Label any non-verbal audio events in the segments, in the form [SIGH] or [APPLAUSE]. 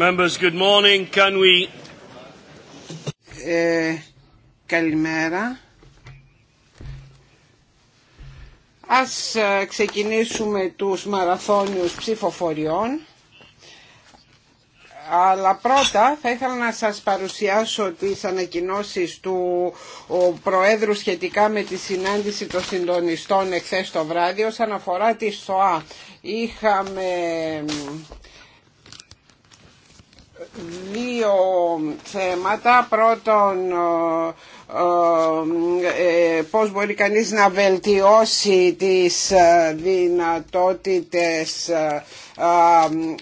Members, ε, καλημέρα. Ας ε, ξεκινήσουμε τους μαραθώνιους ψηφοφοριών. Αλλά πρώτα θα ήθελα να σας παρουσιάσω τις ανακοινώσεις του Προέδρου σχετικά με τη συνάντηση των συντονιστών εχθές το βράδυ όσον αφορά τη ΣΟΑ. Είχαμε δύο θέματα. Πρώτον, ε, πώς μπορεί κανείς να βελτιώσει τις ε, δυνατότητες ε,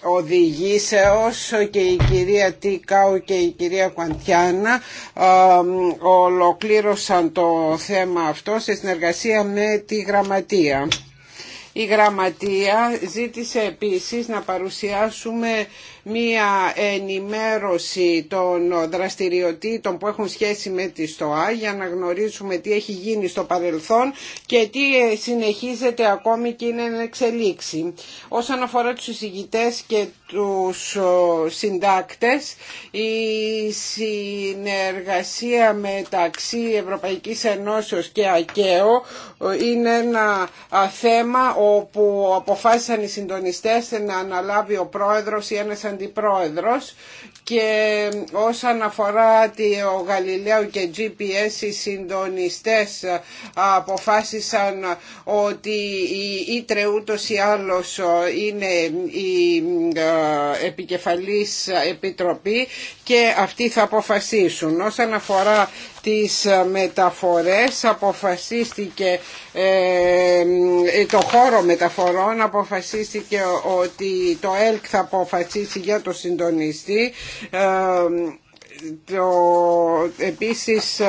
οδηγήσεως και η κυρία Τίκαου και η κυρία Κουαντιάνα ολοκλήρωσαν το θέμα αυτό σε συνεργασία με τη Γραμματεία. Η Γραμματεία ζήτησε επίσης να παρουσιάσουμε μία ενημέρωση των δραστηριοτήτων που έχουν σχέση με τη ΣΤΟΑ για να γνωρίσουμε τι έχει γίνει στο παρελθόν και τι ε, συνεχίζεται ακόμη και είναι εν εξελίξη. Όσον αφορά τους εισηγητές και τους συντάκτες, η συνεργασία μεταξύ Ευρωπαϊκής Ενώσεως και ΑΚΕΟ ε, είναι ένα θέμα όπου αποφάσισαν οι συντονιστές να αναλάβει ο πρόεδρος ή ένας αντιπρόεδρος και όσον αφορά ο Γαλιλαίο και GPS οι συντονιστές ε, αποφάσισαν ότι η ΙΤΡΕ ή άλλως ε, είναι η ε, επικεφαλής επιτροπή και αυτοί θα αποφασίσουν. Όσον αφορά τις ε, μεταφορές αποφασίστηκε ε, ε, το χώρο μεταφορών αποφασίστηκε ότι το ΕΛΚ θα αποφασίσει για το συντονιστή το, επίσης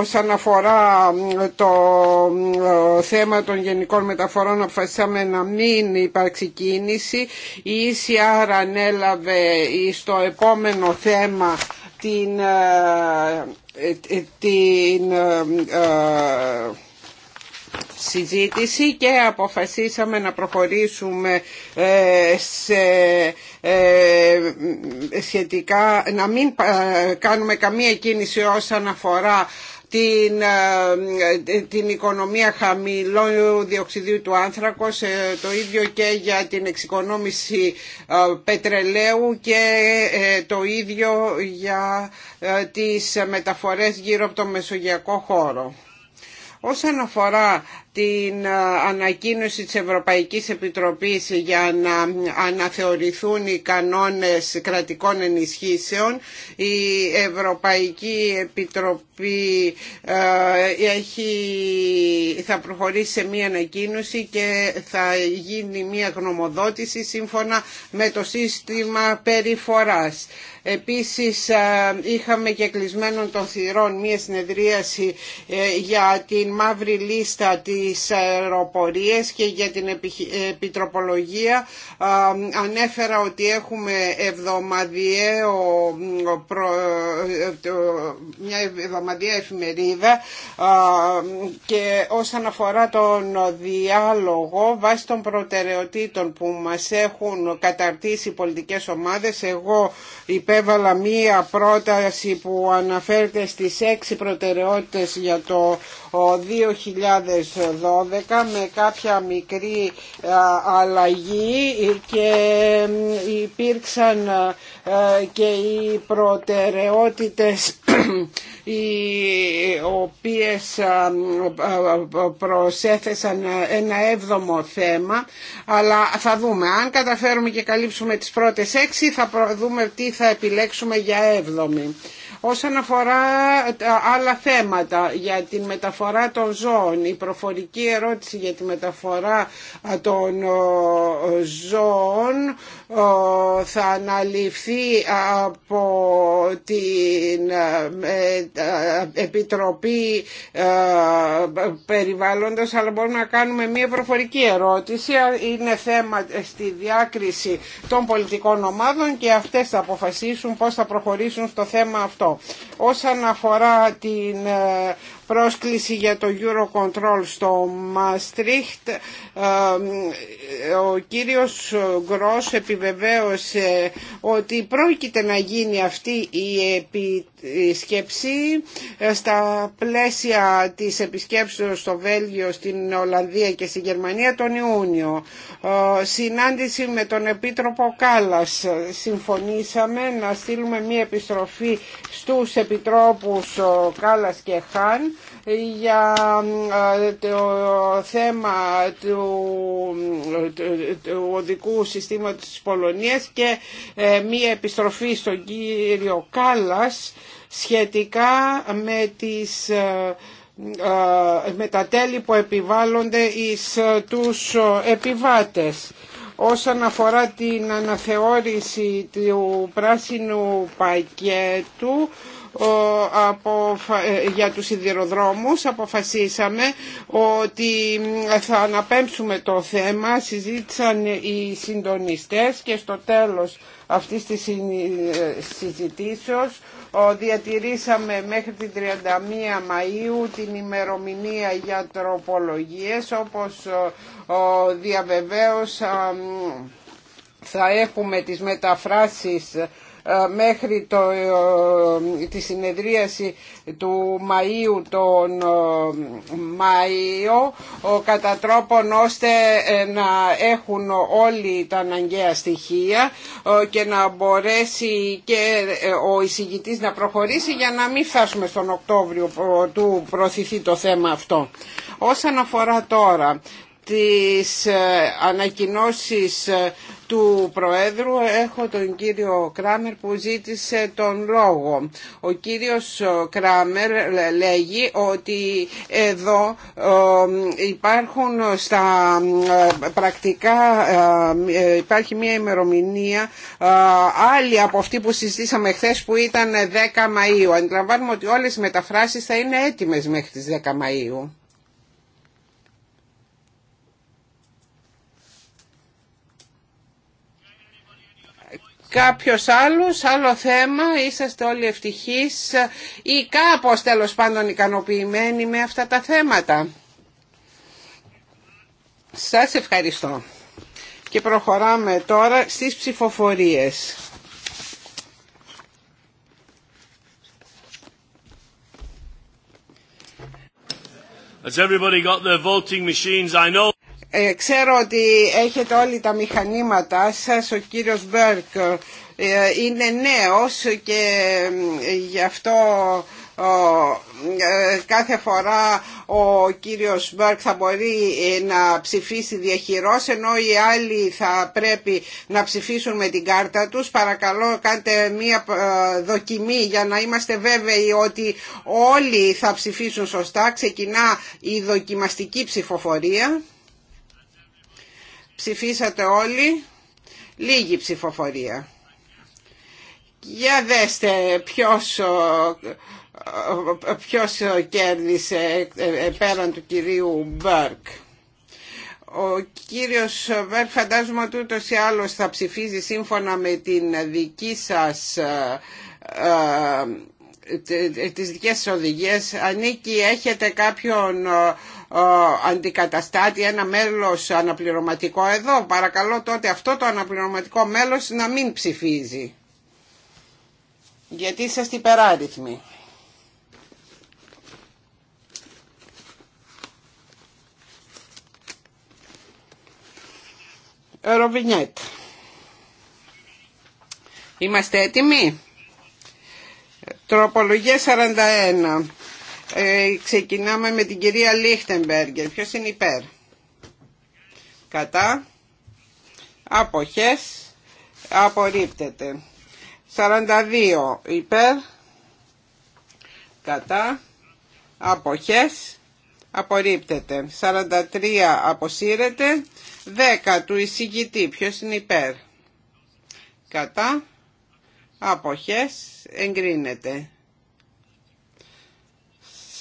όσον αφορά το θέμα των γενικών μεταφορών αποφασίσαμε να μην υπάρξει κίνηση η ECR ανέλαβε στο επόμενο θέμα την ε, ε, την ε, συζήτηση και αποφασίσαμε να προχωρήσουμε σε σχετικά να μην κάνουμε καμία κίνηση όσον αφορά την, ε, ε, την οικονομία χαμηλό διοξιδίου του άνθρακος, ε, το ίδιο και για την εξοικονόμηση πετρελαίου και το ίδιο για τις μεταφορές γύρω από το μεσογειακό χώρο. Όσον αφορά την ε, ανακοίνωση της Ευρωπαϊκής Επιτροπής για να αναθεωρηθούν οι κανόνες κρατικών ενισχύσεων. Η Ευρωπαϊκή Επιτροπή ε, έχει, θα προχωρήσει σε μία ανακοίνωση και θα γίνει μία γνωμοδότηση σύμφωνα με το σύστημα περιφοράς. Επίσης ε, είχαμε και κλεισμένων των θυρών μία συνεδρίαση για την μαύρη λίστα της τις αεροπορίες και για την επιτροπολογία ανέφερα ότι έχουμε εβδομαδιαίο ε, μια εβδομαδιαία εφημερίδα και όσον αφορά τον διάλογο βάσει των προτεραιοτήτων που μας έχουν καταρτήσει οι πολιτικές ομάδες εγώ υπέβαλα μία πρόταση που αναφέρεται στις έξι προτεραιότητες για το 2012 με κάποια μικρή αλλαγή και υπήρξαν και οι προτεραιότητες [CLEARS THROAT] οι οποίες προσέθεσαν ένα έβδομο θέμα αλλά θα δούμε αν καταφέρουμε και καλύψουμε τις πρώτες έξι θα δούμε τι θα επιλέξουμε για έβδομη. Όσον αφορά τα άλλα θέματα για τη μεταφορά των ζώων, η προφορική ερώτηση για τη μεταφορά των ε, ζώων θα αναλυφθεί από την ε, ε, Επιτροπή ε, Περιβάλλοντος αλλά μπορούμε να κάνουμε μια προφορική ερώτηση είναι θέμα στη διάκριση των πολιτικών ομάδων και αυτές θα αποφασίσουν πώς θα προχωρήσουν στο θέμα αυτό. Όσον αφορά την πρόσκληση για το Eurocontrol στο Μαστρίχτ. Ε, ο κύριος Γκρός επιβεβαίωσε ότι πρόκειται να γίνει αυτή η επισκέψη στα πλαίσια της επισκέψεως στο Βέλγιο, στην Ολλανδία και στη Γερμανία τον Ιούνιο. Ε, συνάντηση με τον Επίτροπο Κάλλας. Συμφωνήσαμε να στείλουμε μία επιστροφή στους Επιτρόπους Κάλλας και Χάν για ε, το θέμα του, οδικού συστήματος της Πολωνίας και ε, μία επιστροφή στον κύριο Κάλλας σχετικά με τις ε, με τα τέλη που επιβάλλονται εις τους επιβάτες. Όσον αφορά την αναθεώρηση του πράσινου πακέτου, ε, για τους σιδηροδρόμους αποφασίσαμε ότι θα αναπέμψουμε το θέμα συζήτησαν οι συντονιστές και στο τέλος αυτής της ε, συζητήσεως διατηρήσαμε μέχρι την 31 Μαΐου την ημερομηνία για τροπολογίες όπως διαβεβαίωσα θα έχουμε τις μεταφράσεις ε, μέχρι το, ε, τη συνεδρίαση του Μαΐου τον ε, Μαΐο κατά τρόπον ώστε να έχουν όλοι τα αναγκαία στοιχεία και να μπορέσει και ο εισηγητής να προχωρήσει για να μην φτάσουμε στον Οκτώβριο του προωθηθεί το θέμα αυτό. Όσον αφορά τώρα τις ε, ανακοινώσεις ε, του Προέδρου έχω τον κύριο Κράμερ που ζήτησε τον λόγο. Ο κύριος ε, Κράμερ λέγει ότι εδώ υπάρχουν στα πρακτικά υπάρχει μια ημερομηνία άλλη από αυτή που συζητήσαμε χθε που ήταν 10 Μαΐου. Αντιλαμβάνουμε ότι όλες οι μεταφράσεις θα είναι έτοιμες μέχρι τις 10 Μαΐου. κάποιος άλλος, άλλο θέμα, είσαστε όλοι ευτυχείς ή κάπως τέλος πάντων ικανοποιημένοι με αυτά τα θέματα. Σας ευχαριστώ. Και προχωράμε τώρα στις ψηφοφορίες. Has everybody got their voting machines? I know. Ε, ξέρω ότι έχετε όλοι τα μηχανήματά σας. Ο κύριος Μπέρκ ε, είναι νέος και γι' αυτό ε, κάθε φορά ο κύριος Μπέρκ θα μπορεί να ψηφίσει διαχειρός ενώ οι άλλοι θα πρέπει να ψηφίσουν με την κάρτα τους παρακαλώ κάντε μία δοκιμή για να είμαστε βέβαιοι ότι όλοι θα ψηφίσουν σωστά ξεκινά η δοκιμαστική ψηφοφορία Ψηφίσατε όλοι. Λίγη ψηφοφορία. Για δέστε ποιος, ποιος κέρδισε πέραν του κυρίου Μπέρκ. Ο κύριος Μπέρκ φαντάζομαι ότι ούτως ή άλλως θα ψηφίζει σύμφωνα με την δική σας ε, ε, ε, τις δικές σας οδηγίες. Ανήκει, έχετε κάποιον αντικαταστάτη ένα μέλος αναπληρωματικό εδώ. Παρακαλώ τότε αυτό το αναπληρωματικό μέλος να μην ψηφίζει. Γιατί είστε υπεράριθμοι. Ροβινιέτ. Είμαστε έτοιμοι. Τροπολογία 41. Ε, ξεκινάμε με την κυρία Λίχτεμπεργκερ. Ποιος είναι υπέρ. Κατά. Αποχές. Απορρίπτεται. 42 υπέρ. Κατά. Αποχές. Απορρίπτεται. 43 αποσύρεται. 10 του εισηγητή. Ποιος είναι υπέρ. Κατά. Αποχές. Εγκρίνεται.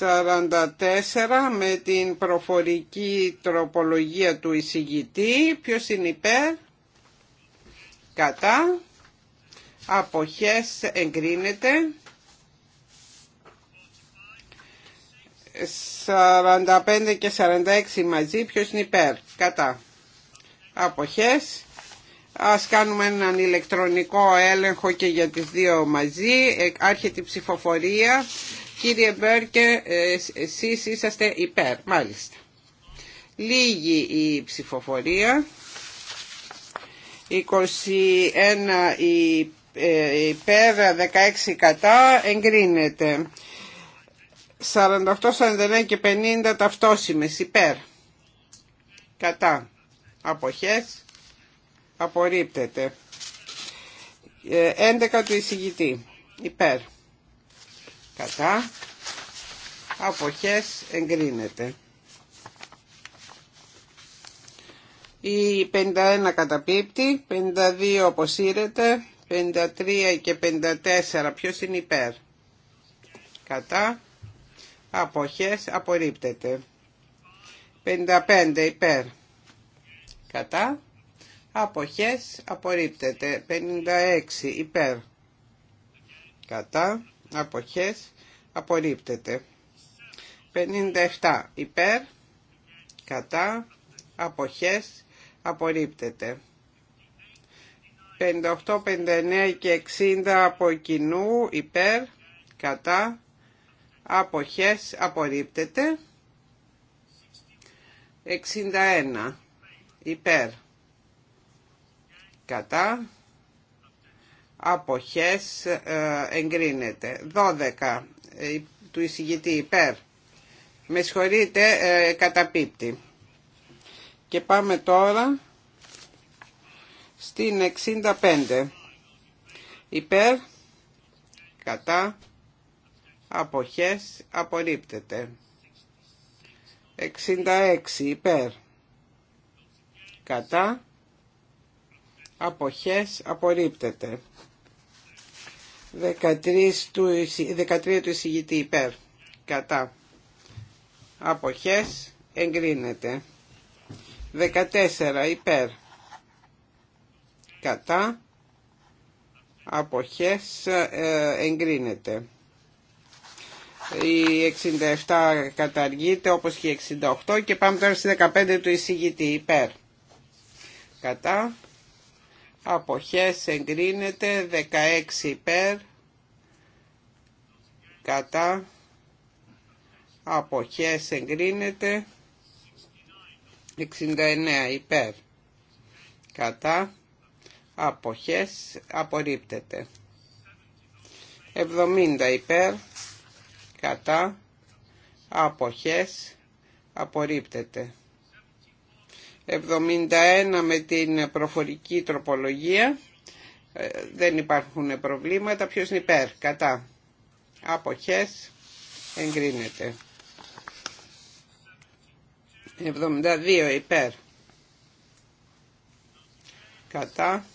44 με την προφορική τροπολογία του εισηγητή. Ποιος είναι υπέρ, κατά, αποχές εγκρίνεται. 45 και 46 μαζί, ποιος είναι υπέρ, κατά, αποχές. Ας κάνουμε έναν ηλεκτρονικό έλεγχο και για τις δύο μαζί. Ε, άρχεται η ψηφοφορία. Κύριε Μπέρκε, ε, εσείς είσαστε υπέρ, μάλιστα. Λίγη η ψηφοφορία. 21 ε, υπέρ, 16 κατά, εγκρίνεται. 48, 49 και 50 ταυτόσημες υπέρ. Κατά. Αποχές. Απορρίπτεται. 11 ε, του εισηγητή. Υπέρ κατά αποχές εγκρίνεται η 51 καταπίπτει 52 αποσύρεται 53 και 54 ποιος είναι υπέρ κατά αποχές απορρίπτεται 55 υπέρ κατά αποχές απορρίπτεται 56 υπέρ κατά αποχές απορρίπτεται 57 υπέρ κατά αποχές απορρίπτεται 58, 59 και 60 από κοινού υπέρ κατά αποχές απορρίπτεται 61 υπέρ κατά αποχές ε, εγκρίνεται. 12 ε, του εισηγητή υπέρ. Με συγχωρείτε, ε, καταπίπτει. Και πάμε τώρα στην 65. Υπέρ, κατά, αποχές, απορρίπτεται. 66 υπέρ, κατά, αποχές, απορρίπτεται. 13 του, 13 του εισηγητή υπέρ. Κατά. Αποχές εγκρίνεται. 14 υπέρ. Κατά. Αποχές ε, εγκρίνεται. Η 67 καταργείται όπως και η 68 και πάμε τώρα στη 15 του εισηγητή υπέρ. Κατά αποχές εγκρίνεται 16 υπέρ κατά αποχές εγκρίνεται 69 υπέρ κατά αποχές απορρίπτεται 70 υπέρ κατά αποχές απορρίπτεται 71 με την προφορική τροπολογία. Ε, δεν υπάρχουν προβλήματα. Ποιος είναι υπέρ, κατά. Αποχές εγκρίνεται. 72 υπέρ. Κατά.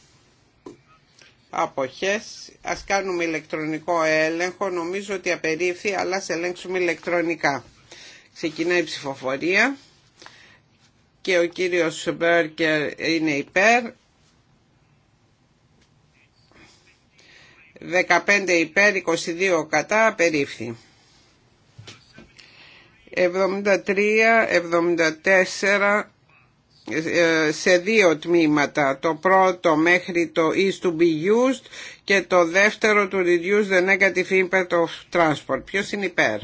Αποχές. Ας κάνουμε ηλεκτρονικό έλεγχο. Νομίζω ότι απερίφθη, αλλά σε ελέγξουμε ηλεκτρονικά. Ξεκινάει η ψηφοφορία και ο κύριος Μπέρκερ είναι υπέρ. 15 υπέρ, 22 κατά, απερίφθη. 73-74 ε, σε δύο τμήματα. Το πρώτο μέχρι το is to be used και το δεύτερο to reduce the negative impact of transport. Ποιος είναι υπέρ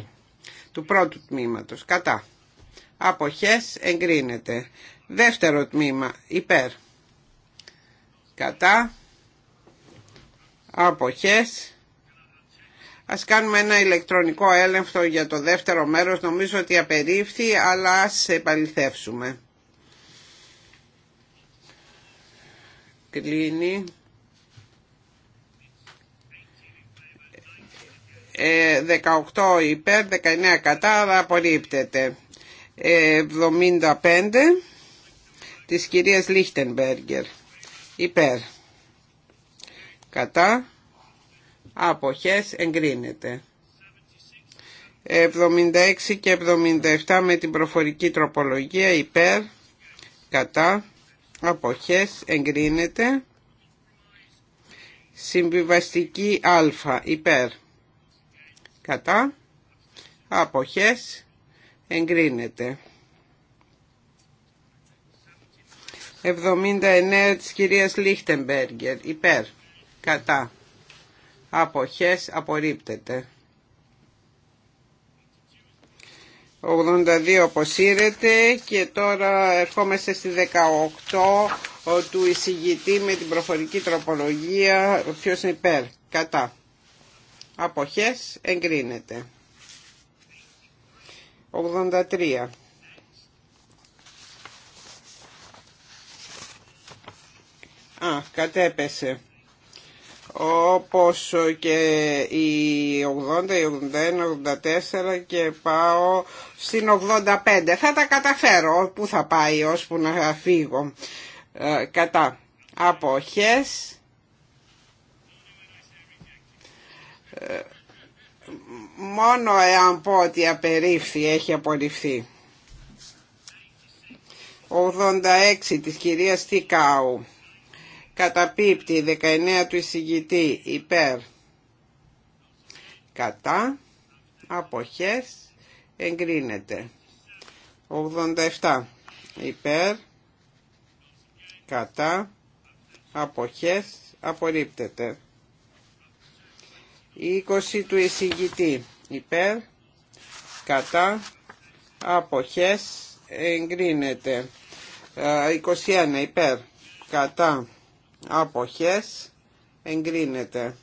του πρώτου τμήματος. Κατά αποχές εγκρίνεται. Δεύτερο τμήμα υπέρ κατά αποχές Ας κάνουμε ένα ηλεκτρονικό έλεγχο για το δεύτερο μέρος. Νομίζω ότι απερίφθη, αλλά ας επαληθεύσουμε. Κλείνει. Ε, 18 υπέρ, 19 κατά, απορρίπτεται. 75 της κυρίας Λίχτενμπέργκερ υπέρ κατά αποχές εγκρίνεται 76 και 77 με την προφορική τροπολογία υπέρ κατά αποχές εγκρίνεται συμβιβαστική α υπέρ κατά αποχές εγκρίνεται. 79 της κυρίας Λίχτεμπεργκερ υπέρ κατά αποχές απορρίπτεται. 82 αποσύρεται και τώρα ερχόμαστε στη 18 του εισηγητή με την προφορική τροπολογία ποιος είναι υπέρ κατά αποχές εγκρίνεται. 83. Α, κατέπεσε. Όπως και η 80, η 81, 84 και πάω στην 85. Θα τα καταφέρω. Πού θα πάει ώσπου να φύγω. Ε, κατά. Αποχές. Ε, μόνο εάν πω ότι απερίφθη έχει απορριφθεί. 86 της κυρίας Τικάου. Καταπίπτει 19 του εισηγητή υπέρ. Κατά. Αποχές. Εγκρίνεται. 87 υπέρ. Κατά. Αποχές. Απορρίπτεται. 20 του εισηγητή υπέρ κατά αποχές εγκρίνεται 21 υπέρ κατά αποχές εγκρίνεται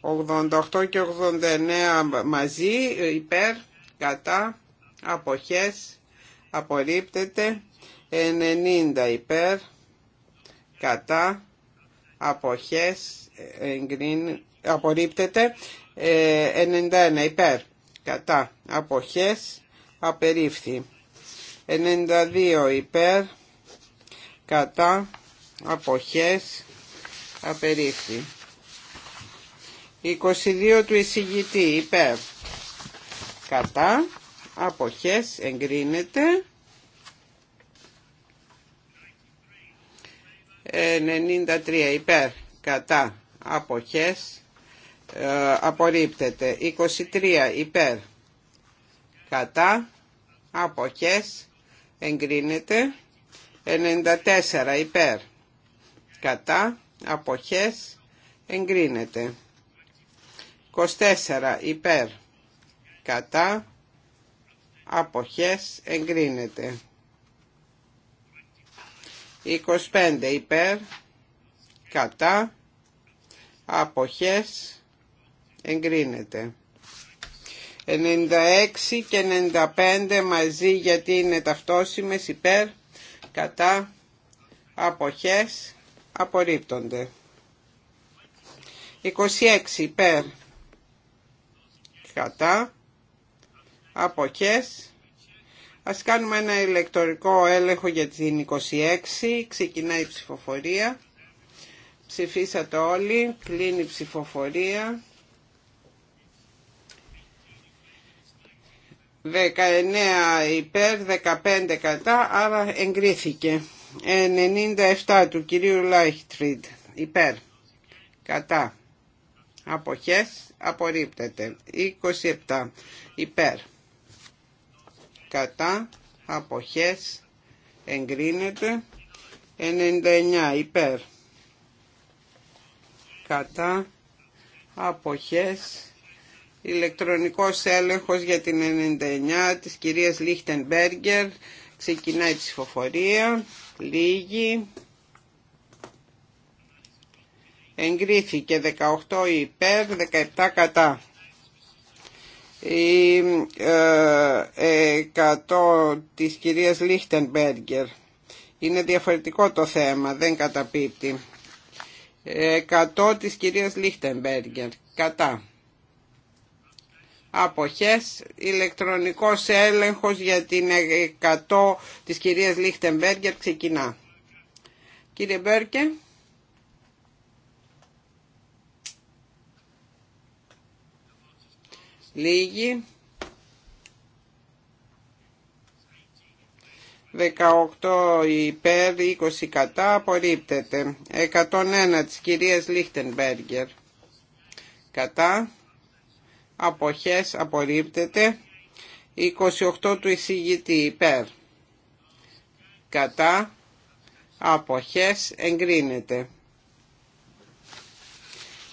88 και 89 μαζί υπέρ κατά αποχές απορρίπτεται 90 υπέρ κατά αποχές εγκρίνεται απορρίπτεται 91 ε, υπέρ κατά αποχές απερίφθη 92 υπέρ κατά αποχές απερίφθη 22 του εισηγητή υπέρ κατά αποχές εγκρίνεται 93 υπέρ κατά αποχές ε, απορρίπτεται 23 υπέρ κατά αποχές εγκρίνεται 94 υπέρ κατά αποχές εγκρίνεται 24 υπέρ κατά αποχές εγκρίνεται 25 υπέρ κατά αποχές εγκρίνεται. 96 και 95 μαζί γιατί είναι ταυτόσιμες υπέρ, κατά, αποχές, απορρίπτονται. 26 υπέρ, κατά, αποχές. Ας κάνουμε ένα ηλεκτρονικό έλεγχο για την 26, ξεκινάει η ψηφοφορία. Ψηφίσατε όλοι, κλείνει η ψηφοφορία. 19 υπέρ, 15 κατά, άρα εγκρίθηκε. 97 του κυρίου Λάιχτριντ υπέρ, κατά, αποχές, απορρίπτεται. 27 υπέρ, κατά, αποχές, εγκρίνεται. 99 υπέρ, κατά, αποχές, ηλεκτρονικός έλεγχος για την 99 της κυρίας Λίχτενμπέργκερ. Ξεκινάει η ψηφοφορία. Λίγη. Εγκρίθηκε 18 υπέρ, 17 κατά. Η 100 ε, της κυρίας Λίχτενμπέργκερ. Είναι διαφορετικό το θέμα, δεν καταπίπτει. 100 της κυρίας Λίχτενμπέργκερ. Κατά αποχές, ηλεκτρονικός έλεγχος για την 100 της κυρίας Λίχτεμπέργκερ ξεκινά. Κύριε Μπέρκε. Λίγοι. 18 υπέρ, 20 κατά, απορρίπτεται. 101 της κυρίας Λίχτεμπεργκερ, Κατά αποχές απορρίπτεται 28 του εισηγητή υπέρ κατά αποχές εγκρίνεται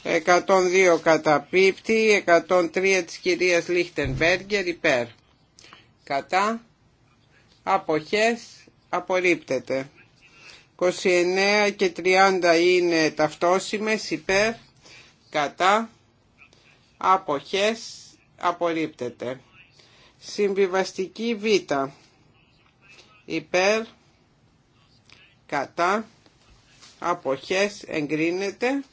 102 καταπίπτει 103 της κυρίας Λίχτενβέργκερ υπέρ κατά αποχές απορρίπτεται 29 και 30 είναι ταυτόσιμες υπέρ κατά αποχές απορρίπτεται. Συμβιβαστική Β υπέρ κατά αποχές εγκρίνεται.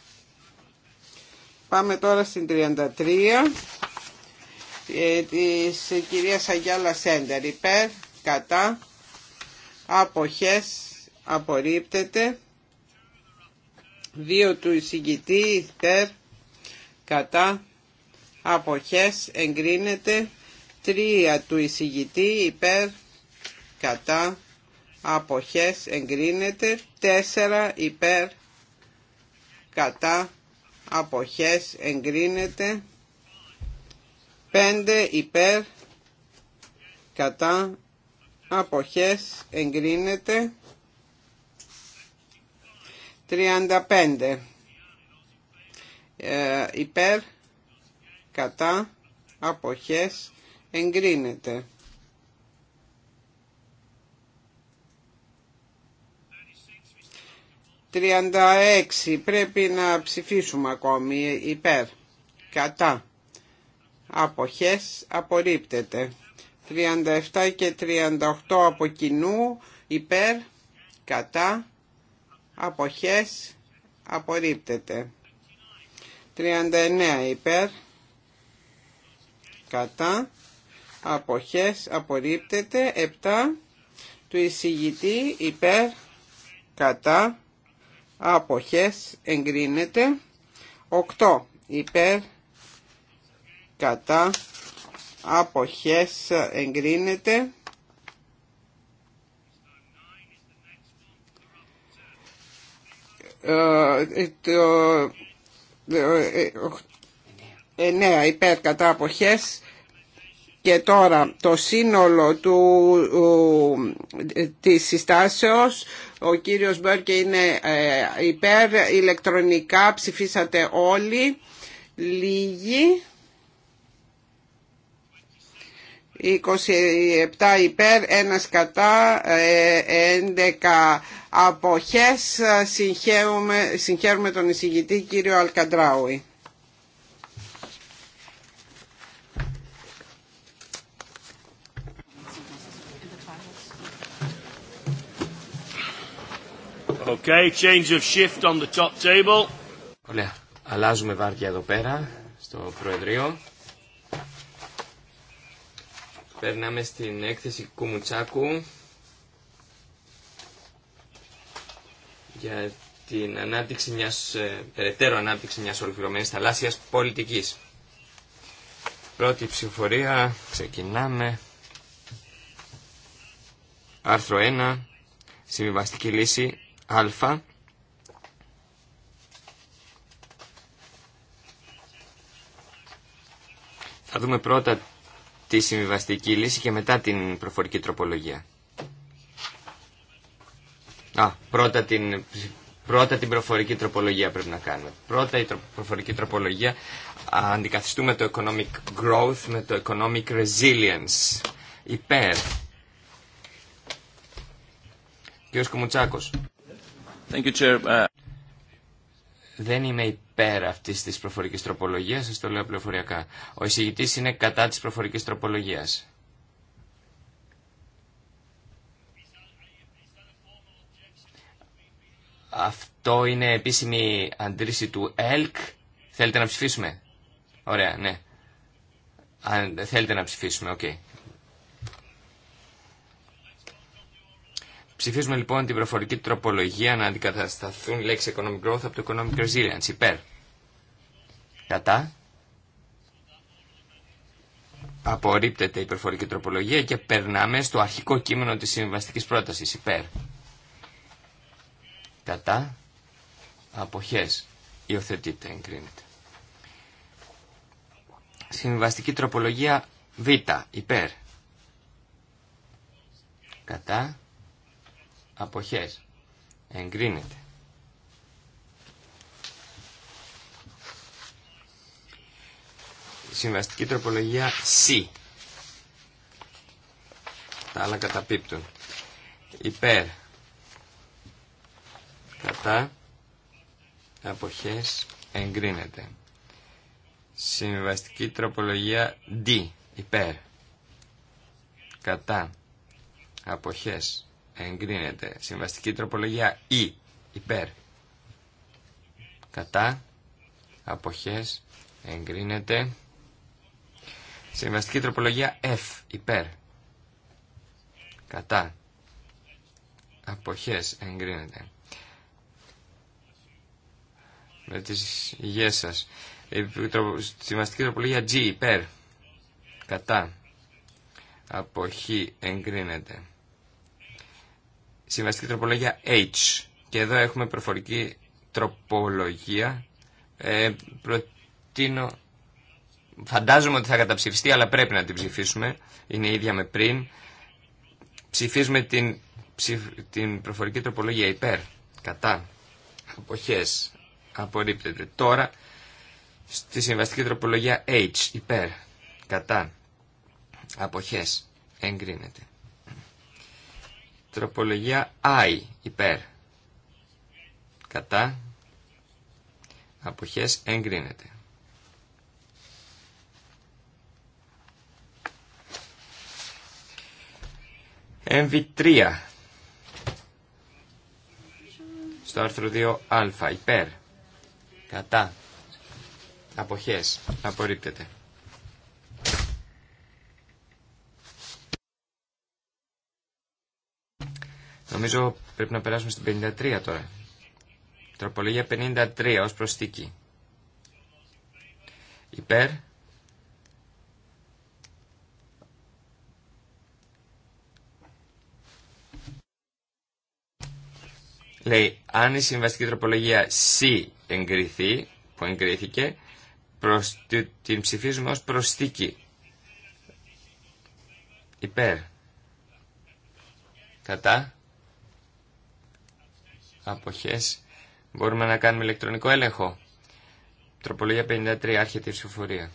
Πάμε τώρα στην 33 ε, Τη κυρίας Αγιάλα Σέντερ υπέρ κατά αποχές απορρίπτεται δύο του εισηγητή υπέρ κατά αποχές εγκρίνεται 3 του εισηγητή υπέρ κατά αποχές εγκρίνεται 4 υπέρ κατά αποχές εγκρίνεται 5 υπέρ κατά αποχές εγκρίνεται 35 ε, υπέρ κατά αποχές εγκρίνεται. 36 πρέπει να ψηφίσουμε ακόμη υπέρ κατά αποχές απορρίπτεται 37 και 38 από κοινού υπέρ κατά αποχές απορρίπτεται 39 υπέρ κατά αποχές απορρίπτεται 7 του εισηγητή υπέρ κατά αποχές εγκρίνεται 8 υπέρ κατά αποχές εγκρίνεται 8 ε, 9 ε, ναι, υπέρ κατά αποχές και τώρα το σύνολο του, ε, της συστάσεως ο κύριος Μπέρκε είναι ε, υπέρ ηλεκτρονικά ψηφίσατε όλοι λίγοι 27 υπέρ, 1 κατά, 11 αποχές. Συγχαίρουμε, συγχαίρουμε τον εισηγητή κύριο Αλκαντράουι. Okay, change of shift on the top table. Ωραία. Αλλάζουμε βάρκια εδώ πέρα, στο Προεδρείο. Περνάμε στην έκθεση Κουμουτσάκου για την ανάπτυξη μιας, ε, περαιτέρω ανάπτυξη μιας ολοκληρωμένης θαλάσσιας πολιτικής. Πρώτη ψηφορία. ξεκινάμε. Άρθρο 1, συμβιβαστική λύση α Θα δούμε πρώτα τη συμβιβαστική λύση και μετά την προφορική τροπολογία. Α, πρώτα την, πρώτα την προφορική τροπολογία πρέπει να κάνουμε. Πρώτα η προφορική τροπολογία αντικαθιστούμε το economic growth με το economic resilience. Υπέρ. Κύριος Κομουτσάκος. Uh, Δεν είμαι υπέρ αυτή τη προφορική τροπολογία, σα το λέω πληροφοριακά. Ο εισηγητή είναι κατά τη προφορική τροπολογία. Αυτό είναι επίσημη αντίρρηση του ΕΛΚ. Θέλετε να ψηφίσουμε. Ωραία, ναι. Αν θέλετε να ψηφίσουμε, οκ. Ψηφίζουμε λοιπόν την προφορική τροπολογία να αντικατασταθούν λέξεις economic growth από το economic resilience. Υπέρ. Κατά. Απορρίπτεται η προφορική τροπολογία και περνάμε στο αρχικό κείμενο της συμβαστικής πρότασης. Υπέρ. Κατά. Αποχές. Υιοθετείται. Εγκρίνεται. Συμβαστική τροπολογία Β. Υπέρ. Κατά αποχές εγκρίνεται. Συμβαστική τροπολογία C. Τα άλλα καταπίπτουν. Υπέρ. Κατά. Αποχές εγκρίνεται. Συμβαστική τροπολογία D. Υπέρ. Κατά. Αποχές εγκρίνεται. Συμβαστική τροπολογία Ι, e. υπέρ. Κατά, αποχές, εγκρίνεται. Συμβαστική τροπολογία F, υπέρ. Κατά, αποχές, εγκρίνεται. Με τις υγιές σας. Συμβαστική τροπολογία G, υπέρ. Κατά, αποχή, εγκρίνεται. Συμβαστική τροπολογία H. Και εδώ έχουμε προφορική τροπολογία. Ε, προτείνω... Φαντάζομαι ότι θα καταψηφιστεί, αλλά πρέπει να την ψηφίσουμε. Είναι η ίδια με πριν. Ψηφίζουμε την, την προφορική τροπολογία υπέρ. Κατά. Αποχές. Απορρίπτεται. Τώρα, στη συμβαστική τροπολογία H. Υπέρ. Κατά. Αποχές. Εγκρίνεται. Τροπολογία I υπέρ. Κατά. Αποχές εγκρίνεται. MV3 στο άρθρο 2α υπέρ κατά αποχές απορρίπτεται Νομίζω πρέπει να περάσουμε στην 53 τώρα. Τροπολογία 53 ως προστίκη. Υπέρ. Λέει, αν η συμβαστική τροπολογία C εγκριθεί, που εγκρίθηκε, προς, την ψηφίζουμε ως προστίκη. Υπέρ. Κατά αποχές μπορούμε να κάνουμε ηλεκτρονικό έλεγχο. Τροπολογία 53, άρχεται η ψηφοφορία.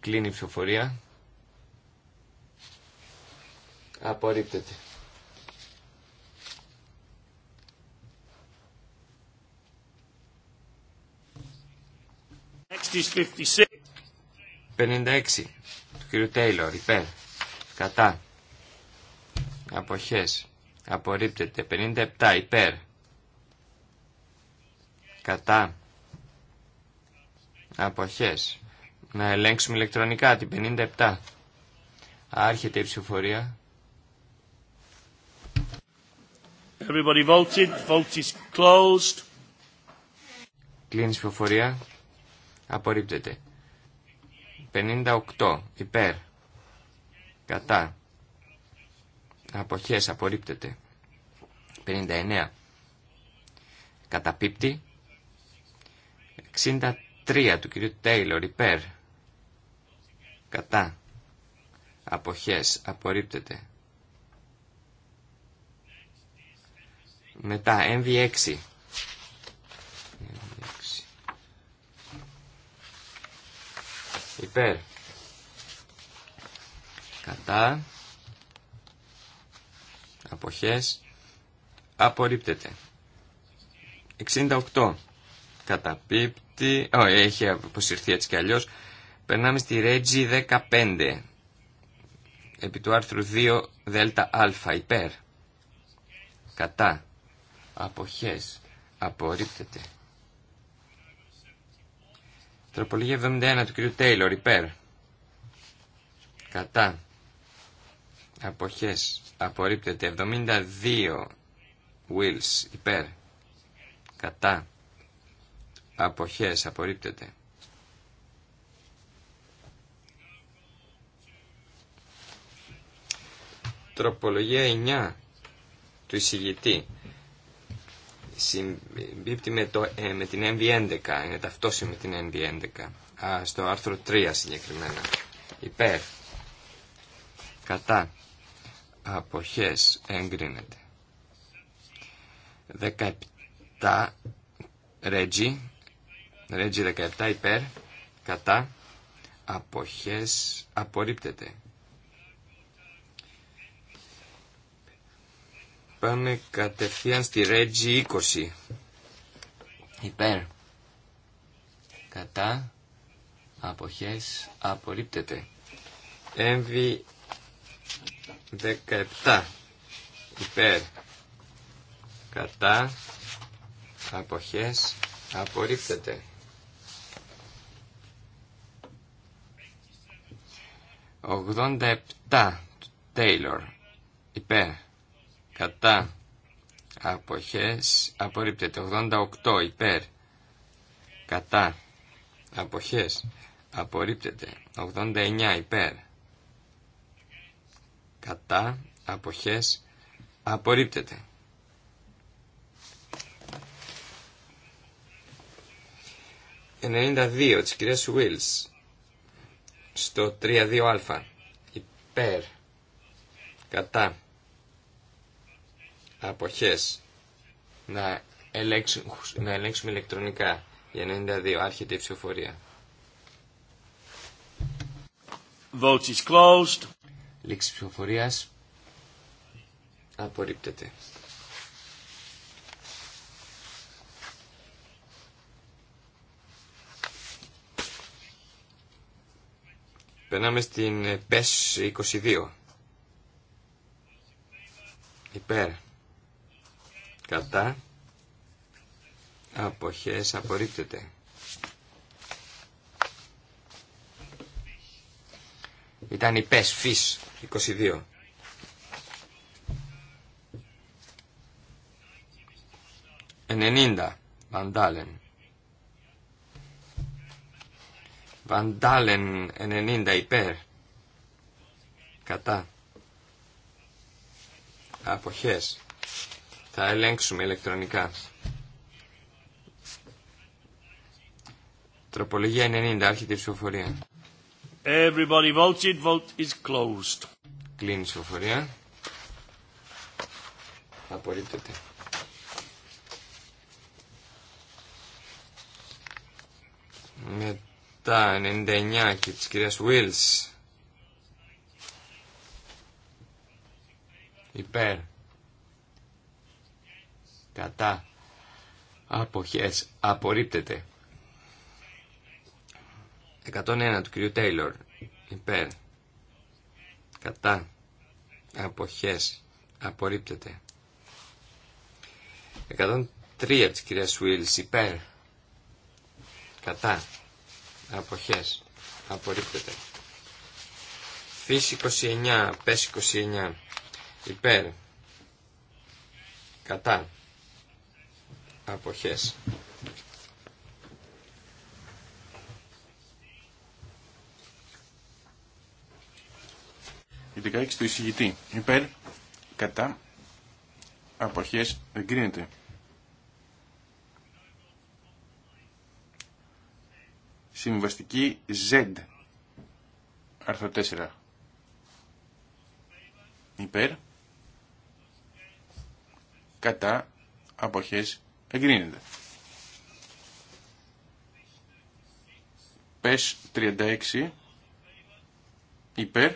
Κλείνει η ψηφοφορία. Απορρίπτεται. Next is 56. 56 του κύριου Τέιλορ, υπέρ, κατά, αποχές απορρίπτεται 57 υπέρ κατά αποχές να ελέγξουμε ηλεκτρονικά την 57 άρχεται η ψηφοφορία Everybody voted. Vote is closed. Κλείνει η ψηφοφορία. Απορρίπτεται. 58 υπέρ. Κατά αποχές απορρίπτεται 59 καταπίπτει 63 του κυρίου Τέιλορ υπέρ κατά αποχές απορρίπτεται μετά MV6 υπέρ κατά αποχές απορρίπτεται. 68 καταπίπτει, ό, έχει αποσυρθεί έτσι κι αλλιώς. Περνάμε στη Ρέτζι 15 επί του άρθρου 2 δέλτα α υπέρ κατά αποχές απορρίπτεται. Τροπολογία 71 του κ. Τέιλορ υπέρ κατά αποχές απορρίπτεται 72 Wills υπέρ κατά αποχές απορρίπτεται τροπολογία 9 του εισηγητή συμπίπτει με, το, ε, με την MV11 είναι ταυτόση με την MV11 στο άρθρο 3 συγκεκριμένα υπέρ κατά αποχές εγκρίνεται. 17 Ρέτζι Ρέτζι 17 υπέρ κατά αποχές απορρίπτεται. Πάμε κατευθείαν στη Ρέτζι 20 υπέρ κατά αποχές απορρίπτεται. Έμβη 17 υπέρ κατά αποχές απορρίπτεται. 87 Τέιλορ υπέρ κατά αποχές απορρίπτεται. 88 υπέρ κατά αποχές απορρίπτεται. 89 υπέρ κατά αποχές απορρίπτεται. «92» της κυρίας Βίλς στο 32α υπέρ κατά αποχές να ελέγξουμε, να ελέγξουμε ηλεκτρονικά για 92 άρχεται η ψηφοφορία. is Λήξη ψηφοφορίας. Απορρίπτεται. Περνάμε στην ΠΕΣ 22. Υπέρ. Κατά. Αποχές απορρίπτεται. Ήταν η ΠΕΣ, ΦΙΣ, 22. 90, Βαντάλεν. Βαντάλεν, 90 υπέρ. Κατά. Αποχές. Θα ελέγξουμε ηλεκτρονικά. Τροπολογία 90, άρχεται η ψηφοφορία. Κλείνει η ψηφοφορία. Απορρίπτεται. Μετά 99 και της κυρίας Wills. Υπέρ. Κατά. Αποχές. Απορρίπτεται. 101 του κ. Τέιλορ υπέρ κατά αποχές απορρίπτεται 103 της κυρίας Βίλς υπέρ κατά αποχές απορρίπτεται φύση 29 πες 29 υπέρ κατά αποχές 16 του εισηγητή. Υπέρ, κατά, αποχές, εγκρίνεται. Συμβαστική Z, άρθρο 4. Υπέρ, κατά, αποχές, εγκρίνεται. Πες 36 υπέρ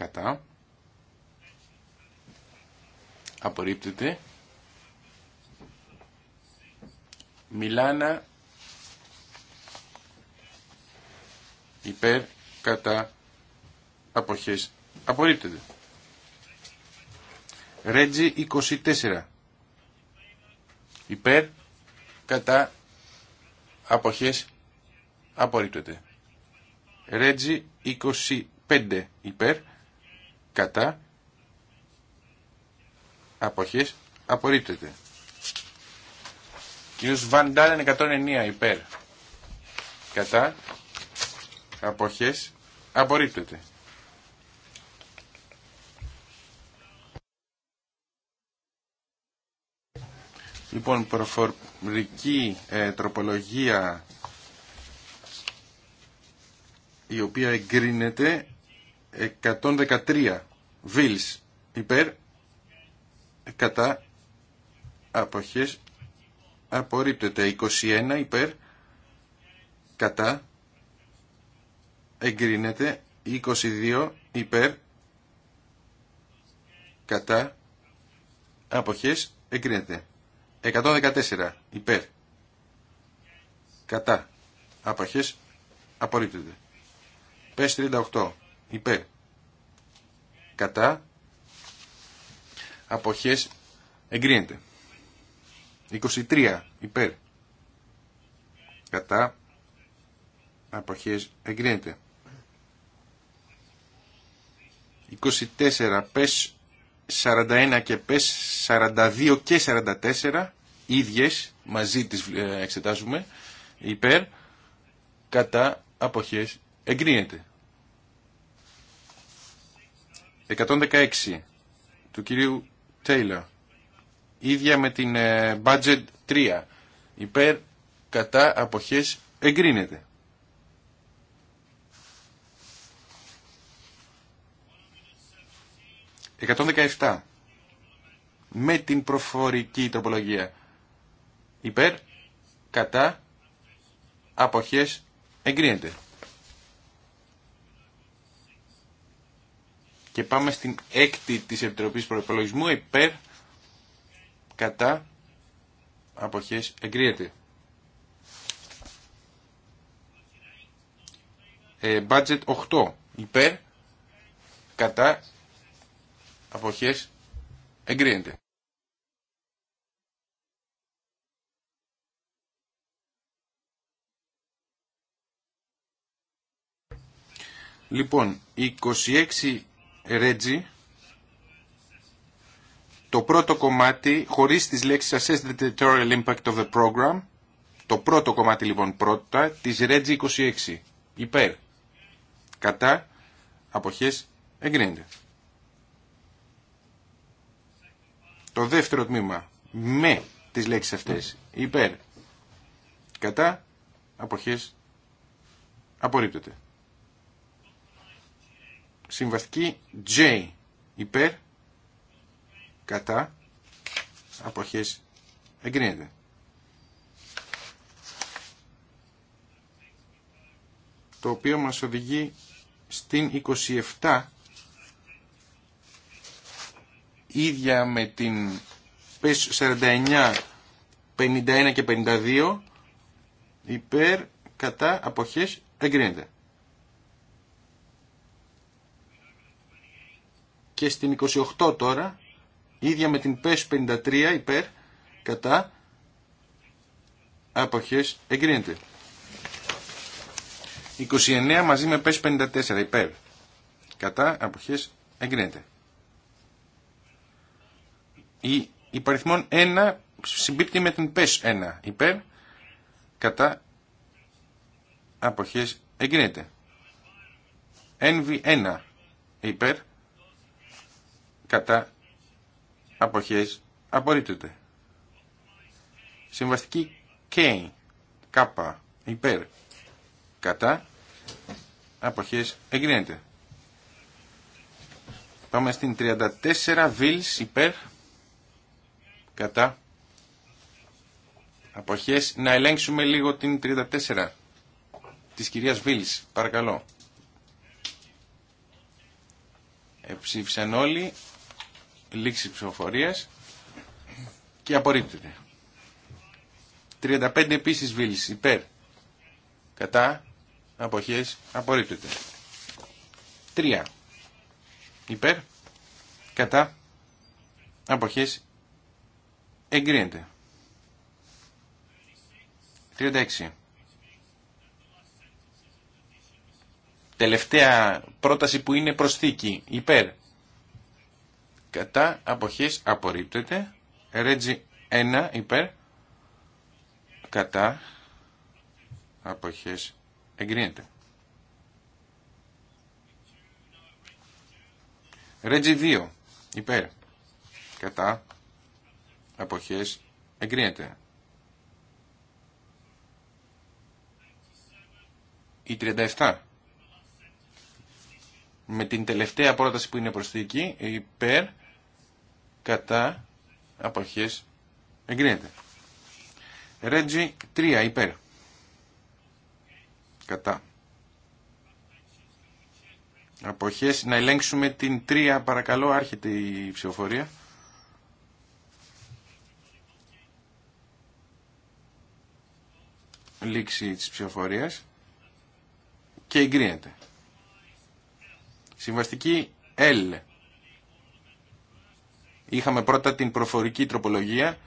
κατά απορρίπτεται Μιλάνα υπέρ κατά αποχές απορρίπτεται Ρέτζι 24 υπέρ κατά αποχές απορρίπτεται Ρέτζι 25 υπέρ κατά αποχές απορρίπτεται. Κύριος Βαντάλεν 109 υπέρ κατά αποχές απορρίπτεται. Λοιπόν, προφορική ε, τροπολογία η οποία εγκρίνεται 113 Βίλς υπέρ κατά αποχές απορρίπτεται 21 υπέρ κατά εγκρίνεται 22 υπέρ κατά αποχές εγκρίνεται 114 υπέρ κατά αποχές απορρίπτεται πες 38 υπέρ κατά αποχές εγκρίνεται 23 υπέρ κατά αποχές εγκρίνεται 24 πες 41 και πες 42 και 44 ίδιες μαζί τις ε, εξετάζουμε υπέρ κατά αποχές εγκρίνεται 116 του κυρίου Τέιλορ. Ίδια με την ε, budget 3. Υπέρ κατά αποχές εγκρίνεται. 117. Με την προφορική τροπολογία. Υπέρ, κατά, αποχές, εγκρίνεται. Και πάμε στην έκτη της Επιτροπής Προϋπολογισμού υπέρ κατά αποχές εγκρίνεται. Ε, budget 8 υπέρ κατά αποχές εγκρίνεται. Λοιπόν, 26 Ρέτζι το πρώτο κομμάτι χωρίς τις λέξεις Assess the Territorial Impact of the Program το πρώτο κομμάτι λοιπόν πρώτα της Ρέτζι 26 υπέρ κατά αποχές εγκρίνεται. Το δεύτερο τμήμα με τις λέξεις αυτές υπέρ κατά αποχές απορρίπτεται. Συμβαστική J υπέρ κατά αποχές εγκρίνεται. Το οποίο μας οδηγεί στην 27 ίδια με την 49, 51 και 52 υπέρ κατά αποχές εγκρίνεται. και στην 28 τώρα, ίδια με την ΠΕΣ 53 υπέρ, κατά, αποχές, εγκρίνεται. 29 μαζί με ΠΕΣ 54 υπέρ, κατά, αποχές, εγκρίνεται. Η υπαριθμόν 1 συμπίπτει με την ΠΕΣ 1 υπέρ, κατά, αποχές, εγκρίνεται. NV1 υπέρ, κατά αποχές απορρίπτεται. Συμβαστική K, κάπα, υπέρ, κατά αποχές εγκρίνεται. Πάμε στην 34 βίλς υπέρ κατά αποχές. Να ελέγξουμε λίγο την 34 της κυρίας Βίλς. Παρακαλώ. Εψήφισαν όλοι λήξη ψηφοφορίας και απορρίπτεται. 35 επίσης βίλης υπέρ κατά αποχές απορρίπτεται. 3 υπέρ κατά αποχές εγκρίνεται. 36 Τελευταία πρόταση που είναι προσθήκη υπέρ κατά αποχές απορρίπτεται Ρέτζι 1 υπέρ κατά αποχές εγκρίνεται Ρέτζι 2 υπέρ κατά αποχές εγκρίνεται η 37 με την τελευταία πρόταση που είναι προσθήκη υπέρ κατά αποχές εγκρίνεται. Ρέτζι 3 υπέρ. Κατά. Αποχές. Να ελέγξουμε την 3 παρακαλώ. Άρχεται η ψηφοφορία. Λήξη της ψηφοφορίας. Και εγκρίνεται. Συμβαστική L Είχαμε πρώτα την προφορική τροπολογία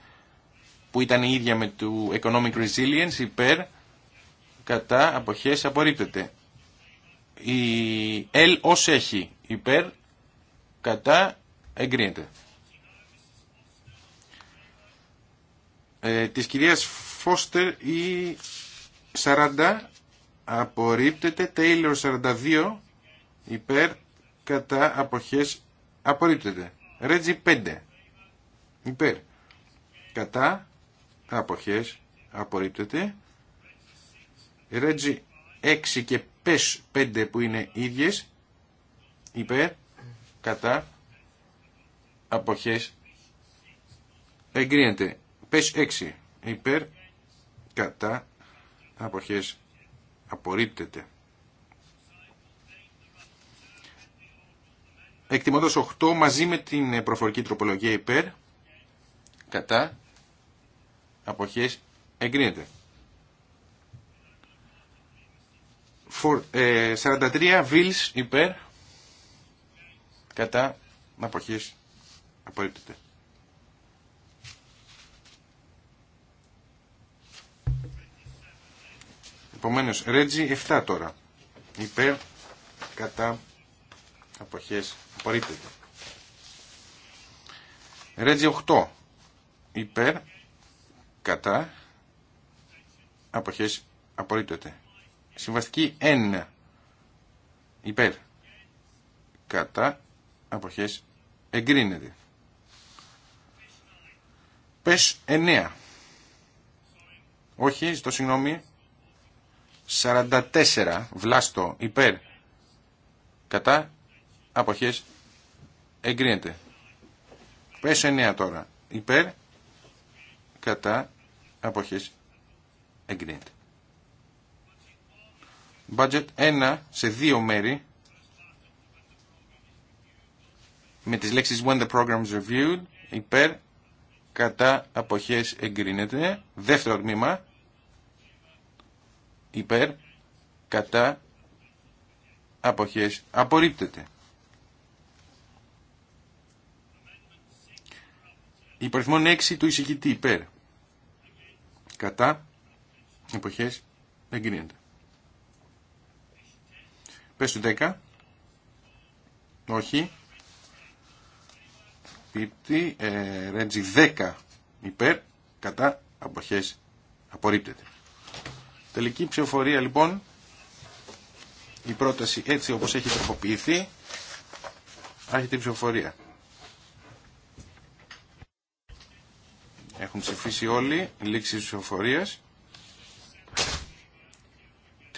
που ήταν η ίδια με του Economic Resilience υπέρ κατά αποχές απορρίπτεται. Η L ως έχει υπέρ κατά εγκρίνεται. Ε, της κυρίας Φώστερ η 40 απορρίπτεται, Taylor 42 υπέρ κατά αποχές απορρίπτεται. Ρέτζι 5. Υπέρ. Κατά. Αποχές. Απορρίπτεται. Ρέτζι 6 και πες 5 που είναι ίδιες. Υπέρ. Κατά. Αποχές. Εγκρίνεται. Πες 6. Υπέρ. Κατά. Αποχές. Απορρίπτεται. Εκτιμώντας 8 μαζί με την ε, προφορική τροπολογία υπέρ, κατά, αποχές, εγκρίνεται. 43 ε, βίλς υπέρ, κατά, αποχές, απορρίπτεται. Επομένως, Ρέτζι 7 τώρα. Υπέρ, κατά, αποχές, Απορρίπτεται. Ρέτζι 8. Υπέρ. Κατά. Αποχές. Απορρίπτεται. Συμβαστική 1. Υπέρ. Κατά. Αποχές. Εγκρίνεται. Πες 9. Όχι, ζητώ συγγνώμη. 44. Βλάστο. Υπέρ. Κατά. Αποχές εγκρίνεται. Πες εννέα τώρα. Υπέρ, κατά, αποχές, εγκρίνεται. Budget 1 σε δύο μέρη με τις λέξεις when the program is reviewed υπέρ κατά αποχές εγκρίνεται δεύτερο τμήμα υπέρ κατά αποχές απορρίπτεται Υπαριθμόν 6 του εισηγητή υπέρ. Κατά. Εποχές. κρίνεται Πες του 10. Όχι. Πίπτη. Ε, Ρέτζι 10 υπέρ. Κατά. εποχές Απορρίπτεται. Τελική ψηφοφορία λοιπόν. Η πρόταση έτσι όπως έχει τροποποιηθεί. Άρχεται η ψηφοφορία. Έχουν ψηφίσει όλοι. Λήξη ψηφοφορίας.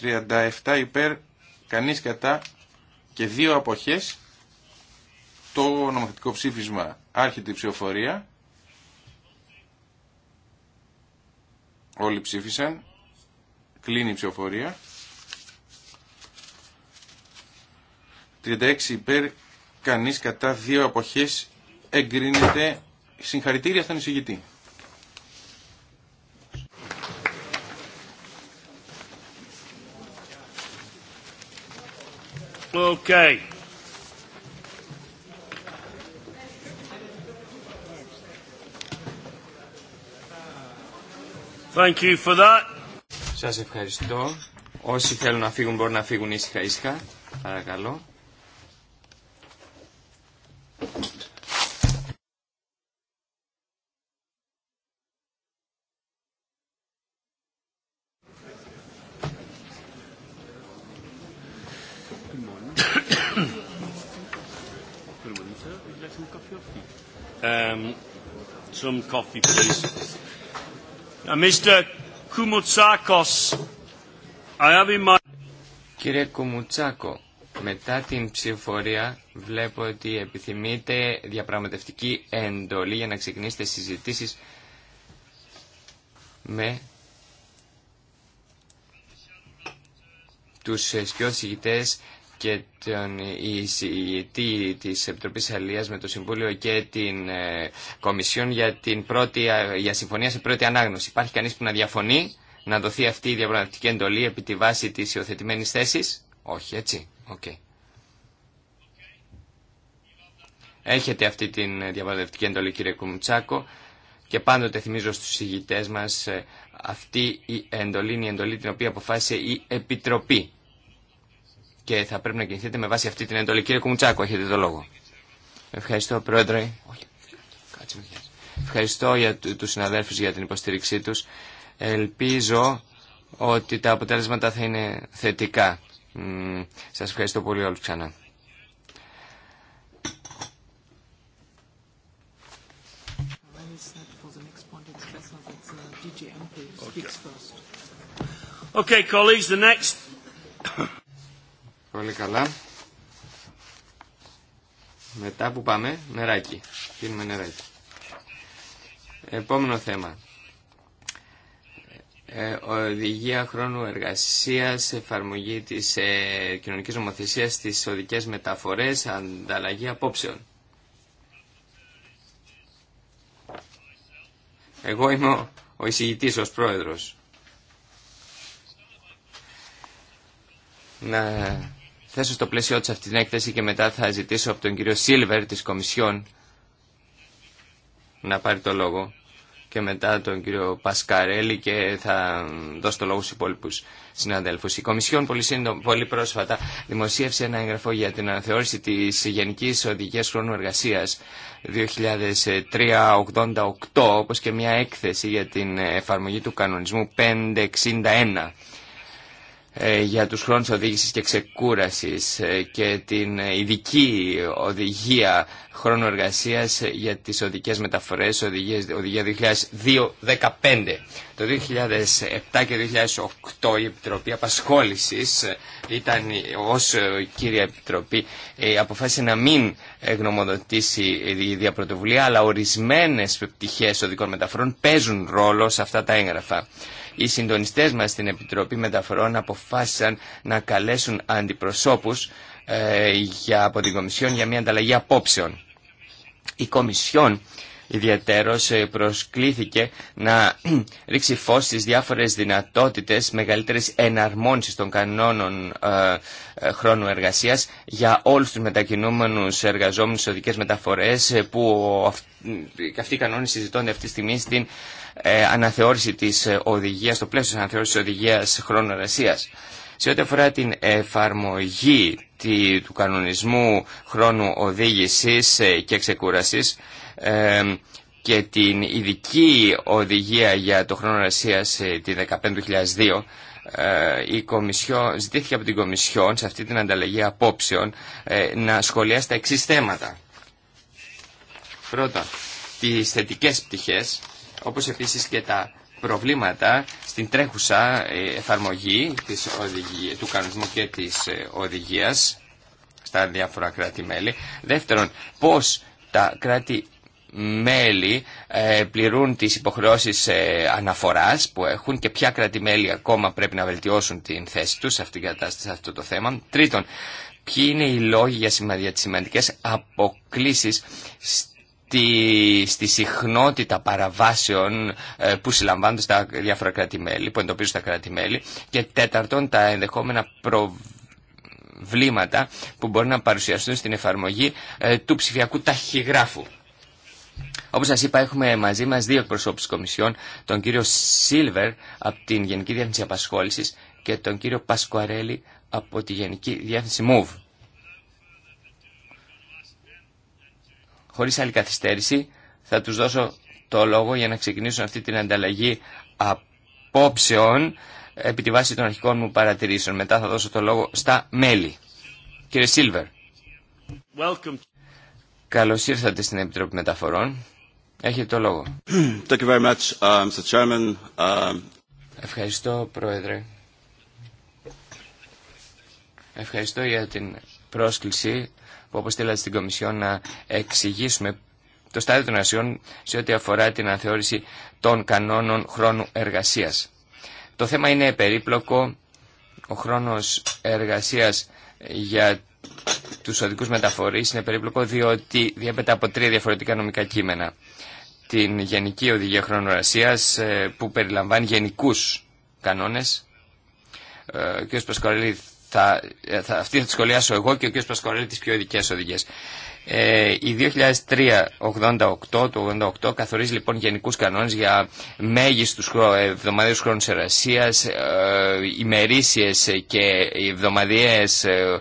37 υπέρ, κανείς κατά και δύο αποχές. Το νομοθετικό ψήφισμα άρχεται η ψηφοφορία. Όλοι ψήφισαν. Κλείνει η ψηφοφορία. 36 υπέρ, κανείς κατά δύο αποχές εγκρίνεται. Συγχαρητήρια στον εισηγητή. Okay. Thank you for that. Σας ευχαριστώ. Όσοι θέλουν να φύγουν μπορούν να φύγουν ήσυχα ήσυχα. Παρακαλώ. coffee, Κύριε Κουμουτσάκο, μετά την ψηφορία βλέπω ότι επιθυμείτε διαπραγματευτική εντολή για να ξεκινήσετε συζητήσεις με τους σκιώδης και τον εισηγητή της Επιτροπής Αλίας με το Συμβούλιο και την ε, Κομισιόν για, την πρώτη, για συμφωνία σε πρώτη ανάγνωση. Υπάρχει κανείς που να διαφωνεί να δοθεί αυτή η διαπραγματική εντολή επί τη βάση της υιοθετημένης θέσης. Όχι, έτσι. Okay. Έχετε αυτή την διαπραγματική εντολή κύριε Κουμουτσάκο και πάντοτε θυμίζω στους ηγητές μας ε, αυτή η εντολή είναι η εντολή την οποία αποφάσισε η Επιτροπή και θα πρέπει να κινηθείτε με βάση αυτή την εντολή. Κύριε Κουμουτσάκο, έχετε το λόγο. Ευχαριστώ, Πρόεδρε. Ευχαριστώ για τους συναδέλφους για την υποστήριξή τους. Ελπίζω ότι τα αποτέλεσματα θα είναι θετικά. Σας ευχαριστώ πολύ όλους ξανά. Okay, colleagues, the next Πολύ καλά. Μετά που πάμε, νεράκι. Πίνουμε νεράκι. Επόμενο θέμα. Ε, οδηγία χρόνου εργασίας, εφαρμογή της ε, κοινωνικής νομοθεσίας στις οδικές μεταφορές, ανταλλαγή απόψεων. Εγώ είμαι ο, ο εισηγητής ως πρόεδρος. Να θέσω στο πλαίσιο της αυτή την έκθεση και μετά θα ζητήσω από τον κύριο Σίλβερ της Κομισιόν να πάρει το λόγο και μετά τον κύριο Πασκαρέλη και θα δώσω το λόγο στους υπόλοιπους συναδέλφους. Η Κομισιόν πολύ, πολύ πρόσφατα δημοσίευσε ένα εγγραφό για την αναθεώρηση της Γενικής Οδηγίας Χρόνου Εργασίας 2003-88 όπως και μια έκθεση για την εφαρμογή του κανονισμού 561 ε, για τους χρόνους οδήγησης και ξεκούρασης ε, και την ειδική οδηγία χρόνου εργασίας ε, για τις οδικές μεταφορές, οδηγίες, 2015. Το 2007 και 2008 η Επιτροπή Απασχόλησης ήταν ως κύρια Επιτροπή αποφάσισε να μην γνωμοδοτήσει η ίδια αλλά ορισμένες πτυχές οδικών μεταφορών παίζουν ρόλο σε αυτά τα έγγραφα οι συντονιστέ μας στην Επιτροπή Μεταφορών αποφάσισαν να καλέσουν αντιπροσώπους ε, από την Κομισιόν για μια ανταλλαγή απόψεων. Η Κομισιόν ιδιαίτερως ε, προσκλήθηκε να [CLEARS THROAT] ρίξει φως στις διάφορες δυνατότητες μεγαλύτερης εναρμόνισης των κανόνων ε, χρόνου εργασίας για όλους τους μετακινούμενους εργαζόμενους σε οδικές μεταφορές που αυτοί οι κανόνες συζητώνται αυτή τη στιγμή στην ε, αναθεώρηση της ε, οδηγίας, το πλαίσιο της αναθεώρησης οδηγίας χρόνου εργασία. Σε ό,τι αφορά την εφαρμογή τη, του κανονισμού χρόνου οδήγησης ε, και ξεκούρασης ε, και την ειδική οδηγία για το χρόνο εργασία τη 15.002, η Κομισιό, ζητήθηκε από την Κομισιόν σε αυτή την ανταλλαγή απόψεων να σχολιάσει τα εξή θέματα. Πρώτα, τις θετικές πτυχές όπως επίσης και τα προβλήματα στην τρέχουσα ε, εφαρμογή της του κανονισμού και της ε, οδηγίας στα διάφορα κράτη-μέλη. Δεύτερον, πώς τα κράτη-μέλη ε, πληρούν τις υποχρεώσεις αναφοράς που έχουν και ποια κράτη-μέλη ακόμα πρέπει να βελτιώσουν την θέση τους σε αυτήν την κατάσταση, σε αυτό το θέμα. Τρίτον, ποιοι είναι οι λόγοι για τις σημαντικές αποκλήσεις στη συχνότητα παραβάσεων ε, που συλλαμβάνονται στα διάφορα κράτη-μέλη, που εντοπίζουν τα κράτη-μέλη και τέταρτον τα ενδεχόμενα προβλήματα που μπορεί να παρουσιαστούν στην εφαρμογή ε, του ψηφιακού ταχυγράφου. Όπως σας είπα έχουμε μαζί μας δύο εκπροσώπους της Κομισιόν, τον κύριο Σίλβερ από την Γενική Διεύθυνση Απασχόλησης και τον κύριο Πασκουαρέλη από τη Γενική Διεύθυνση MOVE. Χωρίς άλλη καθυστέρηση θα τους δώσω το λόγο για να ξεκινήσουν αυτή την ανταλλαγή απόψεων επί τη βάση των αρχικών μου παρατηρήσεων. Μετά θα δώσω το λόγο στα μέλη. Κύριε Σίλβερ, καλώς ήρθατε στην Επιτροπή Μεταφορών. Έχετε το λόγο. [CLEARS THROAT] Uh, uh, Ευχαριστώ, Πρόεδρε. Ευχαριστώ για την πρόσκληση που στείλατε στην Κομισιόν να εξηγήσουμε το στάδιο των ασιών σε ό,τι αφορά την αναθεώρηση των κανόνων χρόνου εργασίας. Το θέμα είναι περίπλοκο. Ο χρόνος εργασίας για τους οδικούς μεταφορείς είναι περίπλοκο διότι διέπεται από τρία διαφορετικά νομικά κείμενα. Την Γενική Οδηγία Χρόνου Εργασίας ε, που περιλαμβάνει γενικούς κανόνες. Ε, ο κ θα, ε, θα, αυτή θα τη σχολιάσω εγώ και ο κ. Πασκορέλη τι πιο ειδικέ οδηγίες. Ε, η 2003-88 το 88 καθορίζει λοιπόν γενικούς κανόνες για μέγιστους ε, εβδομαδιαίους χρόνους εργασίας, ε, ημερήσιες και εβδομαδιαίες ε,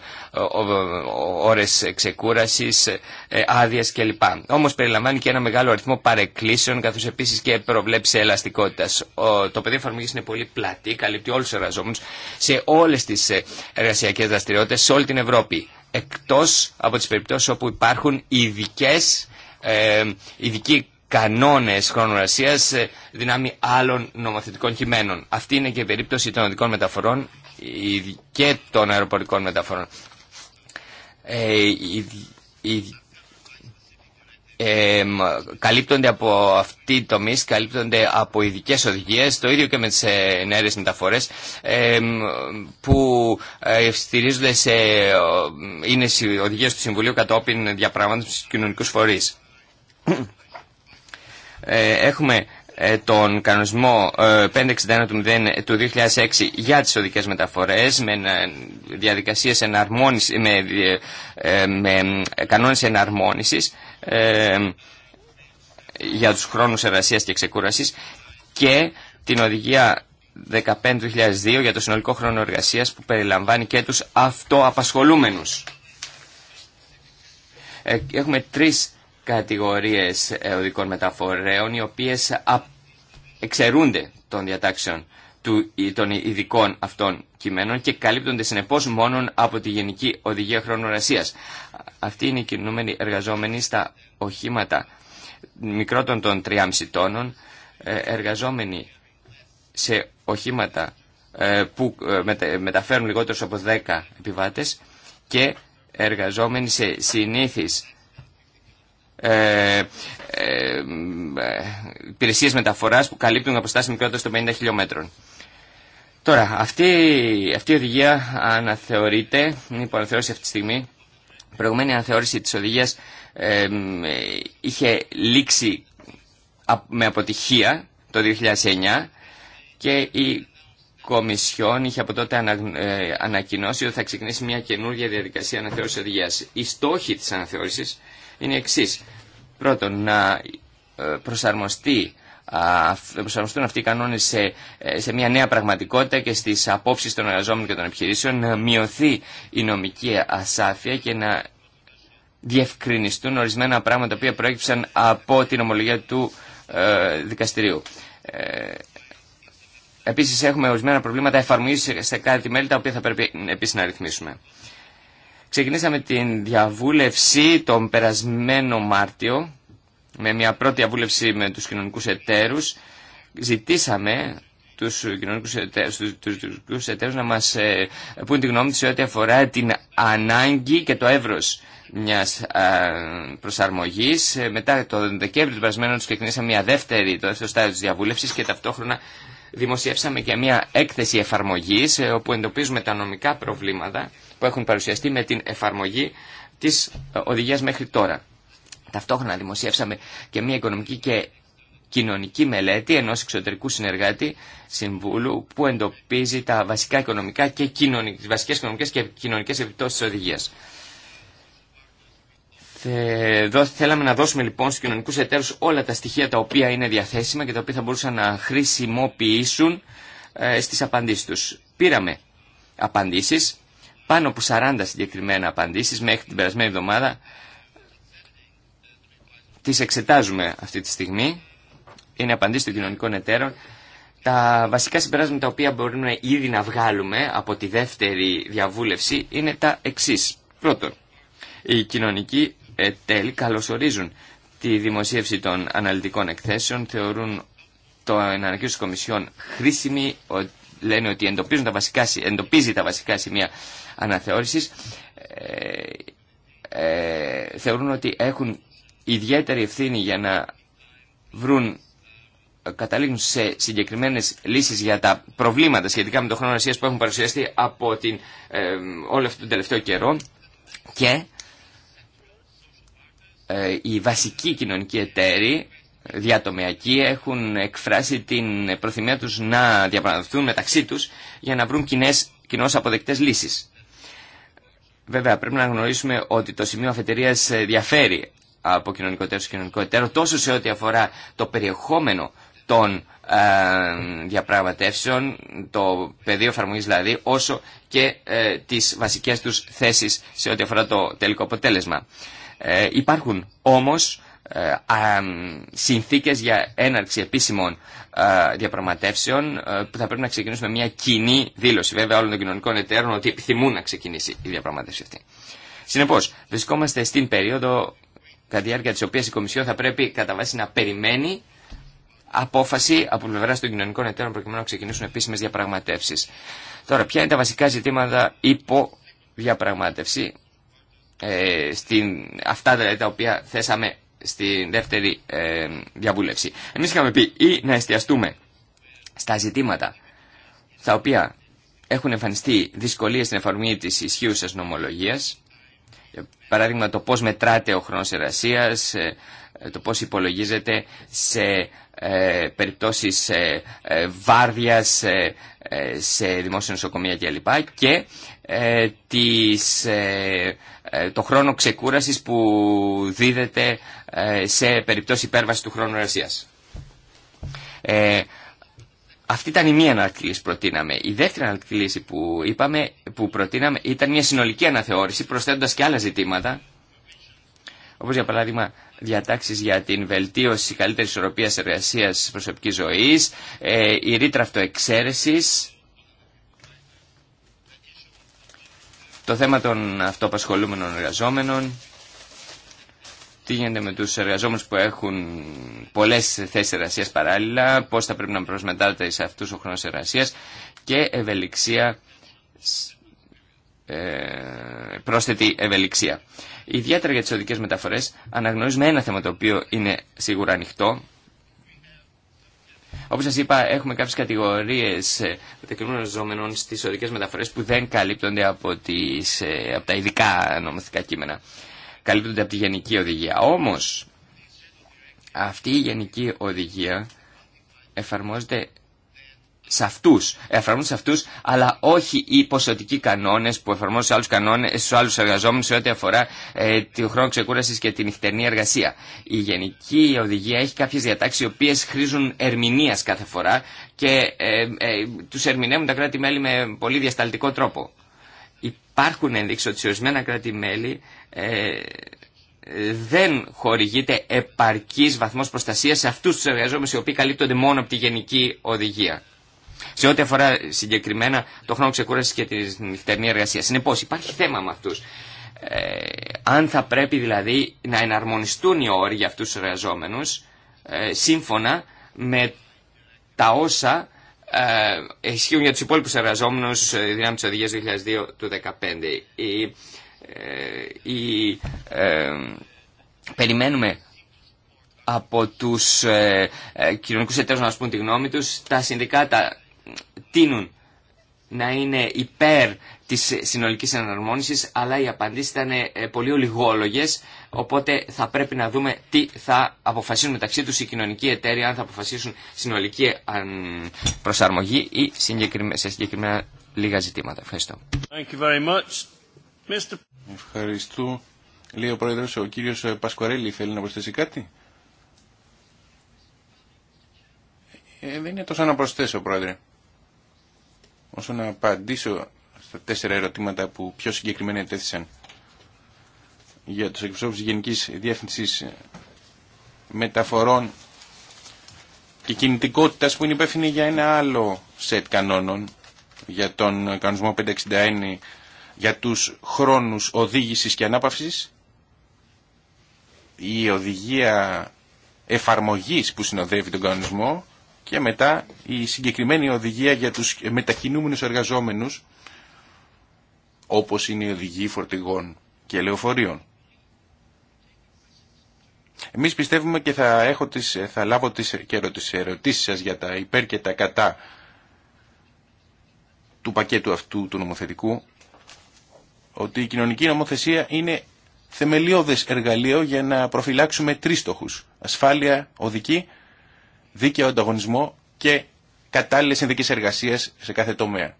ώρες ξεκούραση, άδειε κλπ. Όμως περιλαμβάνει και ένα μεγάλο αριθμό παρεκκλήσεων καθώς επίσης και προβλέψει ελαστικότητας. Το πεδίο εφαρμογής είναι πολύ πλατή, καλύπτει όλους τους εργαζόμενους σε όλες τις εργασιακές δραστηριότητες, σε όλη την Ευρώπη εκτός από τις περιπτώσεις όπου υπάρχουν ειδικές, ε, ειδικοί κανόνες χρονορασίας ε, δυνάμει άλλων νομοθετικών κειμένων. Αυτή είναι και η περίπτωση των οδικών μεταφορών και των αεροπορικών μεταφορών. Ε, ε, καλύπτονται από αυτή το τομή, καλύπτονται από ειδικέ οδηγίε, το ίδιο και με τι ε, νέες μεταφορέ, που ε, στηρίζονται σε, ε, είναι οδηγίε του Συμβουλίου κατόπιν διαπραγμάτευση στου κοινωνικού φορεί. έχουμε τον κανονισμό 561 του 2006 για τις οδικές μεταφορές με διαδικασίες εναρμόνισης, με, κανόνες εναρμόνισης ε, για τους χρόνους εργασίας και ξεκούρασης και την οδηγία 15.002 για το συνολικό χρόνο εργασίας που περιλαμβάνει και τους αυτοαπασχολούμενους. Ε, έχουμε τρεις κατηγορίες ε, οδικών μεταφορέων οι οποίες εξαιρούνται των διατάξεων του, των ειδικών αυτών κειμένων και καλύπτονται συνεπώ μόνο από τη Γενική Οδηγία Χρόνου Ρασία. Αυτοί είναι οι κινούμενοι εργαζόμενοι στα οχήματα μικρότερων των 3,5 τόνων, ε, εργαζόμενοι σε οχήματα ε, που ε, μεταφέρουν λιγότερους από 10 επιβάτες και εργαζόμενοι σε συνήθεις ε, ε, υπηρεσίες μεταφοράς που καλύπτουν αποστάσεις μικρότερες των 50 χιλιόμετρων. Τώρα, αυτή, αυτή η οδηγία αναθεωρείται, είναι υποαναθεώρηση αυτή τη στιγμή. Η προηγουμένη αναθεώρηση της οδηγίας ε, είχε λήξει με αποτυχία το 2009 και η Κομισιόν είχε από τότε ε, ανακοινώσει ότι θα ξεκινήσει μια καινούργια διαδικασία αναθεώρησης οδηγίας. Οι στόχοι της αναθεώρησης είναι εξή. Πρώτον, να ε, προσαρμοστεί προσαρμοστούν αυτοί οι κανόνε σε, ε, σε μια νέα πραγματικότητα και στις απόψει των εργαζόμενων και των επιχειρήσεων να μειωθεί η νομική ασάφεια και να διευκρινιστούν ορισμένα πράγματα που προέκυψαν από την ομολογία του ε, δικαστηρίου. Ε, επίσης έχουμε ορισμένα προβλήματα εφαρμογής σε κάτι μέλη τα οποία θα πρέπει επίση να ρυθμίσουμε. Ξεκινήσαμε την διαβούλευση τον περασμένο Μάρτιο με μια πρώτη διαβούλευση με τους κοινωνικούς εταίρους ζητήσαμε τους κοινωνικούς εταίρους, τους, τους, εταίρους να μας ε, πούν τη γνώμη τους σε ό,τι αφορά την ανάγκη και το εύρος μιας α, προσαρμογής. Ε, μετά το Δεκέμβριο του περασμένου τους ξεκινήσαμε μια δεύτερη, το δεύτερο στάδιο της διαβούλευσης και ταυτόχρονα δημοσιεύσαμε και μια έκθεση εφαρμογής ε, όπου εντοπίζουμε τα νομικά προβλήματα που έχουν παρουσιαστεί με την εφαρμογή της ε, οδηγίας μέχρι τώρα ταυτόχρονα δημοσίευσαμε και μια οικονομική και κοινωνική μελέτη ενός εξωτερικού συνεργάτη συμβούλου που εντοπίζει τα βασικά οικονομικά και κοινωνικές, βασικές οικονομικές και κοινωνικές επιπτώσεις της οδηγίας. Θέλαμε να δώσουμε λοιπόν στους κοινωνικούς εταίρους όλα τα στοιχεία τα οποία είναι διαθέσιμα και τα οποία θα μπορούσαν να χρησιμοποιήσουν ε, στις απαντήσεις τους. Πήραμε απαντήσεις, πάνω από 40 συγκεκριμένα απαντήσεις μέχρι την περασμένη εβδομάδα τις εξετάζουμε αυτή τη στιγμή. Είναι απαντήσει των κοινωνικών εταίρων. Τα βασικά συμπεράσματα τα οποία μπορούμε ήδη να βγάλουμε από τη δεύτερη διαβούλευση είναι τα εξή. Πρώτον, οι κοινωνικοί εταίροι καλωσορίζουν τη δημοσίευση των αναλυτικών εκθέσεων, θεωρούν το ανακοίνωση της Κομισιόν χρήσιμη, λένε ότι εντοπίζουν τα βασικά, εντοπίζει τα βασικά σημεία αναθεώρησης, ε, ε θεωρούν ότι έχουν ιδιαίτερη ευθύνη για να βρουν καταλήγουν σε συγκεκριμένες λύσεις για τα προβλήματα σχετικά με το χρόνο εργασία που έχουν παρουσιαστεί από την, ε, όλο αυτόν τον τελευταίο καιρό και ε, οι βασικοί κοινωνικοί εταίροι διατομιακοί έχουν εκφράσει την προθυμία τους να διαπραγματευτούν μεταξύ τους για να βρουν κοινές, κοινώς αποδεκτές λύσεις. Βέβαια πρέπει να γνωρίσουμε ότι το σημείο αφετηρίας ε, διαφέρει από κοινωνικό εταίρο σε κοινωνικό εταίρο, τόσο σε ό,τι αφορά το περιεχόμενο των ε, διαπραγματεύσεων, το πεδίο εφαρμογή δηλαδή, όσο και ε, τις βασικές τους θέσεις σε ό,τι αφορά το τελικό αποτέλεσμα. Ε, υπάρχουν όμως ε, συνθήκες για έναρξη επίσημων διαπραγματεύσεων που θα πρέπει να ξεκινήσουμε με μια κοινή δήλωση βέβαια όλων των κοινωνικών εταίρων ότι επιθυμούν να ξεκινήσει η διαπραγματεύση αυτή. Συνεπώ, βρισκόμαστε στην περίοδο κατά τη διάρκεια τη οποία η Κομισιόν θα πρέπει κατά βάση να περιμένει απόφαση από πλευρά των κοινωνικών εταίρων προκειμένου να ξεκινήσουν επίσημε διαπραγματεύσει. Τώρα, ποια είναι τα βασικά ζητήματα υπό διαπραγμάτευση, ε, στην, αυτά δηλαδή τα οποία θέσαμε στη δεύτερη ε, διαβούλευση. Εμεί είχαμε πει ή να εστιαστούμε στα ζητήματα τα οποία έχουν εμφανιστεί δυσκολίε στην εφαρμογή της ισχύουσας νομολογίας ε, παράδειγμα το πώς μετράται ο χρόνος εργασίας, ε, το πώς υπολογίζεται σε ε, περιπτώσεις ε, βάρδιας σε δημόσια νοσοκομεία κλπ. Και τις, το χρόνο ξεκούρασης που δίδεται σε περιπτώσεις υπέρβαση του χρόνου εργασίας. Αυτή ήταν η μία αναλυτική λύση που προτείναμε. Η δεύτερη αναλυτική λύση που, είπαμε, που προτείναμε ήταν μια ανακληση που προτειναμε η δευτερη ανακληση που ειπαμε που προτειναμε προσθέτοντας και άλλα ζητήματα όπως για παράδειγμα διατάξεις για την βελτίωση καλύτερης ισορροπίας εργασίας προσωπικής ζωής, ε, η ρήτρα αυτοεξαίρεσης, το θέμα των αυτοπασχολούμενων εργαζόμενων, τι γίνεται με τους εργαζόμενους που έχουν πολλές θέσεις εργασίας παράλληλα, πώς θα πρέπει να προσμετάλλεται σε αυτούς ο χρόνος εργασίας και ευελιξία, ε, πρόσθετη ευελιξία. Ιδιαίτερα για τις οδικές μεταφορές αναγνωρίζουμε ένα θέμα το οποίο είναι σίγουρα ανοιχτό. Όπως σας είπα έχουμε κάποιες κατηγορίες ε, μετακινούμενων εργαζόμενων στις οδικές μεταφορές που δεν καλύπτονται από, τις, ε, από τα ειδικά νομοθετικά κείμενα καλύπτονται από τη γενική οδηγία. Όμως, αυτή η γενική οδηγία εφαρμόζεται σε αυτούς, Εφαρμόζεται σε αυτούς, αλλά όχι οι ποσοτικοί κανόνες που εφαρμόζονται σε άλλους κανόνες, σε άλλους εργαζόμενους σε ό,τι αφορά ε, χρόνο ξεκούρασης και τη νυχτερινή εργασία. Η γενική οδηγία έχει κάποιες διατάξεις οι οποίες χρήζουν ερμηνείας κάθε φορά και ε, ε τους ερμηνεύουν τα κράτη-μέλη με πολύ διασταλτικό τρόπο υπάρχουν ενδείξεις ότι σε ορισμένα κράτη-μέλη ε, δεν χορηγείται επαρκής βαθμός προστασίας σε αυτούς τους εργαζόμενους οι οποίοι καλύπτονται μόνο από τη γενική οδηγία. Σε ό,τι αφορά συγκεκριμένα το χρόνο ξεκούραση και τη νυχτερινή εργασία. Συνεπώ, υπάρχει θέμα με αυτού. Ε, αν θα πρέπει δηλαδή να εναρμονιστούν οι όροι για αυτού του εργαζόμενου ε, σύμφωνα με τα όσα ε, ισχύουν για τους υπόλοιπους εργαζόμενους ε, δυνάμει της οδηγίας 2002 του 2015. ε, ε, περιμένουμε από τους ε, ε, κοινωνικούς εταίρους να μας πούν τη γνώμη τους. Τα συνδικάτα τίνουν να είναι υπέρ της συνολικής εναρμόνισης, αλλά οι απαντήσεις ήταν ε, πολύ ολιγόλογες, οπότε θα πρέπει να δούμε τι θα αποφασίσουν μεταξύ του οι κοινωνικοί εταίροι, αν θα αποφασίσουν συνολική προσαρμογή ή σε συγκεκριμένα λίγα ζητήματα. Ευχαριστώ. Thank Ευχαριστώ. Λέει ο Πρόεδρος, ο κύριος Πασκορέλη θέλει να προσθέσει κάτι. Ε, δεν είναι τόσο να προσθέσω, Πρόεδρε. Όσο να απαντήσω τα τέσσερα ερωτήματα που πιο συγκεκριμένα ετέθησαν για τους εκπροσώπους της Γενικής Διεύθυνσης Μεταφορών και κινητικότητας που είναι υπεύθυνη για ένα άλλο σετ κανόνων για τον κανονισμό 561 για τους χρόνους οδήγησης και ανάπαυσης η οδηγία εφαρμογής που συνοδεύει τον κανονισμό και μετά η συγκεκριμένη οδηγία για τους μετακινούμενους εργαζόμενους όπως είναι οι οδηγοί φορτηγών και λεωφορείων. Εμείς πιστεύουμε και θα, έχω τις, θα λάβω τις, και τις ερωτήσεις σας για τα υπέρ και τα κατά του πακέτου αυτού του νομοθετικού ότι η κοινωνική νομοθεσία είναι θεμελιώδες εργαλείο για να προφυλάξουμε τρεις στόχους. Ασφάλεια, οδική, δίκαιο ανταγωνισμό και κατάλληλες συνδικές εργασίας σε κάθε τομέα.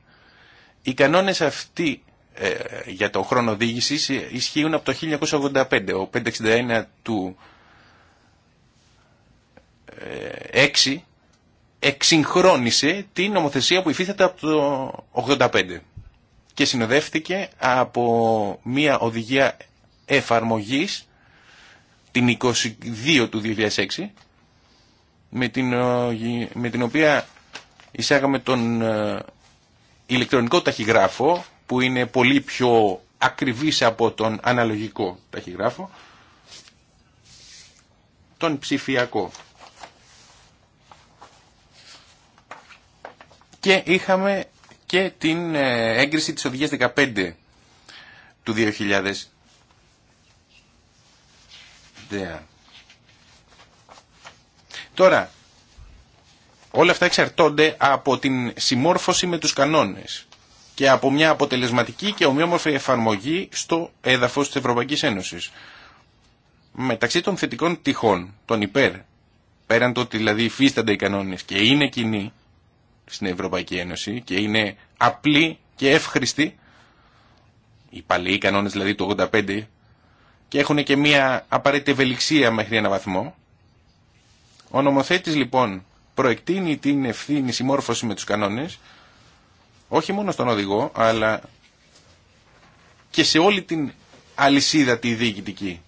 Οι κανόνες αυτοί ε, για το χρόνο οδήγηση ισχύουν από το 1985. Ο 561 του 6 ε, εξυγχρόνησε την νομοθεσία που υφίσταται από το 85 και συνοδεύτηκε από μια οδηγία εφαρμογής την 22 του 2006 με την, ε, με την οποία εισάγαμε τον ηλεκτρονικό ταχυγράφο που είναι πολύ πιο ακριβής από τον αναλογικό ταχυγράφο, τον ψηφιακό. Και είχαμε και την ε, έγκριση της οδηγίας 15 του 2000. Τώρα, όλα αυτά εξαρτώνται από την συμμόρφωση με τους κανόνες και από μια αποτελεσματική και ομοιόμορφη εφαρμογή στο έδαφος της Ευρωπαϊκής Ένωσης. Μεταξύ των θετικών τυχών, των υπέρ, πέραν το ότι δηλαδή υφίστανται οι κανόνες και είναι κοινοί στην Ευρωπαϊκή Ένωση και είναι απλοί και εύχριστοι... οι παλαιοί κανόνες δηλαδή του 85 και έχουν και μια απαραίτητη ευελιξία μέχρι ένα βαθμό. Ο νομοθέτης λοιπόν προεκτείνει την ευθύνη συμμόρφωση με τους κανόνες όχι μόνο στον οδηγό, αλλά και σε όλη την αλυσίδα τη διοικητική.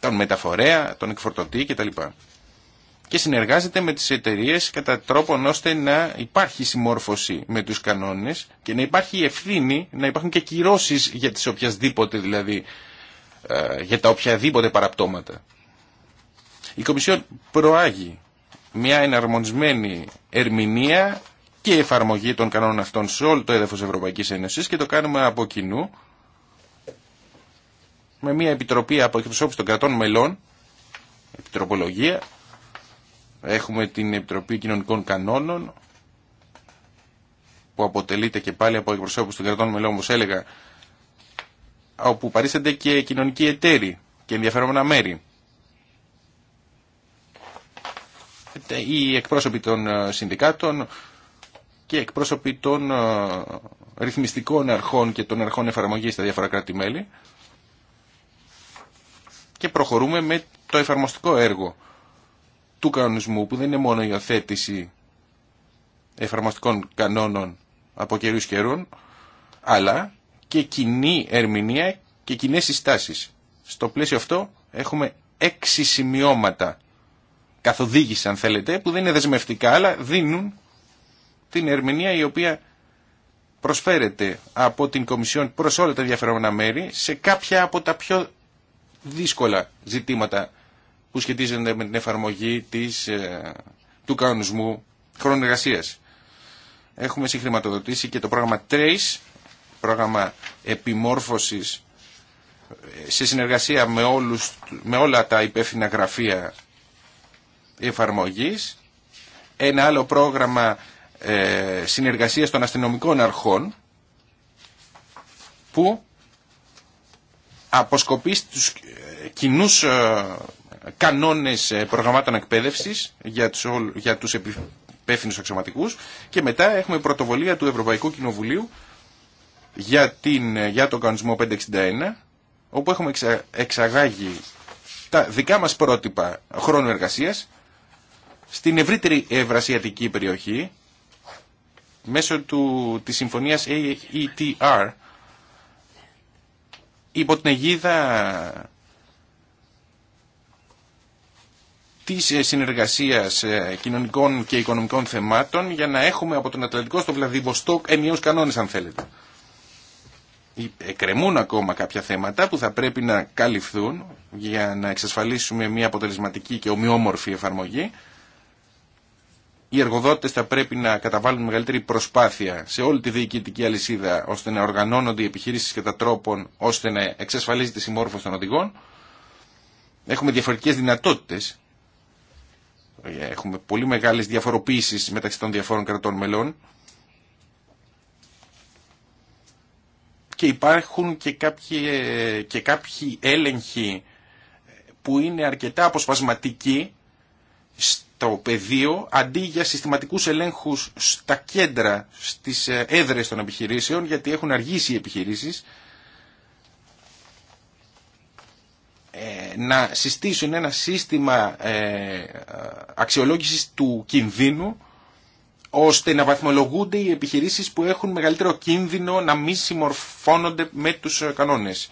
Τον μεταφορέα, τον εκφορτωτή κτλ. Και συνεργάζεται με τις εταιρείε κατά τρόπον ώστε να υπάρχει συμμόρφωση με τους κανόνες και να υπάρχει ευθύνη, να υπάρχουν και κυρώσεις για τις οποιασδήποτε δηλαδή, ε, για τα οποιαδήποτε παραπτώματα. Η Κομισιόν προάγει μια εναρμονισμένη ερμηνεία και η εφαρμογή των κανόνων αυτών σε όλο το έδαφος Ευρωπαϊκής Ένωσης και το κάνουμε από κοινού με μια επιτροπή από εκπροσώπηση των κρατών μελών, επιτροπολογία, έχουμε την Επιτροπή Κοινωνικών Κανόνων, που αποτελείται και πάλι από εκπροσώπους των κρατών μελών, όπως έλεγα, όπου παρίστανται και κοινωνικοί εταίροι και ενδιαφέρομενα μέρη. Ε, οι εκπρόσωποι των ε, συνδικάτων, και εκπρόσωποι των ε, ρυθμιστικών αρχών και των αρχών εφαρμογής στα διάφορα κράτη-μέλη και προχωρούμε με το εφαρμοστικό έργο του κανονισμού που δεν είναι μόνο η οθέτηση εφαρμοστικών κανόνων από καιρού καιρών αλλά και κοινή ερμηνεία και κοινέ συστάσεις. Στο πλαίσιο αυτό έχουμε έξι σημειώματα καθοδήγηση αν θέλετε που δεν είναι δεσμευτικά αλλά δίνουν την ερμηνεία η οποία προσφέρεται από την Κομισιόν προς όλα τα ενδιαφερόμενα μέρη σε κάποια από τα πιο δύσκολα ζητήματα που σχετίζονται με την εφαρμογή της, ε, του κανονισμού χρόνου Έχουμε συγχρηματοδοτήσει και το πρόγραμμα TRACE, πρόγραμμα επιμόρφωσης ε, σε συνεργασία με, όλους, με όλα τα υπεύθυνα γραφεία εφαρμογής. Ένα άλλο πρόγραμμα ε, συνεργασίας των αστυνομικών αρχών που αποσκοπεί στους κοινού ε, κανόνες ε, προγραμμάτων εκπαίδευσης για τους, για τους αξιωματικούς και μετά έχουμε πρωτοβολία του Ευρωπαϊκού Κοινοβουλίου για, την, για τον κανονισμό 561 όπου έχουμε εξαγάγει τα δικά μας πρότυπα χρόνου εργασίας στην ευρύτερη ευρασιατική περιοχή μέσω του, της συμφωνίας AETR υπό την αιγίδα της ε, συνεργασίας ε, κοινωνικών και οικονομικών θεμάτων για να έχουμε από τον Ατλαντικό στο Βλαδιβοστόκ ενιαίους κανόνες αν θέλετε. Εκρεμούν ακόμα κάποια θέματα που θα πρέπει να καλυφθούν για να εξασφαλίσουμε μια αποτελεσματική και ομοιόμορφη εφαρμογή οι εργοδότες θα πρέπει να καταβάλουν μεγαλύτερη προσπάθεια σε όλη τη διοικητική αλυσίδα ώστε να οργανώνονται οι επιχειρήσεις κατά τρόπον ώστε να εξασφαλίζεται η συμμόρφωση των οδηγών. Έχουμε διαφορετικές δυνατότητες. Έχουμε πολύ μεγάλες διαφοροποίησεις μεταξύ των διαφόρων κρατών μελών. Και υπάρχουν και κάποιοι, και κάποιοι έλεγχοι που είναι αρκετά αποσπασματικοί το πεδίο αντί για συστηματικούς ελέγχους στα κέντρα, στις ε, έδρες των επιχειρήσεων γιατί έχουν αργήσει οι επιχειρήσεις ε, να συστήσουν ένα σύστημα ε, αξιολόγησης του κινδύνου ώστε να βαθμολογούνται οι επιχειρήσεις που έχουν μεγαλύτερο κίνδυνο να μην συμμορφώνονται με τους κανόνες.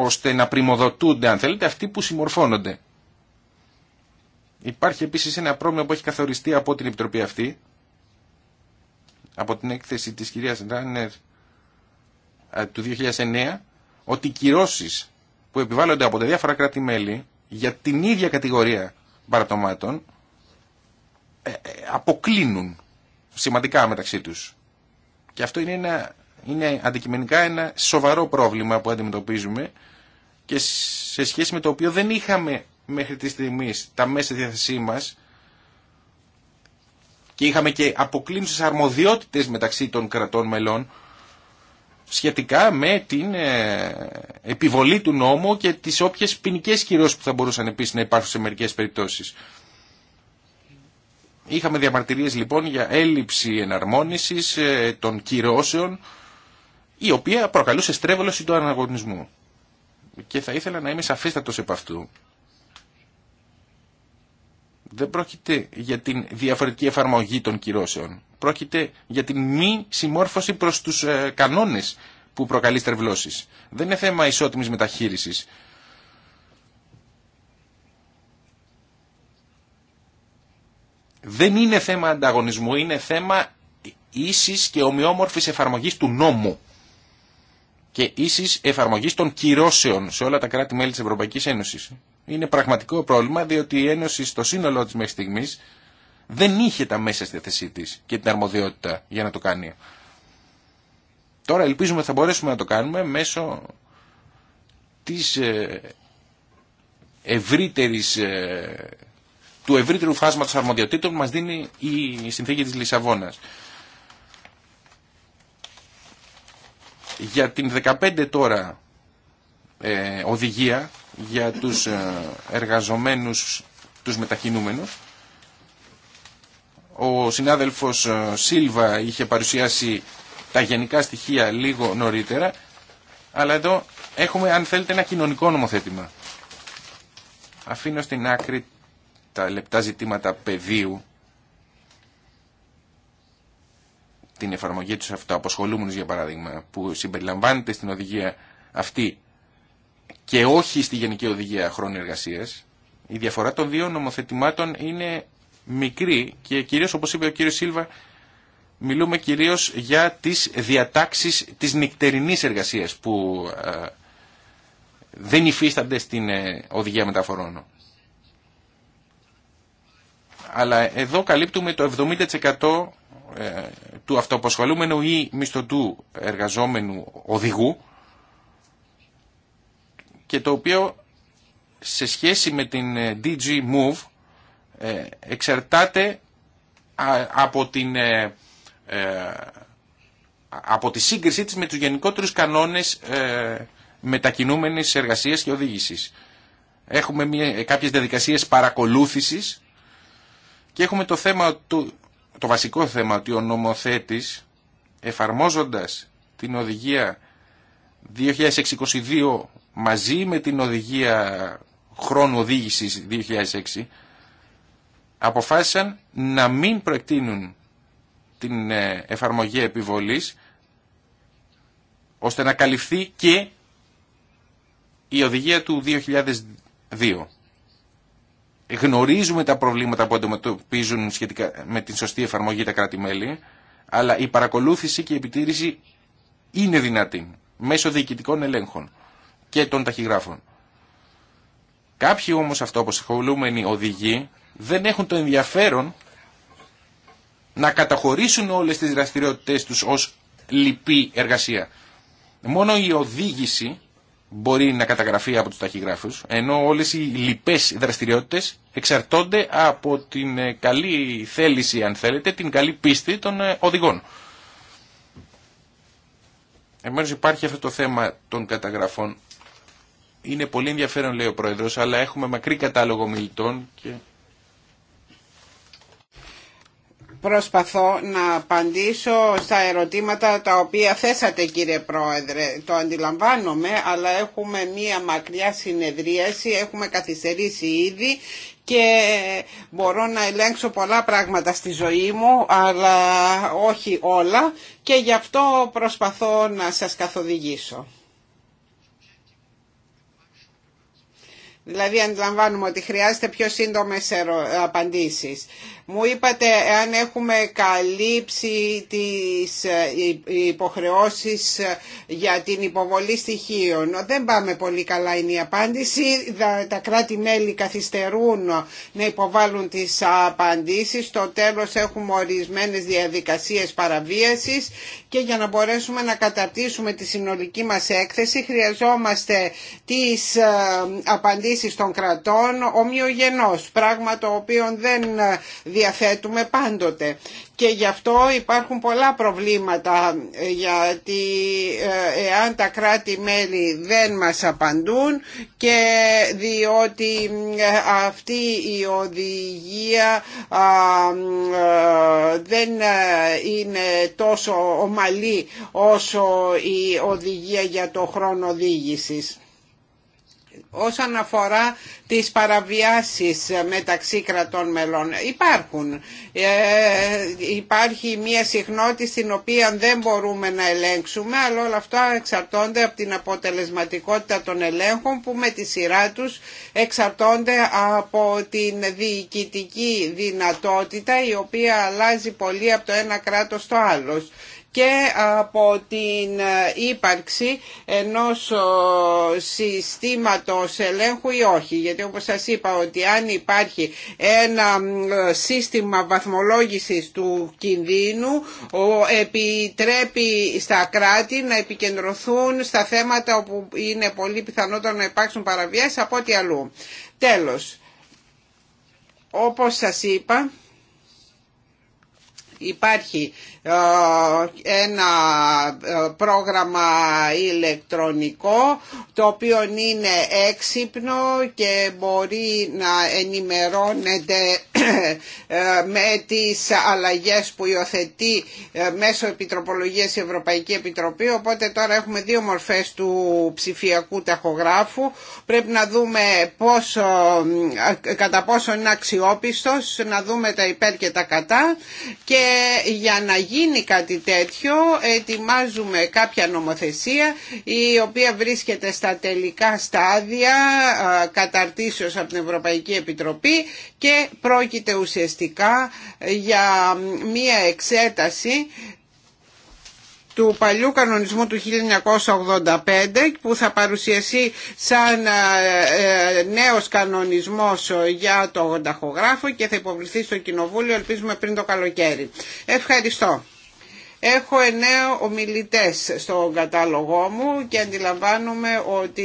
ώστε να πρημοδοτούνται, αν θέλετε, αυτοί που συμμορφώνονται. Υπάρχει επίσης ένα πρόβλημα που έχει καθοριστεί από την Επιτροπή αυτή, από την έκθεση της κυρίας Ράνερ ε, του 2009, ότι οι κυρώσεις που επιβάλλονται από τα διάφορα κράτη-μέλη για την ίδια κατηγορία παρατομάτων ε, ε, αποκλίνουν σημαντικά μεταξύ τους. Και αυτό είναι, ένα, είναι αντικειμενικά ένα σοβαρό πρόβλημα που αντιμετωπίζουμε και σε σχέση με το οποίο δεν είχαμε μέχρι τη στιγμή τα μέσα διάθεσή μας και είχαμε και αποκλίνουσε αρμοδιότητες μεταξύ των κρατών μελών σχετικά με την ε, επιβολή του νόμου και τις όποιες ποινικέ κυρώσεις που θα μπορούσαν επίσης να υπάρχουν σε μερικές περιπτώσεις. Είχαμε διαμαρτυρίες λοιπόν για έλλειψη εναρμόνισης ε, των κυρώσεων η οποία προκαλούσε στρέβλωση του αναγωνισμού και θα ήθελα να είμαι σαφίστατος επ' αυτού. Δεν πρόκειται για την διαφορετική εφαρμογή των κυρώσεων. Πρόκειται για την μη συμμόρφωση προς τους ε, κανόνες που προκαλεί στρεβλώσεις. Δεν είναι θέμα ισότιμης μεταχείρισης. Δεν είναι θέμα ανταγωνισμού, είναι θέμα ίσης και ομοιόμορφης εφαρμογής του νόμου και ίση εφαρμογή των κυρώσεων σε όλα τα κράτη-μέλη της Ευρωπαϊκής Ένωσης. Είναι πραγματικό πρόβλημα διότι η Ένωση στο σύνολό της μέχρι στιγμή, δεν είχε τα μέσα στη θέση τη και την αρμοδιότητα για να το κάνει. Τώρα ελπίζουμε θα μπορέσουμε να το κάνουμε μέσω της ε, ευρύτερης, ε, του ευρύτερου φάσματος αρμοδιοτήτων που μας δίνει η συνθήκη της Λισαβόνας. Για την 15 τώρα ε, οδηγία για τους ε, εργαζομένους, τους μετακινούμενους, ο συνάδελφος ε, Σίλβα είχε παρουσιάσει τα γενικά στοιχεία λίγο νωρίτερα, αλλά εδώ έχουμε, αν θέλετε, ένα κοινωνικό νομοθέτημα. Αφήνω στην άκρη τα λεπτά ζητήματα πεδίου την εφαρμογή τους αυτοαποσχολούμενου, για παράδειγμα που συμπεριλαμβάνεται στην οδηγία αυτή και όχι στη Γενική Οδηγία Χρόνου εργασία, η διαφορά των δύο νομοθετημάτων είναι μικρή και κυρίως όπως είπε ο κύριος Σίλβα μιλούμε κυρίω για τις διατάξεις της νυχτερινής εργασίας που ε, δεν υφίστανται στην ε, Οδηγία Μεταφορών αλλά εδώ καλύπτουμε το 70% ε, του αυτοαποσχολούμενου ή μισθωτού εργαζόμενου οδηγού και το οποίο σε σχέση με την ε, DG Move ε, εξαρτάται από, την, από τη σύγκρισή της με τους γενικότερους κανόνες μετακινούμενης εργασίας και οδήγησης. Έχουμε μια, κάποιες διαδικασίες παρακολούθησης και έχουμε το θέμα του, το βασικό θέμα ότι ο νομοθέτης εφαρμόζοντας την οδηγία 2062 μαζί με την οδηγία χρόνου οδήγησης 2006 αποφάσισαν να μην προεκτείνουν την ε, εφαρμογή επιβολής ώστε να καλυφθεί και η οδηγία του 2002 γνωρίζουμε τα προβλήματα που αντιμετωπίζουν σχετικά με την σωστή εφαρμογή τα κράτη-μέλη, αλλά η παρακολούθηση και η επιτήρηση είναι δυνατή μέσω διοικητικών ελέγχων και των ταχυγράφων. Κάποιοι όμως αυτό οι οδηγοί δεν έχουν το ενδιαφέρον να καταχωρήσουν όλες τις δραστηριότητες τους ως λυπή εργασία. Μόνο η οδήγηση μπορεί να καταγραφεί από τους ταχυγράφους, ενώ όλες οι λοιπές δραστηριότητες εξαρτώνται από την ε, καλή θέληση, αν θέλετε, την καλή πίστη των ε, οδηγών. Εμένως υπάρχει αυτό το θέμα των καταγραφών. Είναι πολύ ενδιαφέρον, λέει ο Πρόεδρος, αλλά έχουμε μακρύ κατάλογο μιλητών και προσπαθώ να απαντήσω στα ερωτήματα τα οποία θέσατε κύριε Πρόεδρε. Το αντιλαμβάνομαι, αλλά έχουμε μία μακριά συνεδρίαση, έχουμε καθυστερήσει ήδη και μπορώ να ελέγξω πολλά πράγματα στη ζωή μου, αλλά όχι όλα και γι' αυτό προσπαθώ να σας καθοδηγήσω. Δηλαδή αντιλαμβάνουμε ότι χρειάζεται πιο σύντομες απαντήσεις. Μου είπατε αν έχουμε καλύψει τις ε, υποχρεώσεις ε, για την υποβολή στοιχείων. Δεν πάμε πολύ καλά είναι η απάντηση. Τα κράτη-μέλη καθυστερούν να υποβάλουν τις απαντήσεις. Στο τέλος έχουμε ορισμένες διαδικασίες παραβίασης και για να μπορέσουμε να καταρτήσουμε τη συνολική μας έκθεση χρειαζόμαστε τις ε, απαντήσεις των κρατών ομοιογενώς, πράγμα το οποίο δεν διαθέτουμε πάντοτε. Και γι' αυτό υπάρχουν πολλά προβλήματα ε, γιατί ε, εάν τα κράτη-μέλη δεν μας απαντούν και διότι ε, αυτή η οδηγία δεν είναι τόσο ομαλή όσο η οδηγία για το χρόνο οδήγησης όσον αφορά τις παραβιάσεις μεταξύ κρατών μελών. Υπάρχουν. Ε, υπάρχει μια συχνότητα στην οποία δεν μπορούμε να ελέγξουμε, αλλά όλα αυτά εξαρτώνται από την αποτελεσματικότητα των ελέγχων που με τη σειρά τους εξαρτώνται από την διοικητική δυνατότητα η οποία αλλάζει πολύ από το ένα κράτος στο άλλο και από την ε, ύπαρξη ενός συστήματος ελέγχου ή όχι. Γιατί όπως σας είπα ότι αν υπάρχει ένα σύστημα βαθμολόγησης του κινδύνου επιτρέπει στα κράτη να επικεντρωθούν στα θέματα όπου είναι πολύ πιθανότερο να υπάρξουν παραβιάσεις από ό,τι αλλού. Τέλος, όπως σας είπα υπάρχει ε, ένα ε, πρόγραμμα ηλεκτρονικό το οποίο είναι έξυπνο και μπορεί να ενημερώνεται ε, με τις αλλαγές που υιοθετεί μέσω Επιτροπολογίας η Ευρωπαϊκή Επιτροπή οπότε τώρα έχουμε δύο μορφές του ψηφιακού ταχογράφου πρέπει να δούμε πόσο, κατά πόσο είναι αξιόπιστος να δούμε τα υπέρ και τα κατά και για να γίνει κάτι τέτοιο ετοιμάζουμε κάποια νομοθεσία η οποία βρίσκεται στα τελικά στάδια καταρτήσεως από την Ευρωπαϊκή Επιτροπή και πρόκειται ουσιαστικά για μία εξέταση του παλιού κανονισμού του 1985 που θα παρουσιαστεί σαν ε, ε, νέος κανονισμός για το γονταχογράφο και θα υποβληθεί στο Κοινοβούλιο ελπίζουμε πριν το καλοκαίρι. Ευχαριστώ. Έχω εννέα ομιλητές στο κατάλογό μου και αντιλαμβάνομαι ότι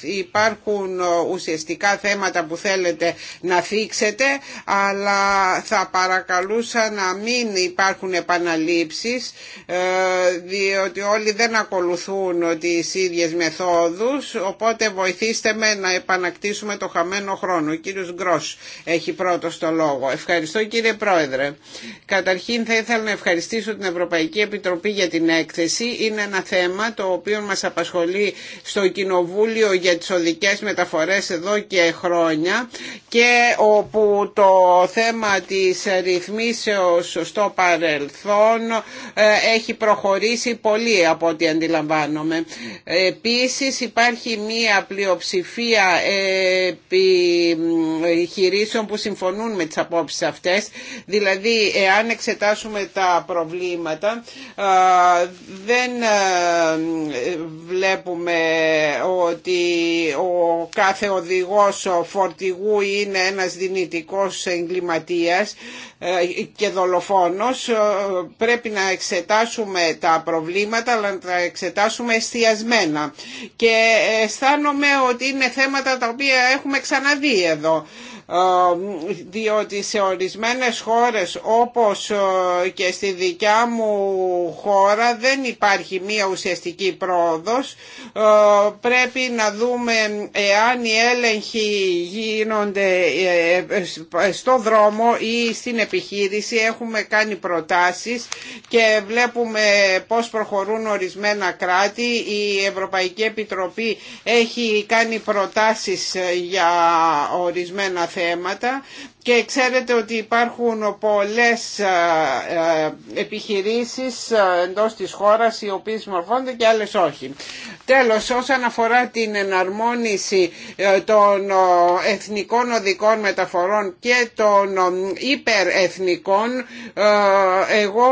υπάρχουν ουσιαστικά θέματα που θέλετε να θίξετε αλλά θα παρακαλούσα να μην υπάρχουν επαναλήψεις ε, διότι όλοι δεν ακολουθούν τις ίδιες μεθόδους οπότε βοηθήστε με να επανακτήσουμε το χαμένο χρόνο. Ο κύριος Γκρός έχει πρώτος το λόγο. Ευχαριστώ κύριε Πρόεδρε. Καταρχήν θα ήθελα να ευχαριστήσω την Ευρωπαϊκή Ευρωπαϊκή Επιτροπή για την έκθεση. Είναι ένα θέμα το οποίο μας απασχολεί στο Κοινοβούλιο για τις οδικές μεταφορές εδώ και χρόνια και όπου το θέμα της ρυθμίσεως στο παρελθόν ε, έχει προχωρήσει πολύ από ό,τι αντιλαμβάνομαι. Επίσης υπάρχει μία πλειοψηφία επιχειρήσεων που συμφωνούν με τις απόψεις αυτές. Δηλαδή εάν εξετάσουμε τα προβλήματα δεν βλέπουμε ότι ο κάθε οδηγός φορτηγού είναι ένας δυνητικός εγκληματίας και δολοφόνος. Πρέπει να εξετάσουμε τα προβλήματα αλλά να τα εξετάσουμε εστιασμένα. Και αισθάνομαι ότι είναι θέματα τα οποία έχουμε ξαναδεί εδώ. Ε, διότι σε ορισμένες χώρες όπως ε, και στη δικιά μου χώρα δεν υπάρχει μία ουσιαστική πρόοδος ε, πρέπει να δούμε εάν οι έλεγχοι γίνονται στο δρόμο ή στην επιχείρηση έχουμε κάνει προτάσεις και βλέπουμε πώς προχωρούν ορισμένα κράτη η Ευρωπαϊκή Επιτροπή έχει κάνει προτάσεις για ορισμένα θέματα θέματα και ξέρετε ότι υπάρχουν πολλές επιχειρήσεις εντός της χώρας οι οποίες μορφώνται και άλλες όχι. Τέλος, όσον αφορά την εναρμόνιση ε, των εθνικών οδικών μεταφορών και των υπερεθνικών, ε, εγώ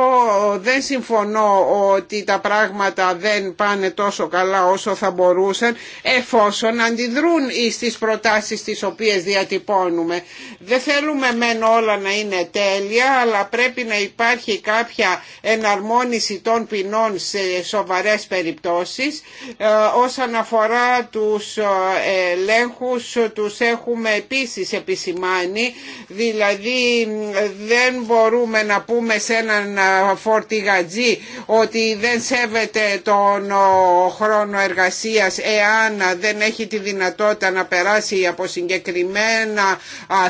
δεν συμφωνώ ότι τα πράγματα δεν πάνε τόσο καλά όσο θα μπορούσαν, εφόσον αντιδρούν στις προτάσεις τις οποίες διατυπώνουμε. Δεν θέλουμε μεν όλα να είναι τέλεια αλλά πρέπει να υπάρχει κάποια εναρμόνιση των ποινών σε σοβαρές περιπτώσεις ε, όσον αφορά τους ε, ελέγχους τους έχουμε επίσης επισημάνει δηλαδή δεν μπορούμε να πούμε σε έναν ε, φορτηγατζή ότι δεν σέβεται τον χρόνο εργασίας εάν δεν έχει τη δυνατότητα να περάσει από συγκεκριμένα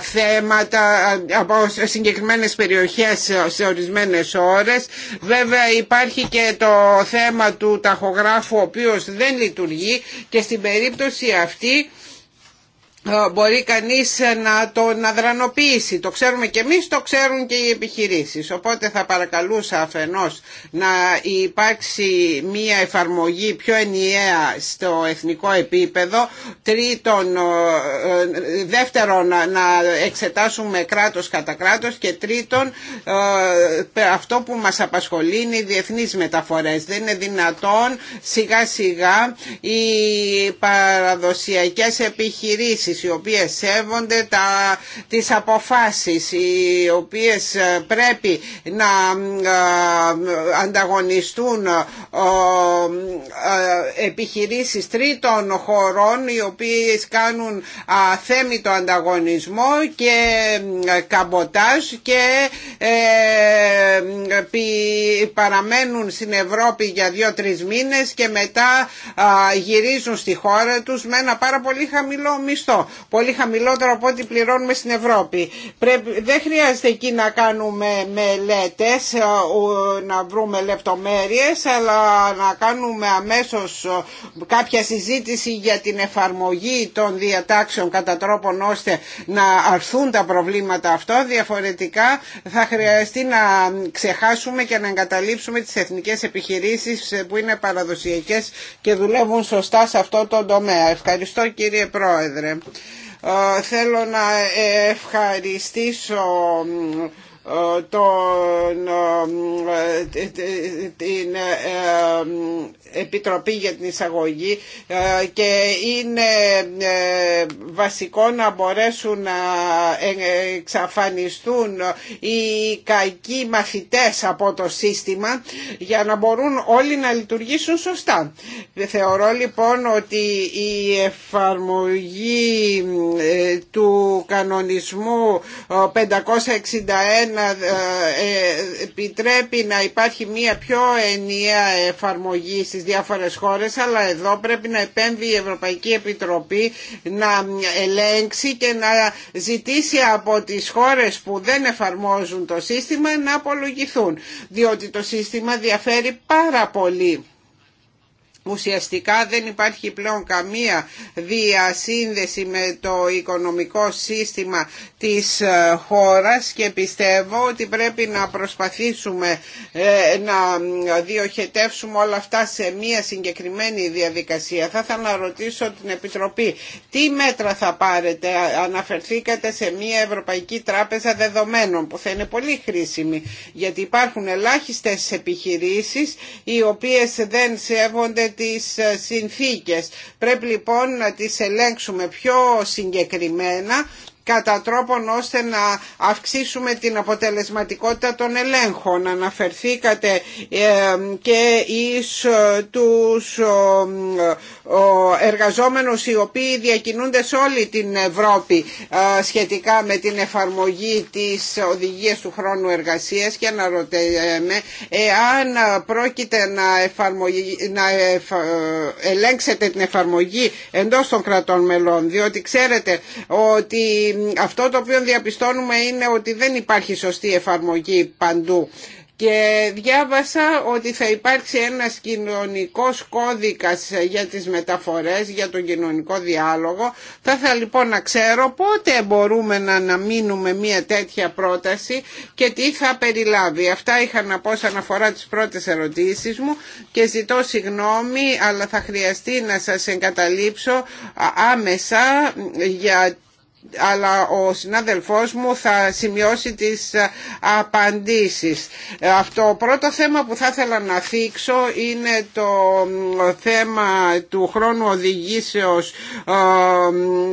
θέματα τα, από συγκεκριμένε περιοχές σε ορισμένες ώρες. Βέβαια υπάρχει και το θέμα του ταχογράφου ο οποίος δεν λειτουργεί και στην περίπτωση αυτή ε, μπορεί κανείς ε, να το να δρανοποιήσει. Το ξέρουμε και εμείς, το ξέρουν και οι επιχειρήσεις. Οπότε θα παρακαλούσα αφενός να υπάρξει μία εφαρμογή πιο ενιαία στο εθνικό επίπεδο. Τρίτον, ε, δεύτερον να εξετάσουμε κράτος κατά κράτος και τρίτον αυτό που μας απασχολεί είναι οι διεθνείς μεταφορές. Δεν είναι δυνατόν σιγά σιγά οι παραδοσιακές επιχειρήσεις οι οποίες σέβονται τα, τις αποφάσεις οι οποίες ε, πρέπει να ε, ανταγωνιστούν ε, επιχειρήσεις τρίτων χωρών οι οποίες κάνουν θέμητο ανταγωνισμό και καμποτάζ και παραμένουν στην Ευρώπη για δύο-τρεις μήνες και μετά γυρίζουν στη χώρα τους με ένα πάρα πολύ χαμηλό μισθό πολύ χαμηλότερο από ό,τι πληρώνουμε στην Ευρώπη. Πρέπει, δεν χρειάζεται εκεί να κάνουμε μελέτες, ε, να βρούμε λεπτομέρειες, αλλά να κάνουμε αμέσως ε, κάποια συζήτηση για την εφαρμογή των διατάξεων κατά τρόπον ώστε να αρθούν τα προβλήματα αυτό. Διαφορετικά θα χρειαστεί να ξεχάσουμε και να εγκαταλείψουμε τις εθνικές επιχειρήσεις ε, που είναι παραδοσιακές και δουλεύουν σωστά σε αυτό το τομέα. Ευχαριστώ κύριε Πρόεδρε. Ε, θέλω να ευχαριστήσω τον, ε, ε, ε, την Επιτροπή για την Εισαγωγή και είναι βασικό να μπορέσουν να εξαφανιστούν οι κακοί μαθητές από το σύστημα για να μπορούν όλοι να λειτουργήσουν σωστά. Θεωρώ λοιπόν ότι η εφαρμογή του κανονισμού 561 να ε, επιτρέπει να υπάρχει μια πιο ενιαία εφαρμογή στις διάφορες χώρες αλλά εδώ πρέπει να επέμβει η Ευρωπαϊκή Επιτροπή να ελέγξει και να ζητήσει από τις χώρες που δεν εφαρμόζουν το σύστημα να απολογηθούν διότι το σύστημα διαφέρει πάρα πολύ Ουσιαστικά δεν υπάρχει πλέον καμία διασύνδεση με το οικονομικό σύστημα της ε, χώρας και πιστεύω ότι πρέπει να προσπαθήσουμε ε, να διοχετεύσουμε όλα αυτά σε μία συγκεκριμένη διαδικασία. Θα ήθελα να ρωτήσω την Επιτροπή τι μέτρα θα πάρετε. Αναφερθήκατε σε μία Ευρωπαϊκή Τράπεζα Δεδομένων που θα είναι πολύ χρήσιμη γιατί υπάρχουν ελάχιστες επιχειρήσεις οι οποίες δεν σέβονται τις ε, συνθήκες. Πρέπει λοιπόν να τις ελέγξουμε πιο συγκεκριμένα κατά τρόπον ώστε να αυξήσουμε την αποτελεσματικότητα των ελέγχων. Αναφερθήκατε ε, και εις ε, τους ε, εργαζόμενους οι οποίοι διακινούνται σε όλη την Ευρώπη σχετικά με την εφαρμογή της οδηγίας του χρόνου εργασίας και να αναρωτιέμαι εάν πρόκειται να, εφαρμογή, να ελέγξετε την εφαρμογή εντός των κρατών μελών διότι ξέρετε ότι αυτό το οποίο διαπιστώνουμε είναι ότι δεν υπάρχει σωστή εφαρμογή παντού. Και διάβασα ότι θα υπάρξει ένας κοινωνικός κώδικας για τις μεταφορές, για τον κοινωνικό διάλογο. Θα ήθελα λοιπόν να ξέρω πότε μπορούμε να αναμείνουμε μια τέτοια πρόταση και τι θα περιλάβει. Αυτά είχα να πω σαν αφορά τις πρώτες ερωτήσεις μου και ζητώ συγγνώμη αλλά θα χρειαστεί να σας εγκαταλείψω άμεσα για αλλά ο συνάδελφός μου θα σημειώσει τις απαντήσεις. Αυτό πρώτο θέμα που θα ήθελα να θίξω είναι το θέμα του χρόνου οδηγήσεως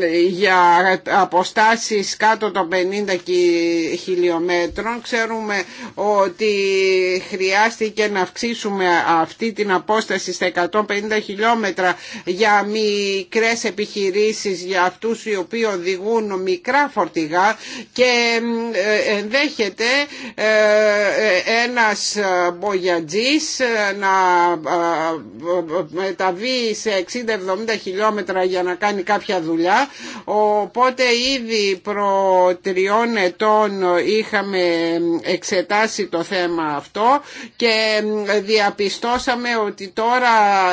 ε, για αποστάσεις κάτω των 50 χιλιόμετρων. Ξέρουμε ότι χρειάστηκε να αυξήσουμε αυτή την απόσταση στα 150 χιλιόμετρα για μικρές επιχειρήσεις, για αυτούς οι οποίοι οδηγούν μικρά φορτηγά και ε, ενδέχεται ε, ε, ένας μπογιατζής να μεταβεί σε 60-70 χιλιόμετρα για να κάνει κάποια δουλειά οπότε ήδη προ τριών ετών είχαμε εξετάσει το θέμα αυτό και διαπιστώσαμε ότι τώρα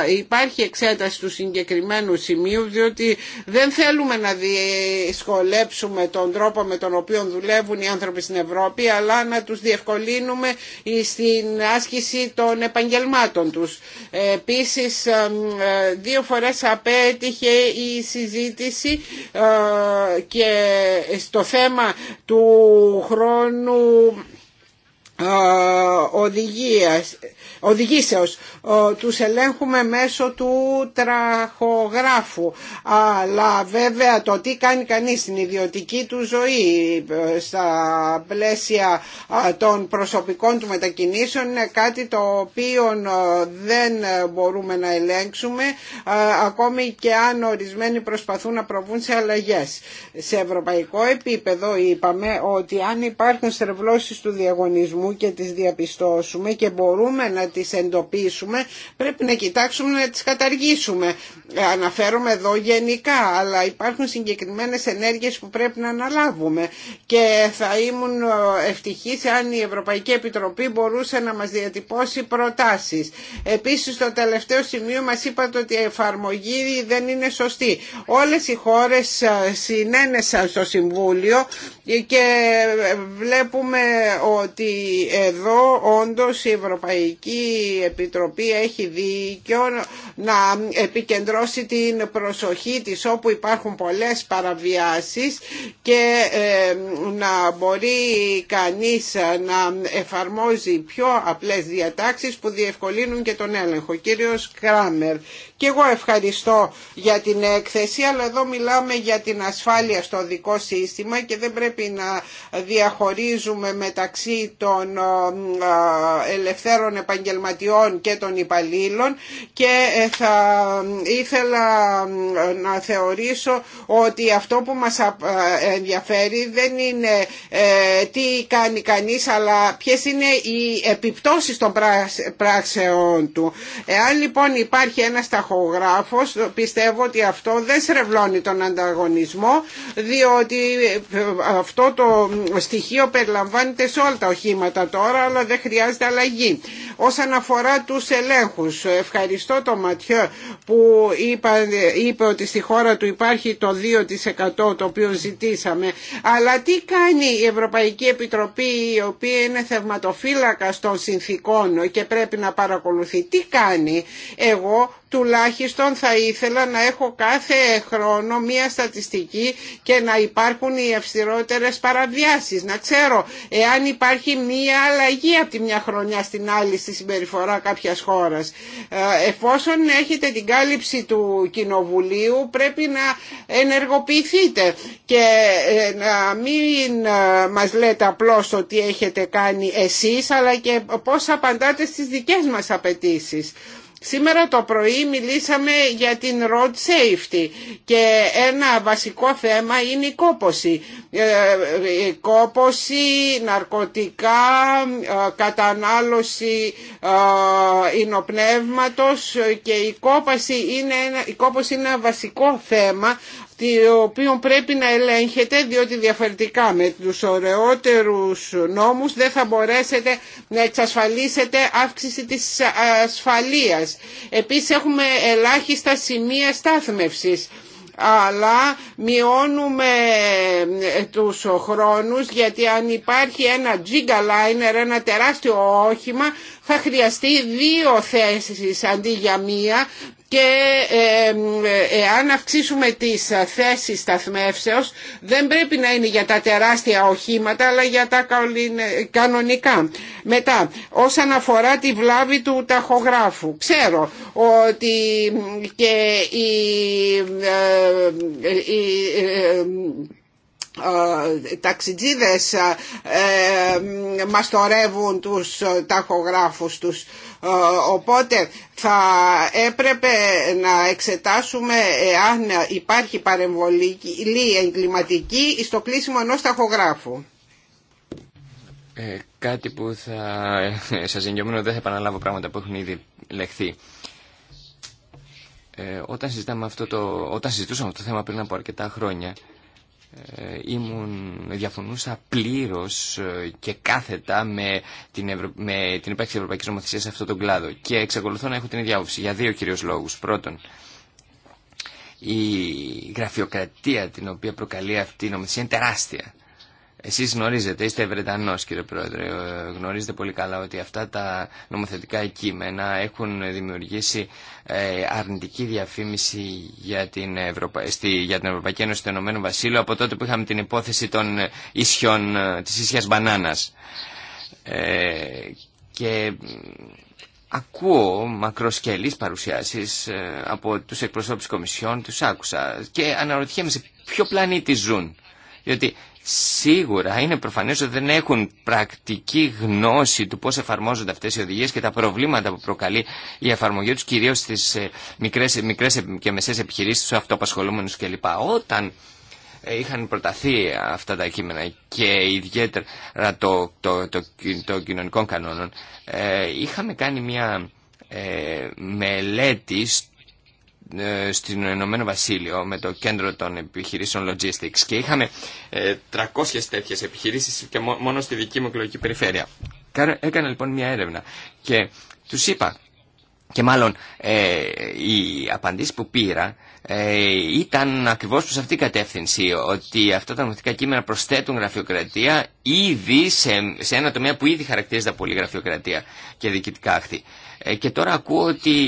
υπάρχει εξέταση του συγκεκριμένου σημείου διότι δεν θέλουμε να δυσκολεύουμε δυσκολέψουμε τον τρόπο με τον οποίο δουλεύουν οι άνθρωποι στην Ευρώπη αλλά να τους διευκολύνουμε στην άσκηση των επαγγελμάτων τους. Επίσης ε, δύο φορές απέτυχε η συζήτηση ε, και στο θέμα του χρόνου ε, οδηγίας οδηγήσεως. Τους ελέγχουμε μέσω του τραχογράφου. Αλλά βέβαια το τι κάνει κανείς στην ιδιωτική του ζωή ε, στα πλαίσια των προσωπικών του μετακινήσεων είναι κάτι το οποίο ε, δεν μπορούμε να ελέγξουμε ε, ακόμη και αν ορισμένοι προσπαθούν να προβούν σε αλλαγές. Σε ευρωπαϊκό επίπεδο είπαμε ότι αν υπάρχουν στρεβλώσεις του διαγωνισμού και τις διαπιστώσουμε και μπορούμε να τις εντοπίσουμε πρέπει να κοιτάξουμε να τις καταργήσουμε. Αναφέρομαι εδώ γενικά, αλλά υπάρχουν συγκεκριμένες ενέργειες που πρέπει να αναλάβουμε και θα ήμουν ευτυχής αν η Ευρωπαϊκή Επιτροπή μπορούσε να μας διατυπώσει προτάσεις. Επίσης στο τελευταίο σημείο μας είπατε ότι η εφαρμογή δεν είναι σωστή. Όλες οι χώρες συνένεσαν στο Συμβούλιο και βλέπουμε ότι εδώ όντως η Ευρωπαϊκή η Επιτροπή έχει δίκιο να επικεντρώσει την προσοχή της όπου υπάρχουν πολλές παραβιάσεις και ε, να μπορεί κανείς να εφαρμόζει πιο απλές διατάξεις που διευκολύνουν και τον έλεγχο. Κύριος Κράμερ, και εγώ ευχαριστώ για την έκθεση, αλλά εδώ μιλάμε για την ασφάλεια στο δικό σύστημα και δεν πρέπει να διαχωρίζουμε μεταξύ των ε, ε, ελευθέρων επαγγελματιών και των υπαλλήλων και ε, θα ήθελα να θεωρήσω ότι αυτό που μας ενδιαφέρει δεν είναι τι κάνει κανείς αλλά ποιες είναι οι επιπτώσεις των πράξεων του. Εάν λοιπόν υπάρχει ένα πιστεύω ότι αυτό δεν σρευλώνει τον ανταγωνισμό διότι ε, αυτό το στοιχείο περιλαμβάνεται σε όλα τα οχήματα τώρα αλλά δεν χρειάζεται αλλαγή. Όσον αφορά τους ελέγχους, ευχαριστώ το Ματιό που είπε ότι στη χώρα του υπάρχει το 2% το οποίο ζητήσαμε αλλά τι κάνει η Ευρωπαϊκή Επιτροπή η οποία είναι θευματοφύλακα των συνθήκων και πρέπει να παρακολουθεί τι κάνει εγώ τουλάχιστον θα ήθελα να έχω κάθε χρόνο μία στατιστική και να υπάρχουν οι αυστηρότερες παραβιάσεις. Να ξέρω εάν υπάρχει μία αλλαγή από τη μια χρονιά στην άλλη στη συμπεριφορά κάποιας χώρας. Ε, εφόσον έχετε την κάλυψη του Κοινοβουλίου πρέπει να ενεργοποιηθείτε και ε, να μην ε, μας λέτε απλώς ότι τι έχετε κάνει εσείς αλλά και πώς απαντάτε στις δικές μας απαιτήσεις. Σήμερα το πρωί μιλήσαμε για την road safety και ένα βασικό θέμα είναι η κόποση. Η ε, ε, κόποση, ναρκωτικά, ε, κατανάλωση ινοπνεύματος και η, είναι η κόπωση είναι ένα βασικό θέμα το οποίο πρέπει να ελέγχετε διότι διαφορετικά με τους ωραιότερους νόμους δεν θα μπορέσετε να εξασφαλίσετε αύξηση της ασφαλείας. Επίσης έχουμε ελάχιστα σημεία στάθμευσης αλλά μειώνουμε ε, τους χρόνους γιατί αν υπάρχει ένα gigaliner, ένα τεράστιο όχημα θα χρειαστεί δύο θέσεις αντί για μία και εάν αυξήσουμε τις θέσεις σταθμεύσεως δεν πρέπει να είναι για τα τεράστια οχήματα αλλά για τα κανονικά. Μετά, όσον αφορά τη βλάβη του ταχογράφου, ξέρω ότι και ε, ε, ε, ταξιτζίδες ε, ε, μαστορεύουν τους ταχογράφους τους. Οπότε θα έπρεπε να εξετάσουμε αν υπάρχει παρεμβολή εγκληματική στο κλείσιμο ενός ταχογράφου. Ε, κάτι που θα σας εγγυωμένω δεν θα επαναλάβω πράγματα που έχουν ήδη λεχθεί. όταν, συζητάμε αυτό το, όταν συζητούσαμε αυτό το θέμα πριν από αρκετά χρόνια, ε, ήμουν, διαφωνούσα πλήρως ε, και κάθετα με την, Ευρω... με την υπάρξη της Ευρωπαϊκής Νομοθεσίας σε αυτόν τον κλάδο και εξακολουθώ να έχω την ίδια άποψη για δύο κυρίως λόγους. Πρώτον, η γραφειοκρατία την οποία προκαλεί αυτή η νομοθεσία είναι τεράστια Εσεί γνωρίζετε, είστε Βρετανό, κύριε Πρόεδρε, ε, γνωρίζετε πολύ καλά ότι αυτά τα νομοθετικά κείμενα έχουν δημιουργήσει ε, αρνητική διαφήμιση για την, Ευρωπα... στη... για την Ευρωπαϊκή Ένωση του Ενωμένου από τότε που είχαμε την υπόθεση των ίσιων, ε, της ίσιας μπανάνας. και Ακούω μακροσκελείς παρουσιάσεις από τους εκπροσώπους Κομισιόν, τους άκουσα και αναρωτιέμαι σε ποιο πλανήτη ζουν. Διότι Σίγουρα είναι προφανές ότι δεν έχουν πρακτική γνώση του πώς εφαρμόζονται αυτές οι οδηγίες και τα προβλήματα που προκαλεί η εφαρμογή τους κυρίως στις ε, μικρές, ε, μικρές ε, και μεσές επιχειρήσεις, στους αυτοπασχολούμενους κλπ. Όταν είχαν προταθεί αυτά τα κείμενα και ιδιαίτερα το, το, το, το κοινωνικών κανόνων, είχαμε κάνει μια μελέτη ε, στην Ηνωμένο Βασίλειο με το κέντρο των επιχειρήσεων logistics και είχαμε 300 ε, τέτοιες επιχειρήσεις και μόνο στη δική μου εκλογική περιφέρεια. Έκανα λοιπόν μια έρευνα και τους είπα και μάλλον ε, η οι που πήρα ήταν ακριβώς προ αυτή την κατεύθυνση ότι αυτά τα νομοθετικά κείμενα προσθέτουν γραφειοκρατία ήδη σε, σε ένα τομέα που ήδη χαρακτηρίζεται πολύ γραφειοκρατία και διοικητικά άκτη. Ε, και τώρα ακούω ότι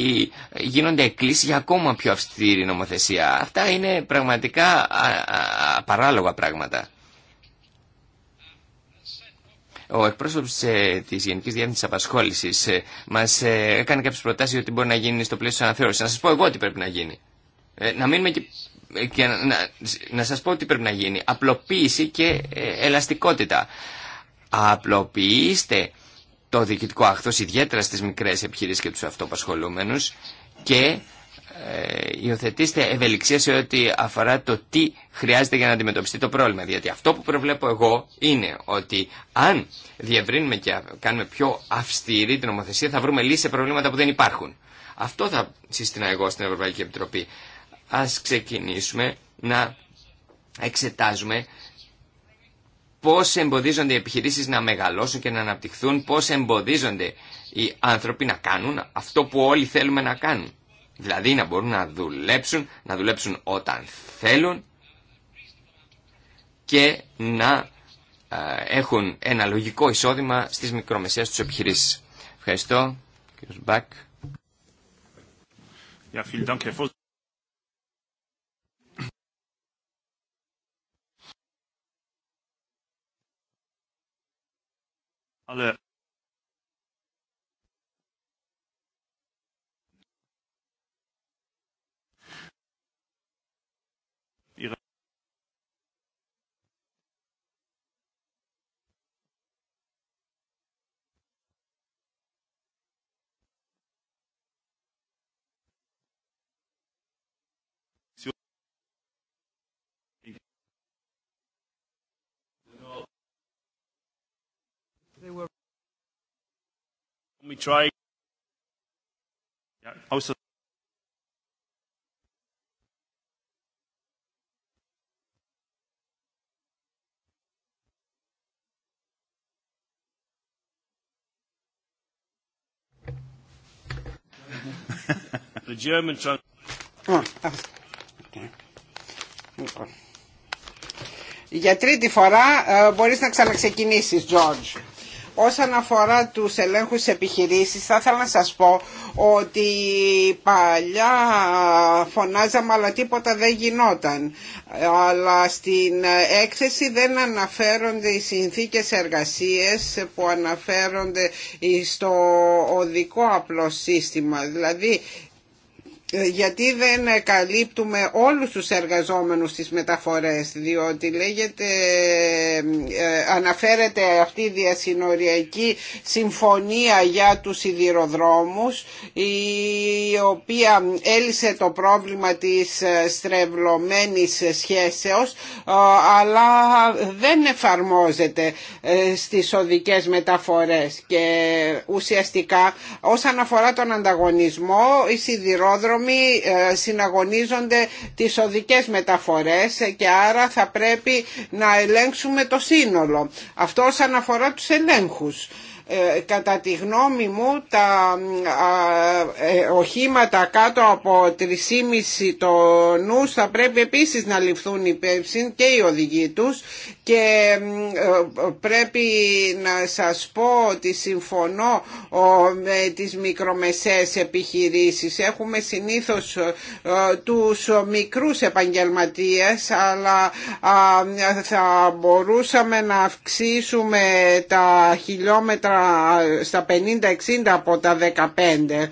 γίνονται εκκλήσεις για ακόμα πιο αυστηρή νομοθεσία. Αυτά είναι πραγματικά παράλογα πράγματα. Ο εκπρόσωπος ε, της Γενικής Διεύθυνσης Απασχόλησης ε, μας έκανε κάποιες προτάσεις ότι μπορεί να γίνει στο πλαίσιο της αναθεώρησης. Να σας πω εγώ τι πρέπει να γίνει. Να μείνουμε και και να, να σας πω τι πρέπει να γίνει. Απλοποίηση και ελαστικότητα. Απλοποιήστε το διοικητικό άχθος, ιδιαίτερα στις μικρές επιχειρήσεις και τους αυτοπασχολούμενους και ε, υιοθετήστε ευελιξία σε ό,τι αφορά το τι χρειάζεται για να αντιμετωπιστεί το πρόβλημα. Διότι αυτό που προβλέπω εγώ είναι ότι αν διευρύνουμε και κάνουμε πιο αυστηρή την νομοθεσία θα βρούμε λύσεις σε προβλήματα που δεν υπάρχουν. Αυτό θα συστήνα εγώ στην Ευρωπαϊκή Επιτροπή. Ας ξεκινήσουμε να εξετάζουμε πώς εμποδίζονται οι επιχειρήσεις να μεγαλώσουν και να αναπτυχθούν, πώς εμποδίζονται οι άνθρωποι να κάνουν αυτό που όλοι θέλουμε να κάνουν. Δηλαδή να μπορούν να δουλέψουν, να δουλέψουν όταν θέλουν και να ε, έχουν ένα λογικό εισόδημα στις μικρομεσαίες τους επιχειρήσεις. Ευχαριστώ. Κύριος Μπακ. Ale They were. We try. Yeah, also The German Για τρίτη φορά μπορείς να ξαναξεκινήσεις, George. Όσον αφορά τους ελέγχους επιχειρήσεις θα ήθελα να σας πω ότι παλιά φωνάζαμε αλλά τίποτα δεν γινόταν. Αλλά στην έκθεση δεν αναφέρονται οι συνθήκες εργασίες που αναφέρονται στο οδικό απλό σύστημα. Δηλαδή ε, γιατί δεν καλύπτουμε όλους τους εργαζόμενους στις μεταφορές διότι λέγεται, ε, αναφέρεται αυτή η διασυνοριακή συμφωνία για τους σιδηροδρόμους η οποία έλυσε το πρόβλημα της ε, στρεβλωμένης σχέσεως αλλά δεν εφαρμόζεται στις οδικές μεταφορές και ουσιαστικά όσον αφορά τον ανταγωνισμό οι σιδηρόδρομοι ε, συναγωνίζονται τις οδικές μεταφορές και άρα θα πρέπει να ελέγξουμε το σύνολο. Αυτό όσον αφορά τους ελέγχους. Ε, κατά τη γνώμη μου τα ε, οχήματα κάτω από 3,5 νους θα πρέπει επίσης να ληφθούν υπέψη και οι οδηγοί τους και ε, πρέπει να σας πω ότι συμφωνώ με τις μικρομεσαίες επιχειρήσεις. Έχουμε συνήθως τους μικρούς επαγγελματίες αλλά θα μπορούσαμε να αυξήσουμε τα χιλιόμετρα στα 50-60 από τα 15.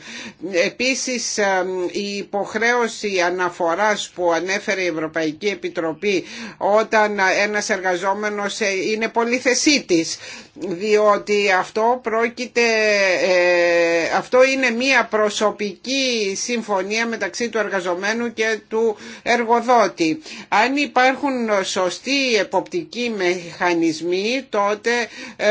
Επίσης η υποχρέωση αναφοράς που ανέφερε η Ευρωπαϊκή Επιτροπή όταν ένας εργαζόμενος ε, είναι πολυθεσίτης διότι αυτό πρόκειται, ε, αυτό είναι μία προσωπική συμφωνία μεταξύ του εργαζομένου και του εργοδότη. Αν υπάρχουν σωστοί εποπτικοί μηχανισμοί τότε ε,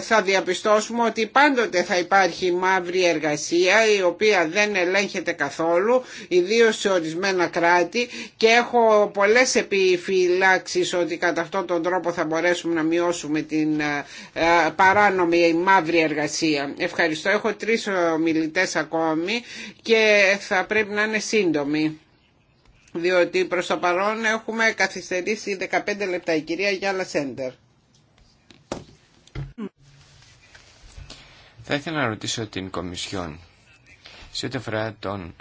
θα να διαπιστώσουμε ότι πάντοτε θα υπάρχει μαύρη εργασία η οποία δεν ελέγχεται καθόλου, ιδίως σε ορισμένα κράτη και έχω πολλές επιφυλάξεις ότι κατά αυτόν τον τρόπο θα μπορέσουμε να μειώσουμε την ε, ε, παράνομη μαύρη εργασία. Ευχαριστώ. Έχω τρεις ομιλητές ακόμη και θα πρέπει να είναι σύντομοι διότι προς το παρόν έχουμε καθυστερήσει 15 λεπτά η κυρία Γιάλα Σέντερ. Θα ήθελα να ρωτήσω την Κομισιόν σε ό,τι αφορά τον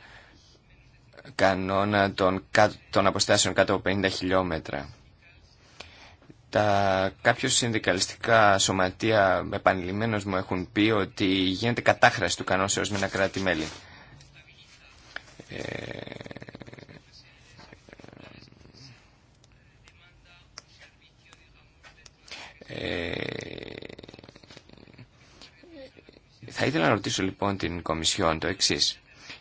κανόνα των, των αποστάσεων κάτω από 50 χιλιόμετρα. Τα κάποιος συνδικαλιστικά σωματεία επανειλημμένως μου έχουν πει ότι γίνεται κατάχραση του κανόνα σε ορισμένα κράτη-μέλη. ε, ε θα ήθελα να ρωτήσω λοιπόν την Κομισιόν το εξή.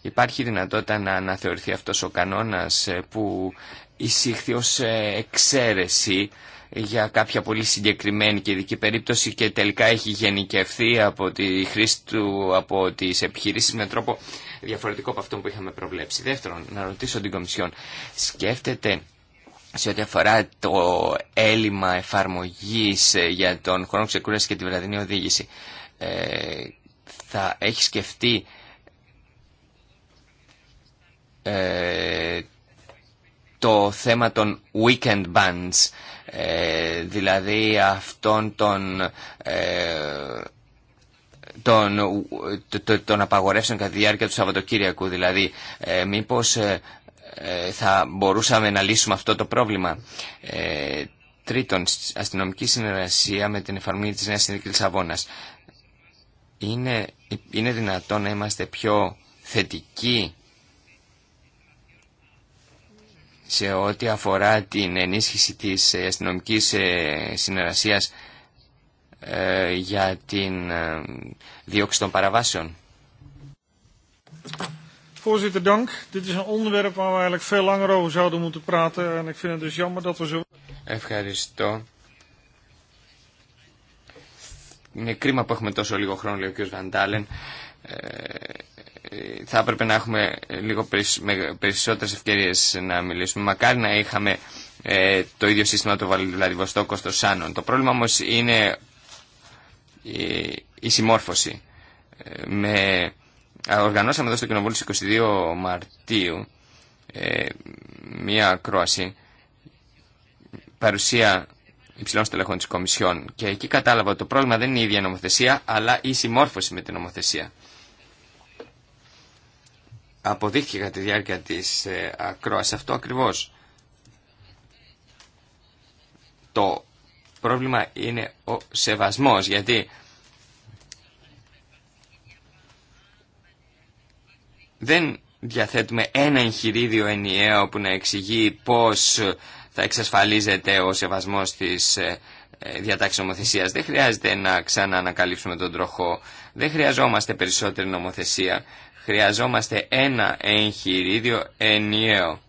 Υπάρχει δυνατότητα να αναθεωρηθεί αυτός ο κανόνας ε, που εισήχθη ως ε, εξαίρεση για κάποια πολύ συγκεκριμένη και ειδική περίπτωση και τελικά έχει γενικευθεί από τη χρήση του από τις επιχειρήσεις με τρόπο διαφορετικό από αυτό που είχαμε προβλέψει. Δεύτερον, να ρωτήσω την Κομισιόν, σκέφτεται σε ό,τι αφορά το έλλειμμα εφαρμογής ε, για τον χρόνο ξεκούραση και την βραδινή οδήγηση θα έχει σκεφτεί ε, το θέμα των weekend bands, ε, δηλαδή αυτών των, ε, των, των απαγορεύσεων κατά τη διάρκεια του Σαββατοκύριακου. Δηλαδή, ε, μήπως θα μπορούσαμε να λύσουμε αυτό το πρόβλημα. τρίτον, αστυνομική συνεργασία με την εφαρμογή της Νέας Συνδίκης Λισαβόνας. Είναι είναι δυνατόν να είμαστε πιο θετικοί σε ό,τι αφορά την ενίσχυση της ε, αστυνομικής ε, συνεργασίας ε, για την δίωξη των παραβάσεων. Voorzitter, dank. Dit is een onderwerp waar we eigenlijk veel langer over zouden moeten praten. En ik vind het dus jammer dat we zo. Ευχαριστώ είναι κρίμα που έχουμε τόσο λίγο χρόνο, λέει ο κ. Βαντάλεν. θα έπρεπε να έχουμε λίγο περισσότερες ευκαιρίες να μιλήσουμε. Μακάρι να είχαμε ε, το ίδιο σύστημα το Βλαδιβοστόκο κόστο Σάνον. Το πρόβλημα όμως είναι η, συμμόρφωση. Ε, με, οργανώσαμε εδώ στο Κοινοβούλιο στις 22 Μαρτίου ε, μία ακρόαση παρουσία υψηλών στελεχών της Κομισιόν και εκεί κατάλαβα ότι το πρόβλημα δεν είναι η ίδια νομοθεσία αλλά η συμμόρφωση με την νομοθεσία. Αποδείχθηκε κατά τη διάρκεια της ε, αυτό ακριβώς. Το πρόβλημα είναι ο σεβασμός γιατί δεν διαθέτουμε ένα εγχειρίδιο ενιαίο που να εξηγεί πώς θα εξασφαλίζεται ο σεβασμός της ε, ε, διατάξης νομοθεσίας. Δεν χρειάζεται να ξαναανακαλύψουμε τον τροχό. Δεν χρειαζόμαστε περισσότερη νομοθεσία. Χρειαζόμαστε ένα εγχειρίδιο ενιαίο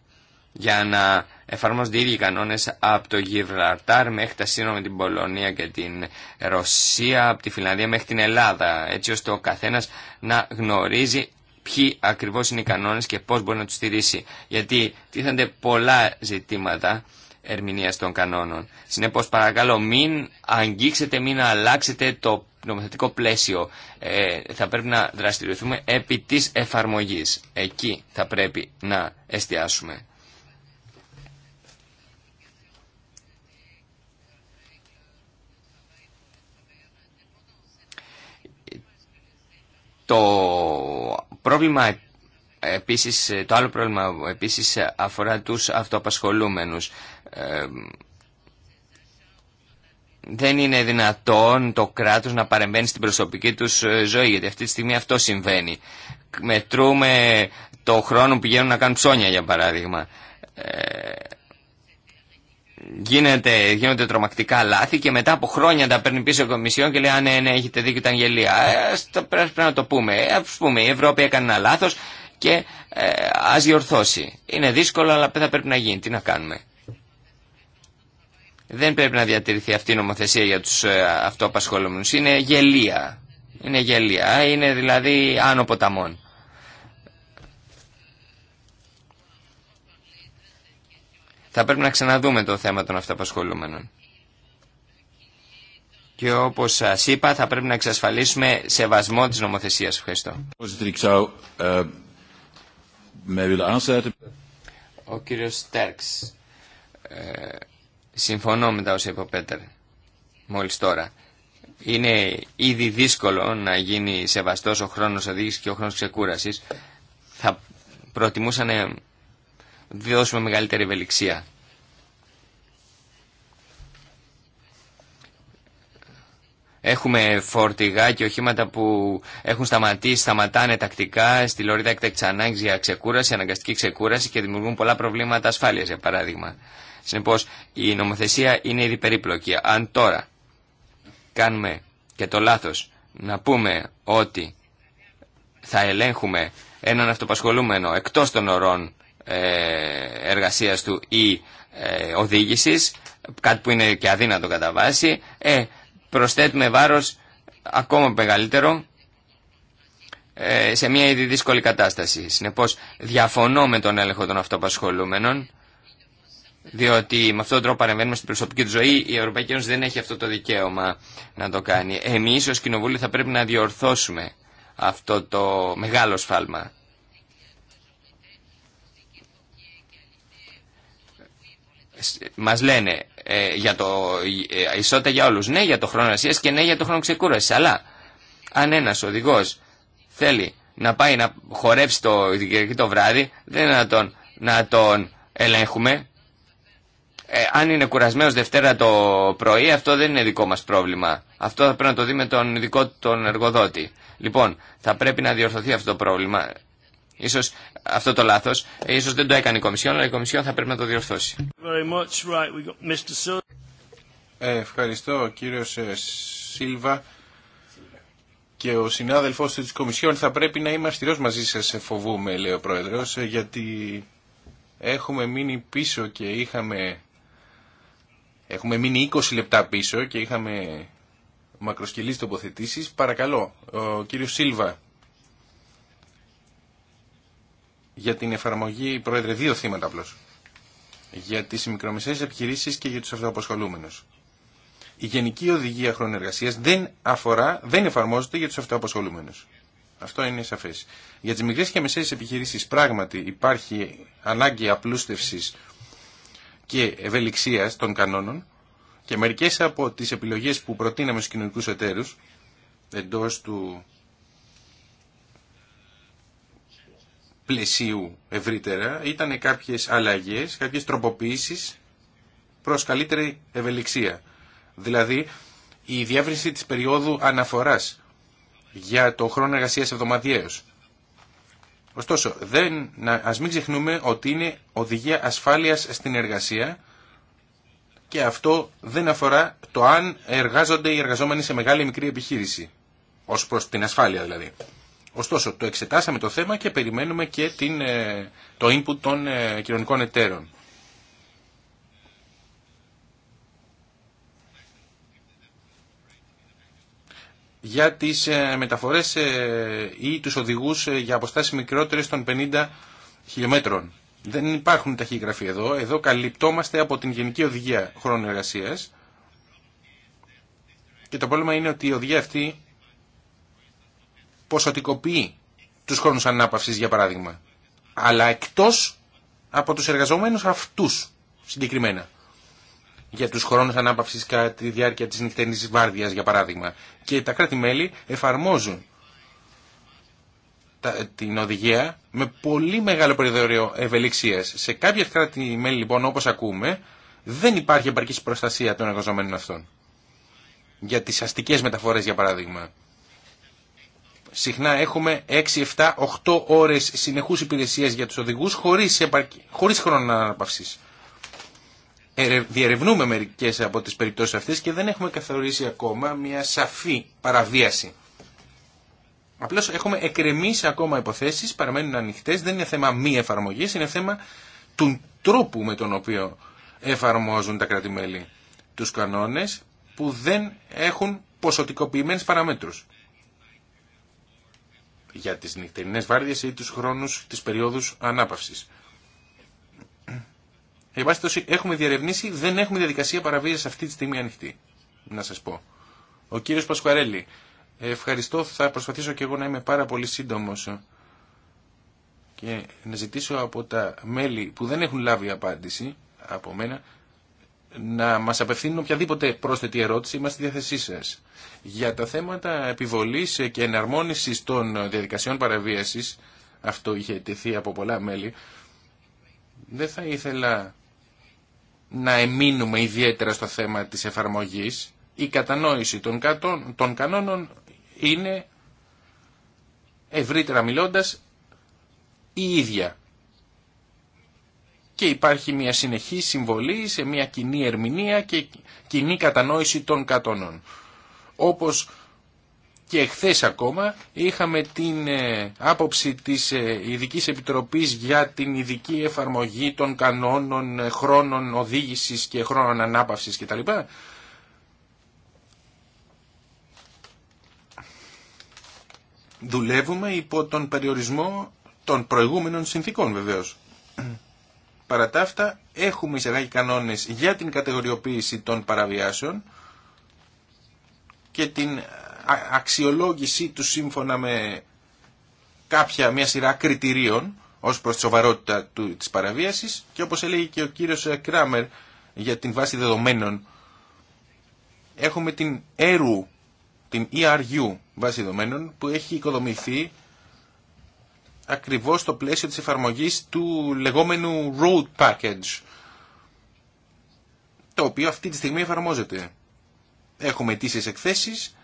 για να εφαρμόζονται οι ίδιοι κανόνες από το Γιβραρτάρ μέχρι τα σύνορα με την Πολωνία και την Ρωσία, από τη Φιλανδία μέχρι την Ελλάδα, έτσι ώστε ο καθένας να γνωρίζει ποιοι ακριβώς είναι οι κανόνες και πώς μπορεί να τους στηρίσει. Γιατί τίθανται πολλά ζητήματα Ερμηνεία των κανόνων. Συνεπώ, παρακαλώ μην αγγίξετε, μην αλλάξετε το νομοθετικό πλαίσιο. Ε, θα πρέπει να δραστηριοθούμε επί της εφαρμογής. Εκεί θα πρέπει να εστιάσουμε. Το πρόβλημα επίσης, το άλλο πρόβλημα επίσης αφορά τους αυτοαπασχολούμενους δεν είναι δυνατόν το κράτος να παρεμβαίνει στην προσωπική τους ε, ζωή, γιατί αυτή τη στιγμή αυτό συμβαίνει. Μετρούμε το χρόνο που πηγαίνουν να κάνουν ψώνια, για παράδειγμα. Ε, γίνεται, γίνονται τρομακτικά λάθη και μετά από χρόνια τα παίρνει πίσω η Κομισιόν και λέει «Α, ναι, ναι, έχετε δίκιο, ήταν γελία». Ε, πρέπει να το πούμε. Ε, ας πούμε, η Ευρώπη έκανε ένα λάθος και ε, ας διορθώσει. Είναι δύσκολο, αλλά θα πρέπει να γίνει. Τι να κάνουμε. Δεν πρέπει να διατηρηθεί αυτή η νομοθεσία για τους ε, αυτοπασχολούμενους. Είναι γελία. Είναι γελία. Είναι δηλαδή άνω ποταμών. Θα πρέπει να ξαναδούμε το θέμα των αυτοαπασχολούμενων. Και όπως σας είπα θα πρέπει να εξασφαλίσουμε σεβασμό της νομοθεσίας. Ευχαριστώ. Ε, Ο κύριος Στέρξ. Ε, Συμφωνώ με τα όσα είπε ο Πέτερ μόλις τώρα. Είναι ήδη δύσκολο να γίνει σεβαστός ο χρόνος οδήγησης και ο χρόνος ξεκούρασης. Θα προτιμούσα να δώσουμε μεγαλύτερη ευελιξία. Έχουμε φορτηγά και οχήματα που έχουν σταματήσει, σταματάνε τακτικά στη λωρίδα εκτεξανάγκης για ξεκούραση, αναγκαστική ξεκούραση και δημιουργούν πολλά προβλήματα ασφάλειας, για παράδειγμα. Συνεπώ η νομοθεσία είναι ήδη περίπλοκη. Αν τώρα κάνουμε και το λάθος να πούμε ότι θα ελέγχουμε έναν αυτοπασχολούμενο εκτός των ορών ε, εργασίας του ή ε, οδήγησης, κάτι που είναι και αδύνατο κατά βάση, ε, προσθέτουμε βάρος ακόμα μεγαλύτερο ε, σε μια ήδη δύσκολη κατάσταση. Συνεπώς, διαφωνώ με τον έλεγχο των αυτοπασχολούμενων διότι με αυτόν τον τρόπο παρεμβαίνουμε στην προσωπική του ζωή. Η Ευρωπαϊκή Ένωση δεν έχει αυτό το δικαίωμα να το κάνει. Εμεί ω Κοινοβούλιο θα πρέπει να διορθώσουμε αυτό το μεγάλο σφάλμα. Μα λένε ε, για το ε, ισότητα για όλου. Ναι για το χρόνο εργασία και ναι για το χρόνο ξεκούραση. Αλλά αν ένα οδηγό θέλει να πάει να χορέψει το, το βράδυ, δεν είναι τον, να τον ελέγχουμε ε, αν είναι κουρασμένος Δευτέρα το πρωί, αυτό δεν είναι δικό μας πρόβλημα. Αυτό θα πρέπει να το δει με τον ειδικό τον εργοδότη. Λοιπόν, θα πρέπει να διορθωθεί αυτό το πρόβλημα. Ίσως αυτό το λάθος, ε, ίσως δεν το έκανε η Κομισιόν, αλλά η Κομισιόν θα πρέπει να το διορθώσει. Ε, ευχαριστώ κύριο ε, Σίλβα και ο συνάδελφός της Κομισιόν θα πρέπει να είμαι αυστηρός μαζί σας, ε, φοβούμαι, λέει ο Πρόεδρος, γιατί έχουμε μείνει πίσω και είχαμε Έχουμε μείνει 20 λεπτά πίσω και είχαμε μακροσκελείς τοποθετήσεις. Παρακαλώ, ο κύριος Σίλβα, για την εφαρμογή, πρόεδρε, δύο θύματα απλώ. Για τις μικρομεσαίες επιχειρήσεις και για τους αυτοαπασχολούμενους. Η Γενική Οδηγία Χρονοεργασίας δεν αφορά, δεν εφαρμόζεται για τους αυτοαπασχολούμενους. Αυτό είναι σαφές. Για τις μικρές και μεσαίες επιχειρήσεις πράγματι υπάρχει ανάγκη απλούστευσης και ευελιξία των κανόνων και μερικές από τις επιλογές που προτείναμε στους κοινωνικού εταίρους εντός του πλαισίου ευρύτερα ήταν κάποιες αλλαγές, κάποιες τροποποίησεις προς καλύτερη ευελιξία. Δηλαδή η διεύρυνση της περίοδου αναφοράς για το χρόνο εργασίας εβδομαδιαίως Ωστόσο, δεν, να, ας μην ξεχνούμε ότι είναι οδηγία ασφάλειας στην εργασία και αυτό δεν αφορά το αν εργάζονται οι εργαζόμενοι σε μεγάλη ή μικρή επιχείρηση, ως προς την ασφάλεια δηλαδή. Ωστόσο, το εξετάσαμε το θέμα και περιμένουμε και την, ε, το input των ε, κοινωνικών εταίρων. για τις ε, μεταφορές ε, ή τους οδηγούς ε, για αποστάσεις μικρότερες των 50 χιλιόμετρων. Δεν υπάρχουν ταχύγραφοι εδώ. Εδώ καλυπτόμαστε από την Γενική Οδηγία Χρόνου Εργασίας. Και το πρόβλημα είναι ότι η οδηγία αυτή ποσοτικοποιεί τους χρόνους ανάπαυσης, για παράδειγμα. Αλλά εκτός από τους εργαζομένους αυτούς συγκεκριμένα για τους χρόνους ανάπαυσης κατά τη διάρκεια της νυχτερινής βάρδιας, για παράδειγμα. Και τα κράτη-μέλη εφαρμόζουν την οδηγία με πολύ μεγάλο περιθώριο ευελιξίας. Σε κάποια κράτη-μέλη, λοιπόν, όπως ακούμε, δεν υπάρχει επαρκής προστασία των εργαζομένων αυτών. Για τις αστικές μεταφορές, για παράδειγμα. Συχνά έχουμε 6, 7, 8 ώρες συνεχούς υπηρεσία για τους οδηγούς χωρίς, επαρκή, χωρίς χρόνο ανάπαυσης διερευνούμε μερικές από τις περιπτώσεις αυτές και δεν έχουμε καθορίσει ακόμα μια σαφή παραβίαση. Απλώς έχουμε εκρεμίσει ακόμα υποθέσεις, παραμένουν ανοιχτές, δεν είναι θέμα μη εφαρμογής, είναι θέμα του τρόπου με τον οποίο εφαρμόζουν τα κράτη-μέλη τους κανόνες που δεν έχουν ποσοτικοποιημένες παραμέτρους για τις νυχτερινές βάρδιες ή τους χρόνους της περίοδους ανάπαυσης. Εν πάση έχουμε διαρευνήσει, δεν έχουμε διαδικασία παραβίαση αυτή τη στιγμή ανοιχτή. Να σα πω. Ο κύριο Πασκουαρέλη. Ευχαριστώ. Θα προσπαθήσω και εγώ να είμαι πάρα πολύ σύντομο και να ζητήσω από τα μέλη που δεν έχουν λάβει απάντηση από μένα να μας απευθύνουν οποιαδήποτε πρόσθετη ερώτηση είμαστε στη διάθεσή σα. Για τα θέματα επιβολή και εναρμόνιση των διαδικασιών παραβίαση, αυτό είχε τεθεί από πολλά μέλη, δεν θα ήθελα να εμείνουμε ιδιαίτερα στο θέμα της εφαρμογής. Η κατανόηση των, κανόνων είναι, ευρύτερα μιλώντας, η ίδια. Και υπάρχει μια συνεχή συμβολή σε μια κοινή ερμηνεία και κοινή κατανόηση των κατώνων. Όπως και χθε ακόμα είχαμε την ε, άποψη της ε, Ειδικής Επιτροπής για την ειδική εφαρμογή των κανόνων ε, χρόνων οδήγησης και χρόνων ανάπαυσης κτλ. Δουλεύουμε υπό τον περιορισμό των προηγούμενων συνθήκων βεβαίως. Παρά τα αυτά έχουμε εισαγάγει κανόνες για την κατηγοριοποίηση των παραβιάσεων και την αξιολόγησή του σύμφωνα με κάποια μια σειρά κριτηρίων ως προς τη σοβαρότητα της παραβίασης και όπως έλεγε και ο κύριος ε, Κράμερ για την βάση δεδομένων έχουμε την ERU, την ERU βάση δεδομένων που έχει οικοδομηθεί ακριβώς στο πλαίσιο της εφαρμογής του λεγόμενου road package το οποίο αυτή τη στιγμή εφαρμόζεται. Έχουμε αιτήσεις εκθέσεις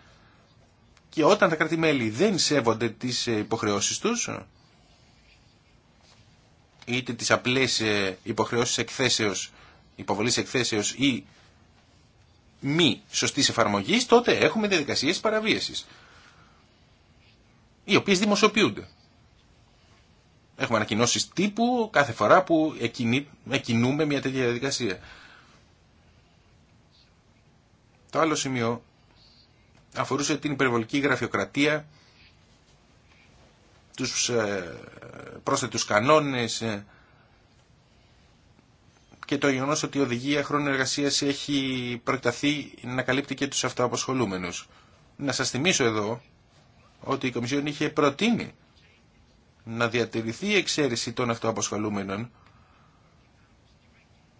και όταν τα κράτη-μέλη δεν σέβονται τις ε, υποχρεώσεις τους, είτε τις απλές ε, υποχρεώσεις εκθέσεως, υποβολής εκθέσεως ή μη σωστής εφαρμογή, τότε έχουμε διαδικασίες παραβίασης, οι οποίες δημοσιοποιούνται. Έχουμε ανακοινώσει τύπου κάθε φορά που εκινούμε μια τέτοια διαδικασία. Το άλλο σημείο αφορούσε την υπερβολική γραφειοκρατία, τους ε, πρόσθετους κανόνες ε, και το γεγονός ότι η οδηγία χρόνου εργασίας έχει προεκταθεί να καλύπτει και τους αυτοαποσχολούμενους. Να σας θυμίσω εδώ ότι η Κομισιόν είχε προτείνει να διατηρηθεί η εξαίρεση των αυτοαποσχολούμενων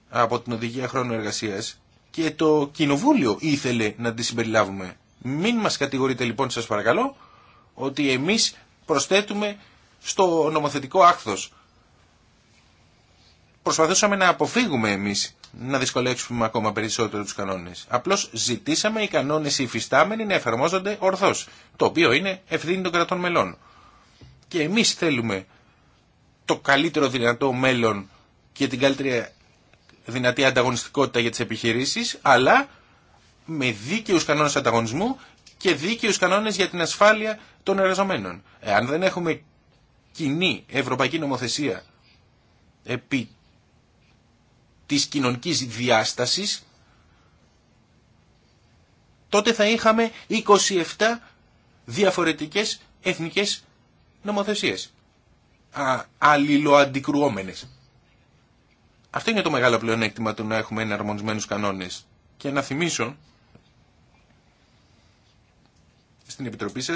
από την οδηγία χρόνου εργασίας και το Κοινοβούλιο ήθελε να τη συμπεριλάβουμε μην μας κατηγορείτε λοιπόν σας παρακαλώ ότι εμείς προσθέτουμε στο νομοθετικό άκθος. Προσπαθούσαμε να αποφύγουμε εμείς να δυσκολέψουμε ακόμα περισσότερο τους κανόνες. Απλώς ζητήσαμε οι κανόνες υφιστάμενοι να εφαρμόζονται ορθώς, το οποίο είναι ευθύνη των κρατών μελών. Και εμείς θέλουμε το καλύτερο δυνατό μέλλον και την καλύτερη δυνατή ανταγωνιστικότητα για τις επιχειρήσεις, αλλά με δίκαιου κανόνες ανταγωνισμού και δίκαιου κανόνες για την ασφάλεια των εργαζομένων. Εάν δεν έχουμε κοινή ευρωπαϊκή νομοθεσία επί της κοινωνικής διάστασης, τότε θα είχαμε 27 διαφορετικές εθνικές νομοθεσίες. Αλληλοαντικρουόμενε. Αυτό είναι το μεγάλο πλεονέκτημα του να έχουμε εναρμονισμένους κανόνε Και να θυμίσω στην Επιτροπή σα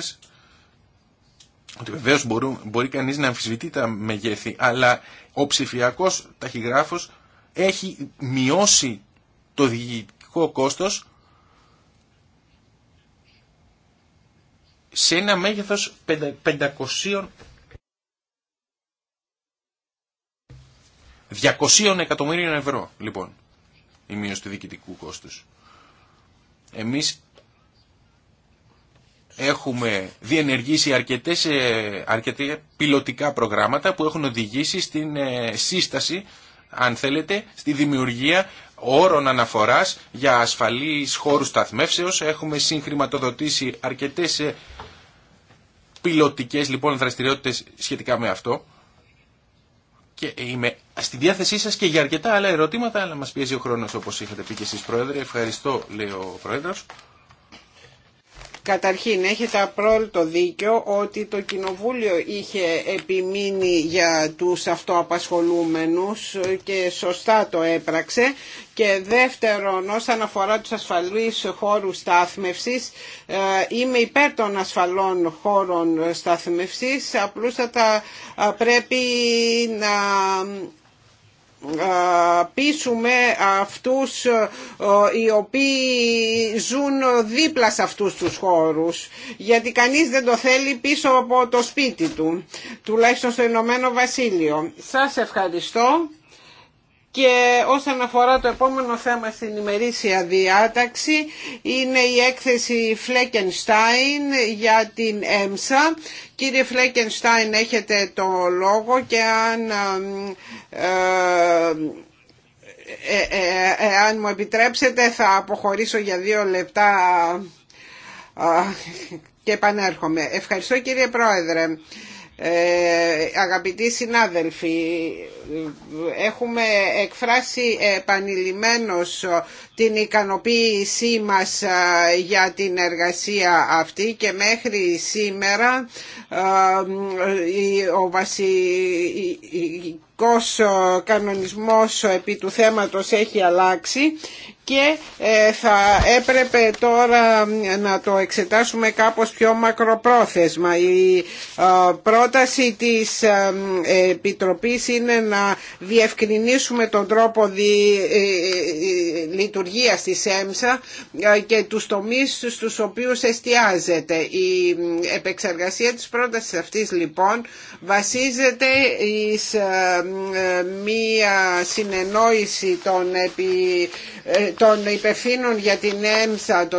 ότι βεβαίω μπορεί κανεί να αμφισβητεί τα μεγέθη, αλλά ο ψηφιακός ταχυγράφος έχει μειώσει το διοικητικό κόστος σε ένα μέγεθος 500 200 εκατομμύριων ευρώ, λοιπόν, η μείωση του διοικητικού κόστους. Εμείς έχουμε διενεργήσει αρκετές, ε, αρκετές πιλωτικά προγράμματα που έχουν οδηγήσει στην ε, σύσταση, αν θέλετε, στη δημιουργία όρων αναφοράς για ασφαλείς χώρους σταθμεύσεως. Έχουμε συγχρηματοδοτήσει αρκετές ε, πιλωτικές λοιπόν δραστηριότητες σχετικά με αυτό. Και είμαι στη διάθεσή σας και για αρκετά άλλα ερωτήματα, αλλά μας πιέζει ο χρόνος όπως είχατε πει και εσείς Πρόεδρε. Ευχαριστώ λέει ο Πρόεδρος. Καταρχήν, έχετε απρόλυτο δίκιο ότι το Κοινοβούλιο είχε επιμείνει για τους αυτοαπασχολούμενους και σωστά το έπραξε. Και δεύτερον, όσον αφορά τους ασφαλείς χώρους στάθμευσης, ε, είμαι υπέρ των ασφαλών χώρων στάθμευσης, απλούστατα ε, πρέπει να πείσουμε αυτούς ε, οι οποίοι ζουν δίπλα σε αυτούς τους χώρους γιατί κανείς δεν το θέλει πίσω από το σπίτι του τουλάχιστον στο Ηνωμένο Βασίλειο Σας ευχαριστώ και όσον αφορά το επόμενο θέμα στην ημερήσια διάταξη είναι η έκθεση Φλέκενστάιν για την ΕΜΣΑ. Κύριε Φλέκενστάιν έχετε το λόγο και αν... Ε, ε, ε, ε μου επιτρέψετε θα αποχωρήσω για δύο λεπτά και επανέρχομαι. Ευχαριστώ κύριε Πρόεδρε. Ε, αγαπητοί συνάδελφοι, έχουμε εκφράσει επανειλημμένως την ικανοποίησή μας ε, για την εργασία αυτή και μέχρι σήμερα ε, ο βασικός κανονισμός επί του θέματος έχει αλλάξει και ε, θα έπρεπε τώρα να το εξετάσουμε κάπως πιο μακροπρόθεσμα. Η ε, πρόταση της ε, Επιτροπής είναι να διευκρινίσουμε τον τρόπο λειτουργίας της ΕΜΣΑ και τους τομείς στους οποίους εστιάζεται. Η επεξεργασία της πρότασης αυτής λοιπόν βασίζεται εις μία συνεννόηση των επι των υπευθύνων για την ΕΜΣΑ το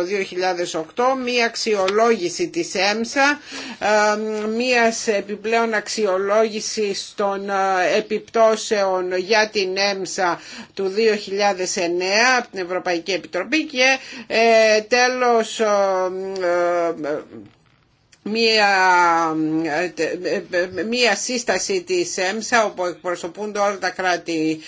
2008, μία αξιολόγηση της ΕΜΣΑ, ε, μία επιπλέον αξιολόγηση των ε, επιπτώσεων για την ΕΜΣΑ του 2009 από την Ευρωπαϊκή Επιτροπή και ε, τέλος μία, μία σύσταση της ΕΜΣΑ όπου εκπροσωπούνται όλα τα κράτη-μέλη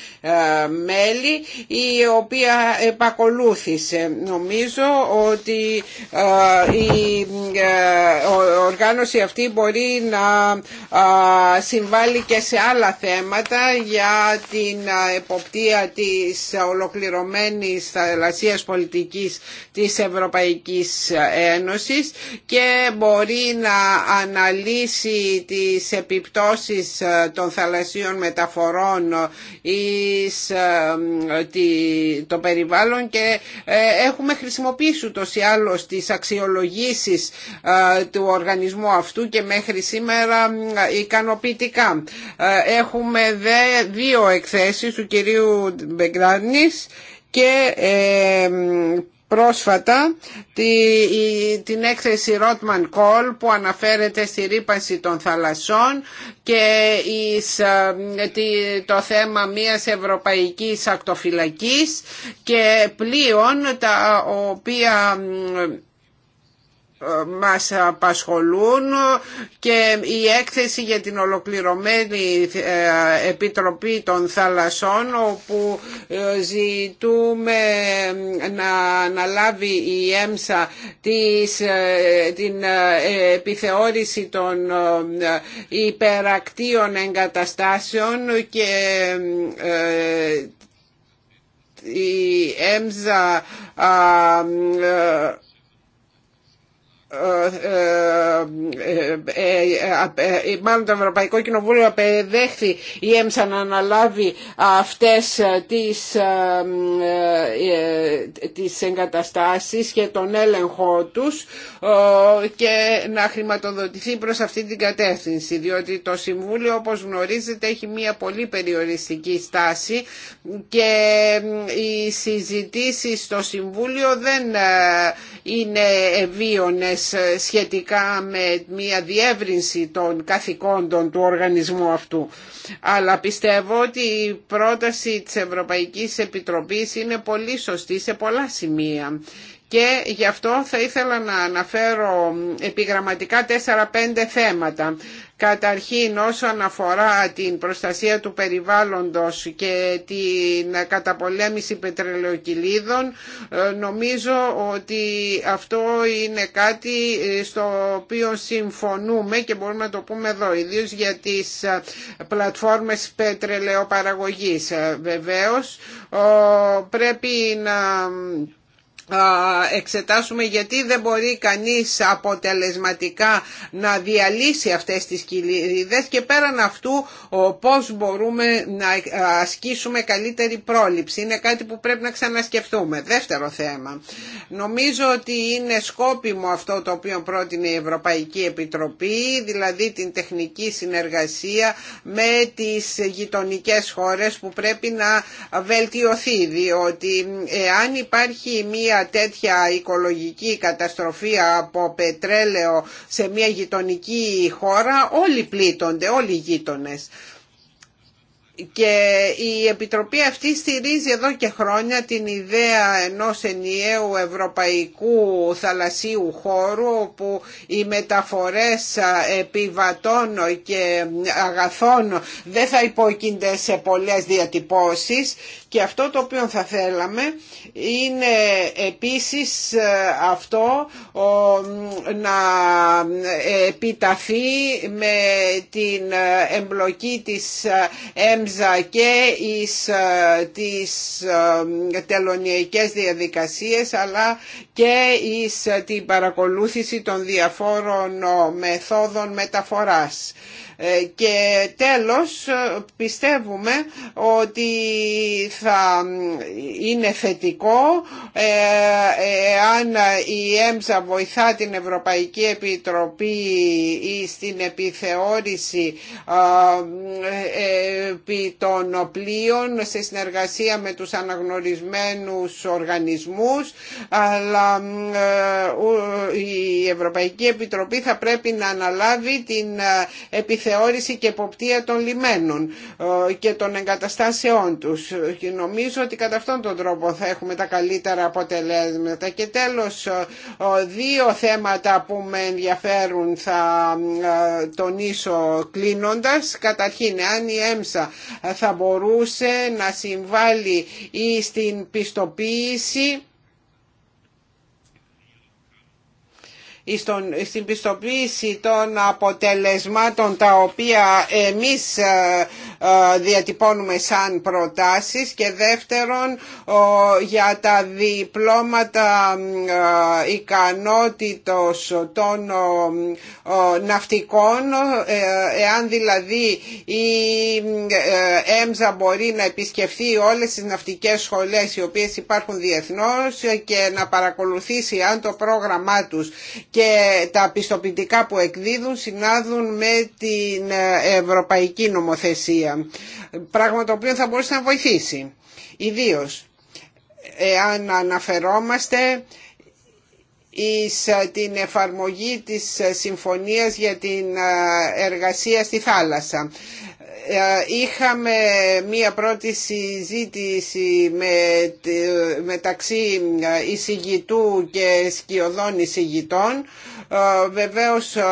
ε, η οποία επακολούθησε. Νομίζω ότι ε, η ε, οργάνωση αυτή μπορεί να συμβάλλει και σε άλλα θέματα για την εποπτεία της ολοκληρωμένης θαλασσίας πολιτικής της Ευρωπαϊκής Ένωσης και μπορεί μπορεί να αναλύσει τις επιπτώσεις ε, των θαλασσίων μεταφορών εις ε, το περιβάλλον και ε, έχουμε χρησιμοποιήσει ούτως ή άλλως τις αξιολογήσεις του οργανισμού αυτού και μέχρι σήμερα ικανοποιητικά. Έχουμε δύο εκθέσεις του κυρίου Μπεγκράνης και πρόσφατα την έκθεση Rotman Call που αναφέρεται στη ρήπανση των θαλασσών και ε, το θέμα μιας ευρωπαϊκής ακτοφυλακής και πλοίων τα οποία μας απασχολούν και η έκθεση για την ολοκληρωμένη ε, Επιτροπή των Θαλασσών όπου ε, ζητούμε ε, να αναλάβει η ΕΜΣΑ την επιθεώρηση των υπερακτίων εγκαταστάσεων και η ΕΜΖΑ μάλλον το Ευρωπαϊκό Κοινοβούλιο απεδέχθη η ΕΜΣΑ να αναλάβει αυτές τις, ε, ε, τις εγκαταστάσεις και τον έλεγχο τους ε, και να χρηματοδοτηθεί προς αυτή την κατεύθυνση διότι το Συμβούλιο όπως γνωρίζετε έχει μια πολύ περιοριστική στάση και οι συζητήσεις στο Συμβούλιο δεν είναι βίωνες σχετικά με μια διεύρυνση των καθηκόντων του οργανισμού αυτού. Αλλά πιστεύω ότι η πρόταση της Ευρωπαϊκής Επιτροπής είναι πολύ σωστή σε πολλά σημεία και γι' αυτό θα ήθελα να αναφέρω επιγραμματικά 4-5 θέματα. Καταρχήν όσον αφορά την προστασία του περιβάλλοντος και την καταπολέμηση πετρελαιοκυλίδων νομίζω ότι αυτό είναι κάτι στο οποίο συμφωνούμε και μπορούμε να το πούμε εδώ ιδίως για τις πλατφόρμες πετρελαιοπαραγωγής. Βεβαίως πρέπει να εξετάσουμε γιατί δεν μπορεί κανείς αποτελεσματικά να διαλύσει αυτές τις κυλίδες και πέραν αυτού πώς μπορούμε να ασκήσουμε καλύτερη πρόληψη. Είναι κάτι που πρέπει να ξανασκεφτούμε. Δεύτερο θέμα. Νομίζω ότι είναι σκόπιμο αυτό το οποίο πρότεινε η Ευρωπαϊκή Επιτροπή, δηλαδή την τεχνική συνεργασία με τις γειτονικές χώρες που πρέπει να βελτιωθεί, διότι αν υπάρχει μία τέτοια οικολογική καταστροφή από πετρέλαιο σε μια γειτονική χώρα όλοι πλήττονται, όλοι οι γείτονες. Και η Επιτροπή αυτή στηρίζει εδώ και χρόνια την ιδέα ενός ενιαίου ευρωπαϊκού θαλασσίου χώρου όπου οι μεταφορές επιβατών και αγαθών δεν θα υπόκεινται σε πολλές διατυπώσεις και αυτό το οποίο θα θέλαμε είναι επίσης αυτό να επιταθεί με την εμπλοκή της ΕΜΖΑ και εις ε, τις ε, τελωνιακές διαδικασίες αλλά και εις ε, την παρακολούθηση των διαφόρων μεθόδων μεταφοράς. Ε, και τέλος πιστεύουμε ότι θα είναι θετικό αν ε, η ΕΜΣΑ βοηθά την Ευρωπαϊκή Επιτροπή στην επιθεώρηση ε, επί των πλοίων σε συνεργασία με τους αναγνωρισμένους οργανισμούς αλλά η Ευρωπαϊκή Επιτροπή θα πρέπει να αναλάβει την επιθεώρηση και εποπτεία των λιμένων ε, και των εγκαταστάσεών τους. Και νομίζω ότι κατά αυτόν τον τρόπο θα έχουμε τα καλύτερα αποτελέσματα. Και τέλος, ε, ε, δύο θέματα που με ενδιαφέρουν θα τονίσω κλείνοντας. Καταρχήν, αν η ΕΜΣΑ θα μπορούσε να συμβάλλει ή στην πιστοποίηση στην πιστοποίηση των αποτελεσμάτων τα οποία εμείς ε, ε, διατυπώνουμε σαν προτάσεις και δεύτερον για τα διπλώματα ε, ικανότητος των ναυτικών εάν δηλαδή η ΕΜΖΑ μπορεί να επισκεφθεί όλες τις ναυτικές σχολές οι οποίες υπάρχουν διεθνώς και να παρακολουθήσει αν το πρόγραμμά τους και τα πιστοποιητικά που εκδίδουν συνάδουν με την ε, ευρωπαϊκή νομοθεσία. Πράγμα το οποίο θα μπορούσε να βοηθήσει. Ιδίω εάν αναφερόμαστε εις ε, την εφαρμογή της ε, συμφωνίας για την εργασία στη θάλασσα. Ε, είχαμε μία πρώτη συζήτηση με, μεταξύ εισηγητού και σκιωδών εισηγητών ε, βεβαίως ε,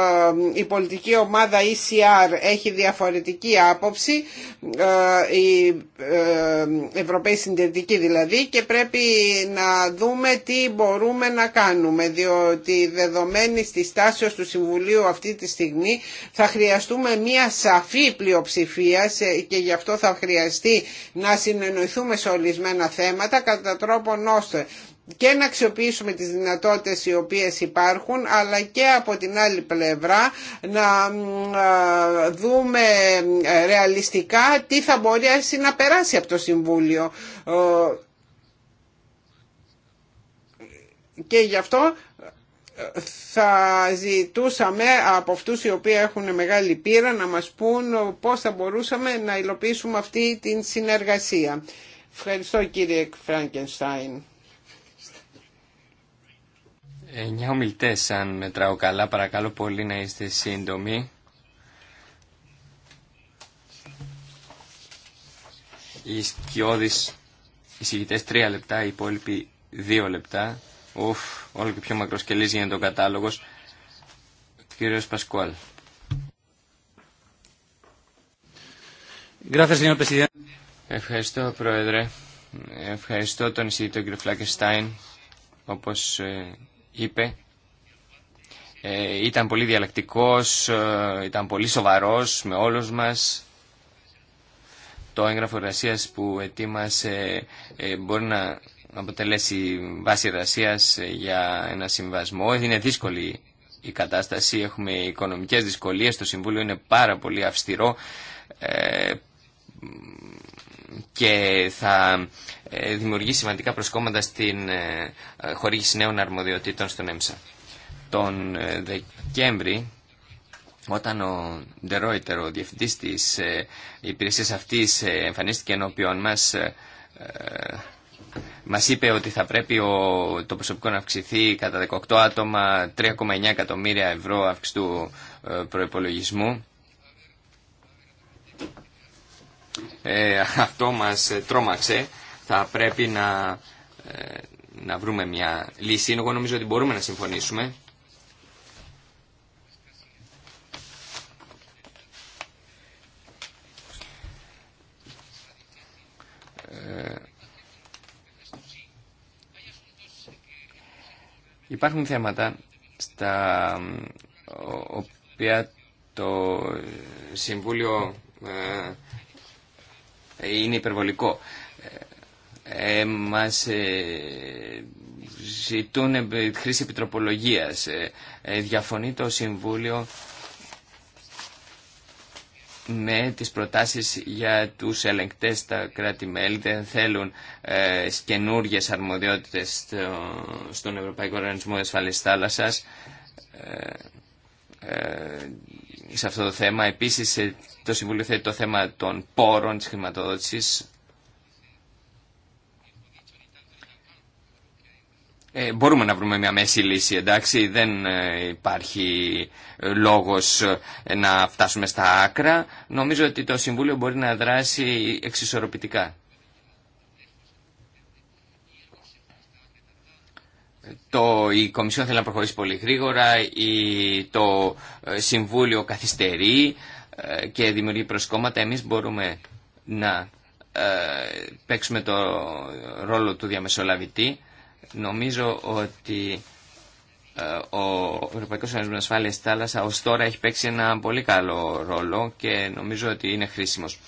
η πολιτική ομάδα ECR έχει διαφορετική άποψη, η ε, Ευρωπαϊκή Συντηρητική δηλαδή, και πρέπει να δούμε τι μπορούμε να κάνουμε, διότι δεδομένη της στάσης του Συμβουλίου αυτή τη στιγμή θα χρειαστούμε μια σαφή πλειοψηφία και γι' αυτό θα χρειαστεί να συνεννοηθούμε σε ορισμένα θέματα κατά τρόπον ώστε και να αξιοποιήσουμε τις δυνατότητες οι οποίες υπάρχουν αλλά και από την άλλη πλευρά να δούμε ε, ρεαλιστικά τι θα μπορέσει να περάσει από το Συμβούλιο. Και γι' αυτό ε, θα ζητούσαμε από αυτούς οι οποίοι έχουν μεγάλη πείρα να μας πούν πώς θα μπορούσαμε να υλοποιήσουμε αυτή την συνεργασία. Ευχαριστώ κύριε Φραγκενστάιν. Εννιά ομιλητέ, αν μετράω καλά, παρακαλώ πολύ να είστε σύντομοι. Οι σκιώδεις εισηγητέ τρία λεπτά, οι υπόλοιποι δύο λεπτά. Ουφ, όλο και πιο μακροσκελής γίνεται ο κατάλογος. Κύριος Πασκουάλ. Ευχαριστώ, Πρόεδρε. Ευχαριστώ τον εισηγητή τον κύριο Φλάκεστάιν, όπως ε, είπε ε, ήταν πολύ ε, ήταν πολύ σοβαρός με όλους μας. Το έγγραφο εργασία που ετοίμασε ε, μπορεί να αποτελέσει βάση εργασία ε, για ένα συμβασμό. Είναι δύσκολη η κατάσταση, έχουμε οικονομικές δυσκολίες, το Συμβούλιο είναι πάρα πολύ αυστηρό και θα ε, δημιουργήσει σημαντικά προσκόμματα στην ε, ε, χορήγηση νέων αρμοδιοτήτων στον ΕΜΣΑ. Τον Δεκέμβρη, όταν ο Ντερόιτερ, ο διευθυντής της υπηρεσίας αυτής, εμφανίστηκε ενώπιον μας, μας είπε ότι θα πρέπει το προσωπικό να αυξηθεί κατά 18 άτομα, 3,9 εκατομμύρια ευρώ αυξητού προϋπολογισμού. Ε, αυτό μας τρόμαξε. Θα πρέπει να, ε, να βρούμε μια λύση. Εγώ νομίζω ότι μπορούμε να συμφωνήσουμε. Ε, υπάρχουν θέματα στα οποία το Συμβούλιο ε, είναι υπερβολικό. Ε, ε, μας ε, ζητούν ε, χρήση επιτροπολογίας. Ε, διαφωνεί το Συμβούλιο με τις προτάσεις για τους ελεγκτές στα κράτη-μέλη. Δεν θέλουν ε, καινούργιες αρμοδιότητες στο, στον Ευρωπαϊκό Οργανισμό Ασφαλής Θάλασσας. σε αυτό το θέμα. Επίσης το Συμβούλιο θέτει το θέμα των πόρων της χρηματοδότησης. Ε, μπορούμε να βρούμε μια μέση λύση, εντάξει, δεν ε, υπάρχει ε, λόγος να φτάσουμε στα άκρα. Νομίζω ότι το Συμβούλιο μπορεί να δράσει εξισορροπητικά. το, η Κομισιόν θέλει να προχωρήσει πολύ γρήγορα, η, το Συμβούλιο καθυστερεί, και δημιουργεί προσκόμματα, εμείς μπορούμε να ε, παίξουμε το ρόλο του διαμεσολαβητή. Νομίζω ότι ε, ο Ευρωπαϊκό Οργανισμό Ασφάλεια Θάλασσα ω τώρα έχει παίξει ένα πολύ καλό ρόλο και νομίζω ότι είναι χρήσιμος.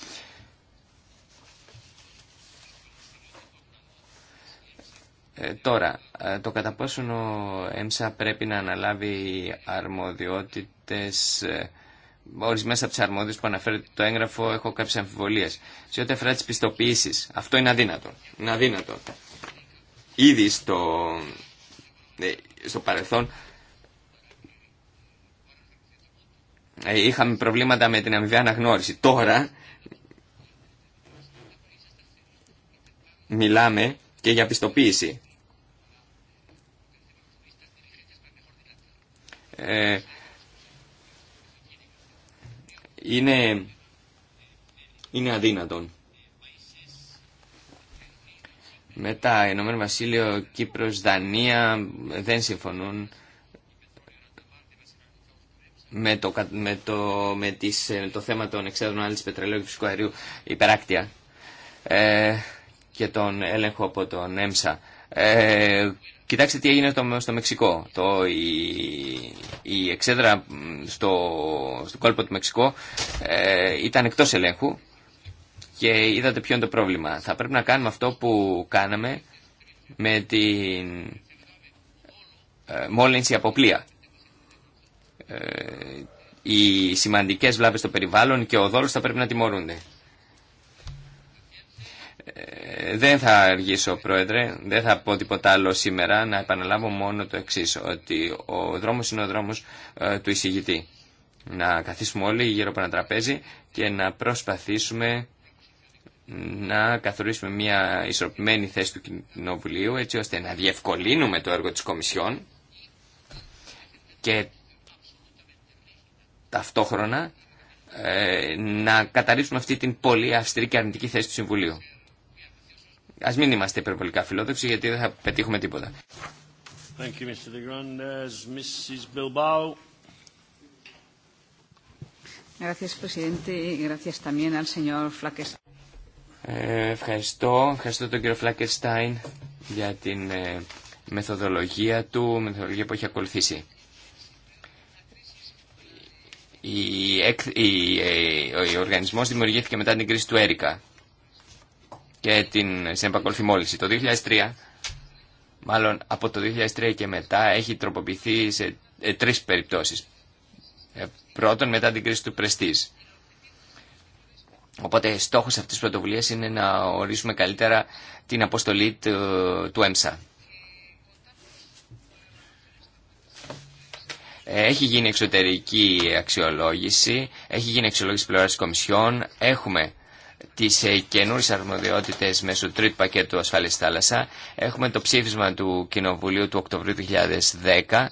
Ε, τώρα, το κατά πόσον ο ΕΜΣΑ πρέπει να αναλάβει αρμοδιότητες ορισμένε από τι αρμόδιε που αναφέρεται το έγγραφο έχω κάποιε αμφιβολίε. Σε ό,τι αφορά τι πιστοποιήσει, αυτό είναι αδύνατο. Είναι αδύνατο. Ήδη στο, ε, στο παρελθόν ε, είχαμε προβλήματα με την αμοιβή αναγνώριση. Τώρα μιλάμε και για πιστοποίηση. Ε, είναι, είναι αδύνατον. Μετά, Ηνωμένο Βασίλειο, Κύπρος, Δανία δεν συμφωνούν με το, με το, με τις, ε, το θέμα των εξέδρων τη πετρελαίου και φυσικού αερίου υπεράκτια ε, και τον έλεγχο από τον ΕΜΣΑ. Ε, Κοιτάξτε τι έγινε στο, Μεξικό. Το, η, η εξέδρα στο, στο κόλπο του Μεξικό ε, ήταν εκτός ελέγχου και είδατε ποιο είναι το πρόβλημα. Θα πρέπει να κάνουμε αυτό που κάναμε με την ε, μόλυνση από Ε, οι σημαντικές βλάβες στο περιβάλλον και ο δόλος θα πρέπει να τιμωρούνται. Ε, δεν θα αργήσω, Πρόεδρε, δεν θα πω τίποτα άλλο σήμερα, να επαναλάβω μόνο το εξή ότι ο δρόμος είναι ο δρόμος ε, του εισηγητή. Να καθίσουμε όλοι γύρω από ένα τραπέζι και να προσπαθήσουμε να καθορίσουμε μια ισορροπημένη θέση του Κοινοβουλίου, έτσι ώστε να διευκολύνουμε το έργο της Κομισιόν και ταυτόχρονα ε, να καταρρίψουμε αυτή την πολύ αυστηρή και αρνητική θέση του Συμβουλίου. Α μην είμαστε υπερβολικά φιλόδοξοι γιατί δεν θα πετύχουμε τίποτα. Ε, ευχαριστώ. Ευχαριστώ τον κύριο Φλακεστάιν για την ε, μεθοδολογία του, μεθοδολογία που έχει ακολουθήσει. Η, η, η, ε, ο, ο οργανισμός δημιουργήθηκε μετά την κρίση του Έρικα και την συνεπακολουθή Το 2003, μάλλον από το 2003 και μετά, έχει τροποποιηθεί σε ε, τρεις περιπτώσεις. Ε, πρώτον, μετά την κρίση του πρεστής. Οπότε στόχος αυτής της πρωτοβουλίας είναι να ορίσουμε καλύτερα την αποστολή του ΕΜΣΑ. Έχει γίνει εξωτερική αξιολόγηση, έχει γίνει αξιολόγηση πλευρά της Κομισιόν, έχουμε τις ε, καινούριε αρμοδιότητες μέσω τρίτου πακέτου ασφάλειας θάλασσα. Έχουμε το ψήφισμα του Κοινοβουλίου του Οκτωβρίου 2010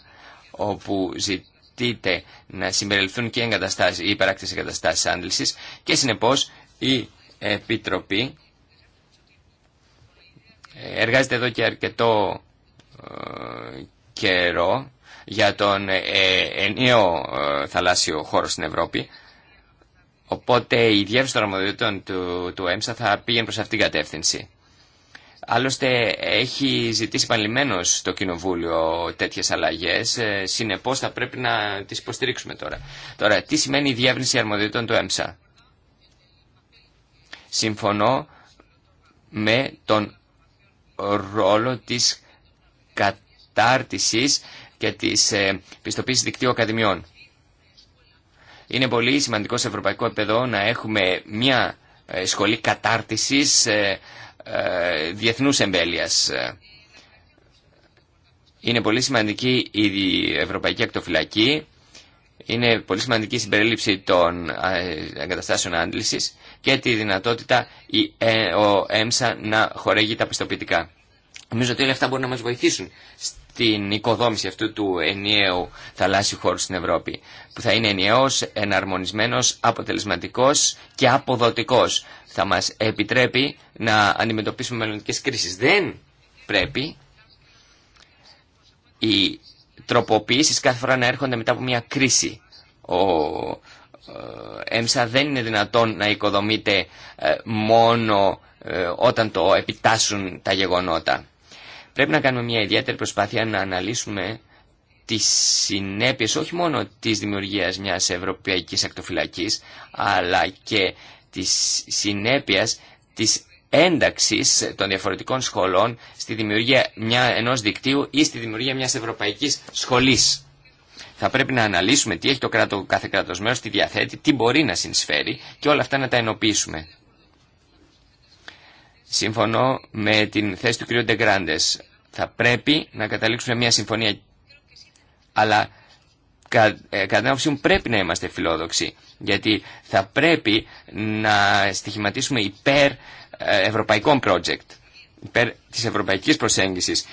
όπου ζητείται να συμπεριληφθούν και εγκαταστάσεις, οι υπεράκτες εγκαταστάσεις άντλησης και συνεπώς η Επιτροπή ε, εργάζεται εδώ και αρκετό ε, καιρό για τον ενίο θαλάσσιο χώρο στην Ευρώπη Οπότε η διεύρυνση των αρμοδιοτήτων του, του ΕΜΣΑ θα πήγαινε προ αυτήν την κατεύθυνση. Άλλωστε έχει ζητήσει επανειλημμένως το Κοινοβούλιο τέτοιε αλλαγέ, ε, συνεπώ θα πρέπει να τις υποστηρίξουμε τώρα. Τώρα, τι σημαίνει η διεύρυνση αρμοδιοτήτων του ΕΜΣΑ. Συμφωνώ με τον ρόλο της κατάρτισης και της ε, πιστοποίηση δικτύου ακαδημιών. Είναι πολύ σημαντικό σε ευρωπαϊκό επίπεδο να έχουμε μια ε, σχολή κατάρτισης ε, ε, διεθνούς εμβέλειας. Είναι πολύ σημαντική η Ευρωπαϊκή Ακτοφυλακή, είναι πολύ σημαντική η συμπερίληψη των εγκαταστάσεων άντλησης και τη δυνατότητα ο ΕΜΣΑ να χορέγει τα πιστοποιητικά. Νομίζω ότι όλα αυτά μπορούν να μας βοηθήσουν στην οικοδόμηση αυτού του ενιαίου θαλάσσιου χώρου στην Ευρώπη, που θα είναι ενιαίος, εναρμονισμένος, αποτελεσματικός και αποδοτικός. Θα μας επιτρέπει να αντιμετωπίσουμε μελλοντικές κρίσεις. Δεν πρέπει οι τροποποιήσεις κάθε φορά να έρχονται μετά από μια κρίση. Ο ΕΜΣΑ δεν είναι δυνατόν να οικοδομείται ε, μόνο ε, όταν το επιτάσσουν τα γεγονότα. Πρέπει να κάνουμε μια ιδιαίτερη προσπάθεια να αναλύσουμε τις συνέπειες όχι μόνο της δημιουργίας μιας ευρωπαϊκής ακτοφυλακής αλλά και της συνέπειας της ένταξης των διαφορετικών σχολών στη δημιουργία ενό ενός δικτύου ή στη δημιουργία μιας ευρωπαϊκής σχολής. Θα πρέπει να αναλύσουμε τι έχει το κάθε κράτος μέρος, τι διαθέτει, τι μπορεί να συνεισφέρει και όλα αυτά να τα ενοποιήσουμε. Συμφωνώ με την θέση του κ. Ντεγκράντες. Θα πρέπει να καταλήξουμε μια συμφωνία, αλλά κα, ε, κατά την μου πρέπει να είμαστε φιλόδοξοι, γιατί θα πρέπει να στοιχηματίσουμε υπέρ ε, ευρωπαϊκών project, υπέρ της ευρωπαϊκής προσέγγισης,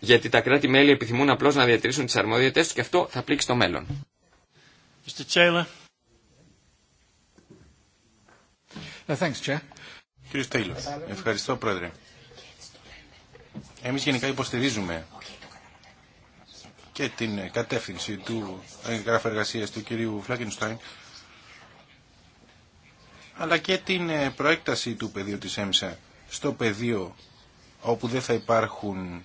γιατί τα κράτη-μέλη επιθυμούν απλώς να διατηρήσουν τις αρμόδιες τους και αυτό θα πλήξει το μέλλον. Mr. Taylor. Uh, thanks, Chair. Κύριε Στέιλο, ευχαριστώ πρόεδρε. Εμείς γενικά υποστηρίζουμε και την κατεύθυνση του εγγράφου εργασία του κυρίου Φλάκενστάιν αλλά και την ε, προέκταση του πεδίου της ΕΜΣΑ στο πεδίο όπου δεν θα υπάρχουν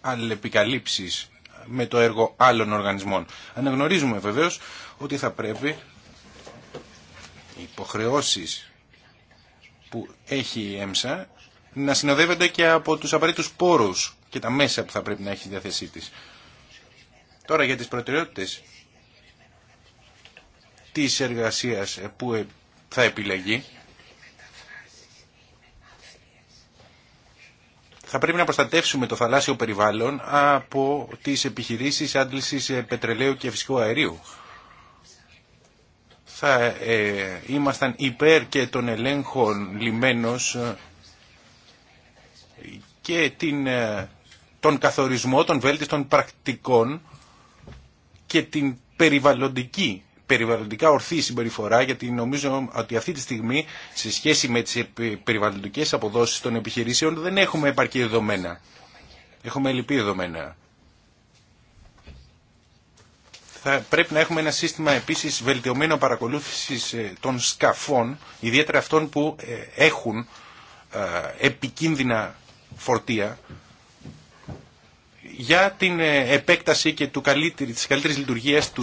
αλληλεπικαλύψεις με το έργο άλλων οργανισμών. Αναγνωρίζουμε βεβαίως ότι θα πρέπει οι υποχρεώσεις που έχει η ΕΜΣΑ να συνοδεύεται και από τους απαραίτητους πόρους και τα μέσα που θα πρέπει να έχει η διάθεσή της. Τώρα για τις προτεραιότητες της εργασίας που ε, θα επιλεγεί θα πρέπει να προστατεύσουμε το θαλάσσιο περιβάλλον από τις επιχειρήσεις άντλησης ε, πετρελαίου και φυσικού αερίου θα ε, ε, ήμασταν υπέρ και των ελέγχων λιμένος ε, και την, ε, τον καθορισμό των βέλτιστων πρακτικών και την περιβαλλοντική περιβαλλοντικά ορθή συμπεριφορά, γιατί νομίζω ότι αυτή τη στιγμή σε σχέση με τις περιβαλλοντικές αποδόσεις των επιχειρήσεων δεν έχουμε επαρκή δεδομένα. Έχουμε λυπή δεδομένα θα πρέπει να έχουμε ένα σύστημα επίσης βελτιωμένο παρακολούθησης ε, των σκαφών, ιδιαίτερα αυτών που ε, έχουν ε, επικίνδυνα φορτία, για την επέκταση και του καλύτερη, της καλύτερης λειτουργίας του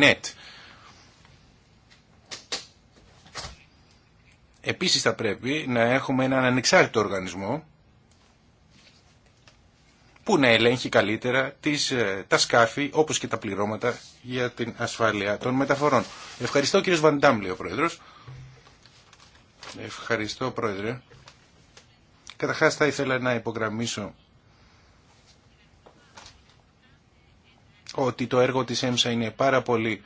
Net Επίσης θα πρέπει να έχουμε έναν ανεξάρτητο οργανισμό που να ελέγχει καλύτερα τις, ε, τα σκάφη όπως και τα πληρώματα για την ασφάλεια των μεταφορών. Ευχαριστώ κύριος Βαντάμ, ο Πρόεδρος. Ευχαριστώ Πρόεδρε. Καταρχάς θα ήθελα να υπογραμμίσω ότι το έργο της ΕΜΣΑ είναι πάρα πολύ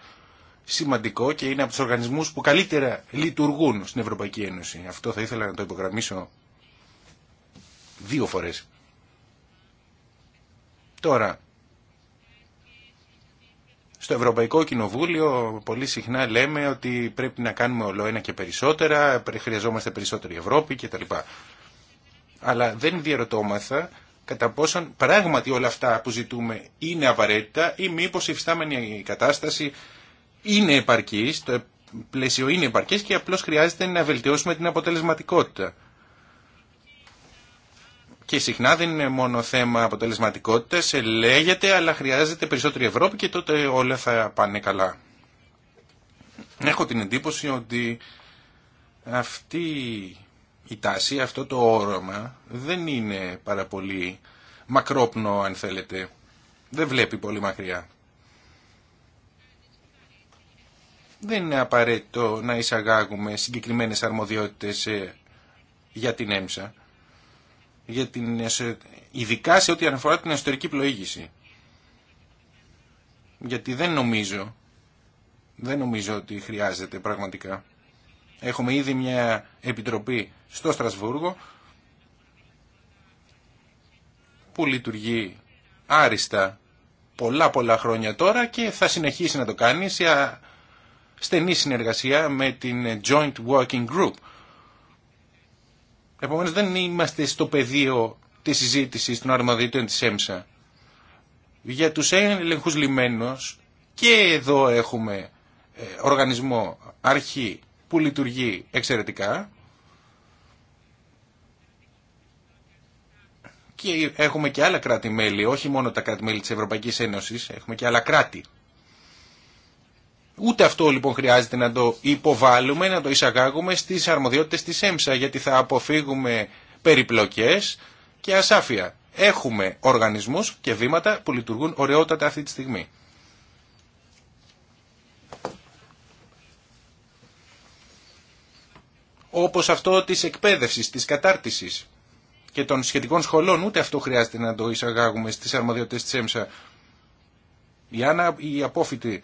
σημαντικό και είναι από τους οργανισμούς που καλύτερα λειτουργούν στην Ευρωπαϊκή Ένωση. Αυτό θα ήθελα να το υπογραμμίσω δύο φορές. Τώρα, στο Ευρωπαϊκό Κοινοβούλιο πολύ συχνά λέμε ότι πρέπει να κάνουμε όλο ένα και περισσότερα, χρειαζόμαστε περισσότερη Ευρώπη κτλ. Αλλά δεν διαρωτώμαθα κατά πόσον πράγματι όλα αυτά που ζητούμε είναι απαραίτητα ή μήπως η φυστάμενη κατάσταση είναι επαρκής, το πλαίσιο είναι επαρκής και απλώς χρειάζεται να βελτιώσουμε την αποτελεσματικότητα και συχνά δεν είναι μόνο θέμα αποτελεσματικότητας, λέγεται, αλλά χρειάζεται περισσότερη Ευρώπη και τότε όλα θα πάνε καλά. Έχω την εντύπωση ότι αυτή η τάση, αυτό το όρομα δεν είναι πάρα πολύ μακρόπνο αν θέλετε. Δεν βλέπει πολύ μακριά. Δεν είναι απαραίτητο να εισαγάγουμε συγκεκριμένες αρμοδιότητες ε, για την έμψα για την, ειδικά σε ό,τι αναφορά την εσωτερική πλοήγηση. Γιατί δεν νομίζω, δεν νομίζω ότι χρειάζεται πραγματικά. Έχουμε ήδη μια επιτροπή στο Στρασβούργο που λειτουργεί άριστα πολλά πολλά χρόνια τώρα και θα συνεχίσει να το κάνει σε στενή συνεργασία με την Joint Working Group Επομένω, δεν είμαστε στο πεδίο της συζήτηση των αρμοδιοτήτων της ΕΜΣΑ. Για του ελεγχού λιμένους και εδώ έχουμε ε, οργανισμό, αρχή που λειτουργεί εξαιρετικά και έχουμε και άλλα κράτη-μέλη, όχι μόνο τα κράτη-μέλη της Ευρωπαϊκής Ένωσης, έχουμε και άλλα κράτη Ούτε αυτό λοιπόν χρειάζεται να το υποβάλουμε, να το εισαγάγουμε στις αρμοδιότητες της ΕΜΣΑ γιατί θα αποφύγουμε περιπλοκές και ασάφεια. Έχουμε οργανισμούς και βήματα που λειτουργούν ωραιότατα αυτή τη στιγμή. Όπως αυτό της εκπαίδευσης, της κατάρτισης και των σχετικών σχολών, ούτε αυτό χρειάζεται να το εισαγάγουμε στις αρμοδιότητες της ΕΜΣΑ. Η, Άννα, η απόφυτη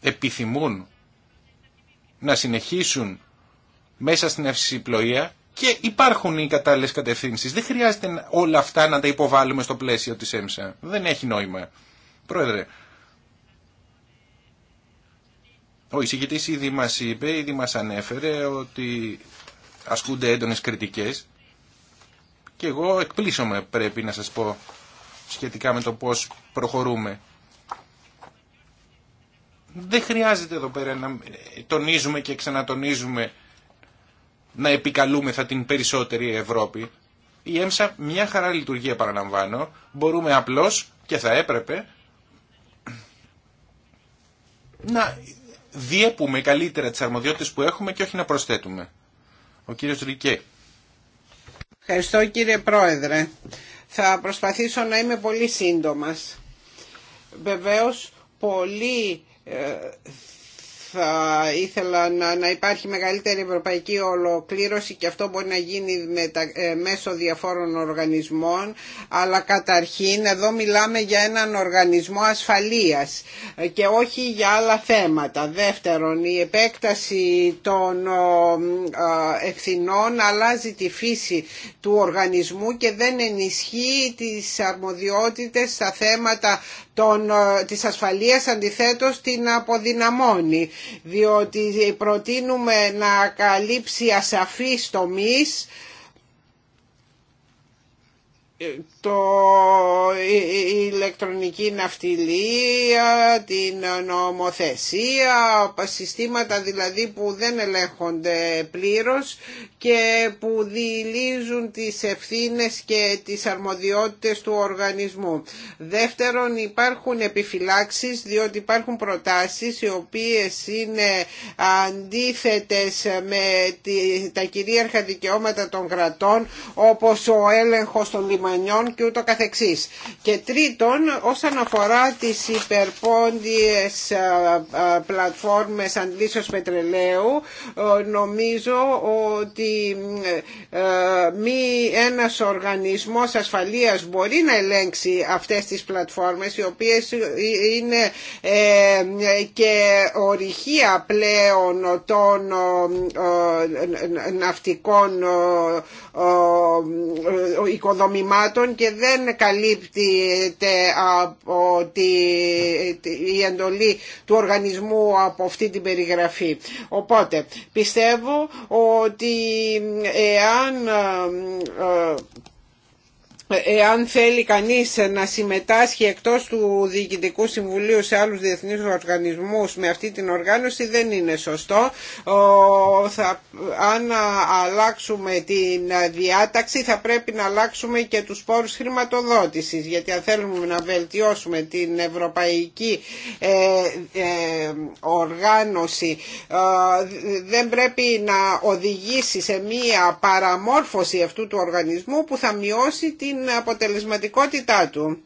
επιθυμούν να συνεχίσουν μέσα στην ευσυπλοεία και υπάρχουν οι κατάλληλες κατευθύνσεις. Δεν χρειάζεται όλα αυτά να τα υποβάλουμε στο πλαίσιο της ΕΜΣΑ. Δεν έχει νόημα. Πρόεδρε, ο εισηγητής ήδη μας είπε, ήδη μας ανέφερε ότι ασκούνται έντονες κριτικές και εγώ εκπλήσωμαι πρέπει να σας πω σχετικά με το πώς προχωρούμε. Δεν χρειάζεται εδώ πέρα να τονίζουμε και ξανατονίζουμε να επικαλούμε θα την περισσότερη Ευρώπη. Η ΕΜΣΑ μια χαρά λειτουργία παραλαμβάνω. Μπορούμε απλώς και θα έπρεπε να διέπουμε καλύτερα τις αρμοδιότητες που έχουμε και όχι να προσθέτουμε. Ο κύριος Ρικέ. Ευχαριστώ κύριε Πρόεδρε. Θα προσπαθήσω να είμαι πολύ σύντομα. Βεβαίως, πολύ θα ήθελα να, υπάρχει μεγαλύτερη ευρωπαϊκή ολοκλήρωση και αυτό μπορεί να γίνει με τα, ε, μέσω διαφόρων οργανισμών αλλά καταρχήν εδώ μιλάμε για έναν οργανισμό ασφαλείας ε, και όχι για άλλα θέματα. Δεύτερον, η επέκταση των ε, ευθυνών αλλάζει τη φύση του οργανισμού και δεν ενισχύει τις αρμοδιότητες στα θέματα των, ε, της ασφαλείας αντιθέτως την αποδυναμώνει διότι προτείνουμε να καλύψει ασαφείς τομείς το η ηλεκτρονική ναυτιλία, την νομοθεσία, συστήματα δηλαδή που δεν ελέγχονται πλήρως και που διηλίζουν τις ευθύνες και τις αρμοδιότητες του οργανισμού. Δεύτερον υπάρχουν επιφυλάξεις διότι υπάρχουν προτάσεις οι οποίες είναι αντίθετες με τα κυρίαρχα δικαιώματα των κρατών όπως ο έλεγχος των λιμανιών και ούτω καθεξής. Και τρίτον, όσον αφορά τις υπερπόντιες πλατφόρμες αντλήσεως πετρελαίου, ε, νομίζω ότι ε, μη ένας οργανισμός ασφαλείας μπορεί να ελέγξει αυτές τις πλατφόρμες, οι οποίες είναι ε, και ορυχεία πλέον των ναυτικών οικοδομημάτων και δεν καλύπτεται από τη, η εντολή του οργανισμού από αυτή την περιγραφή. Οπότε πιστεύω ότι εάν ε, αν θέλει κανείς να συμμετάσχει εκτός του Διοικητικού Συμβουλίου σε άλλους διεθνείς οργανισμούς με αυτή την οργάνωση δεν είναι σωστό. θα, αν αλλάξουμε την διάταξη θα πρέπει να αλλάξουμε και τους πόρους χρηματοδότησης γιατί αν θέλουμε να βελτιώσουμε την ευρωπαϊκή ε, ε, οργάνωση ε, δεν πρέπει να οδηγήσει σε μία παραμόρφωση αυτού του οργανισμού που θα μειώσει την αποτελεσματικότητά του.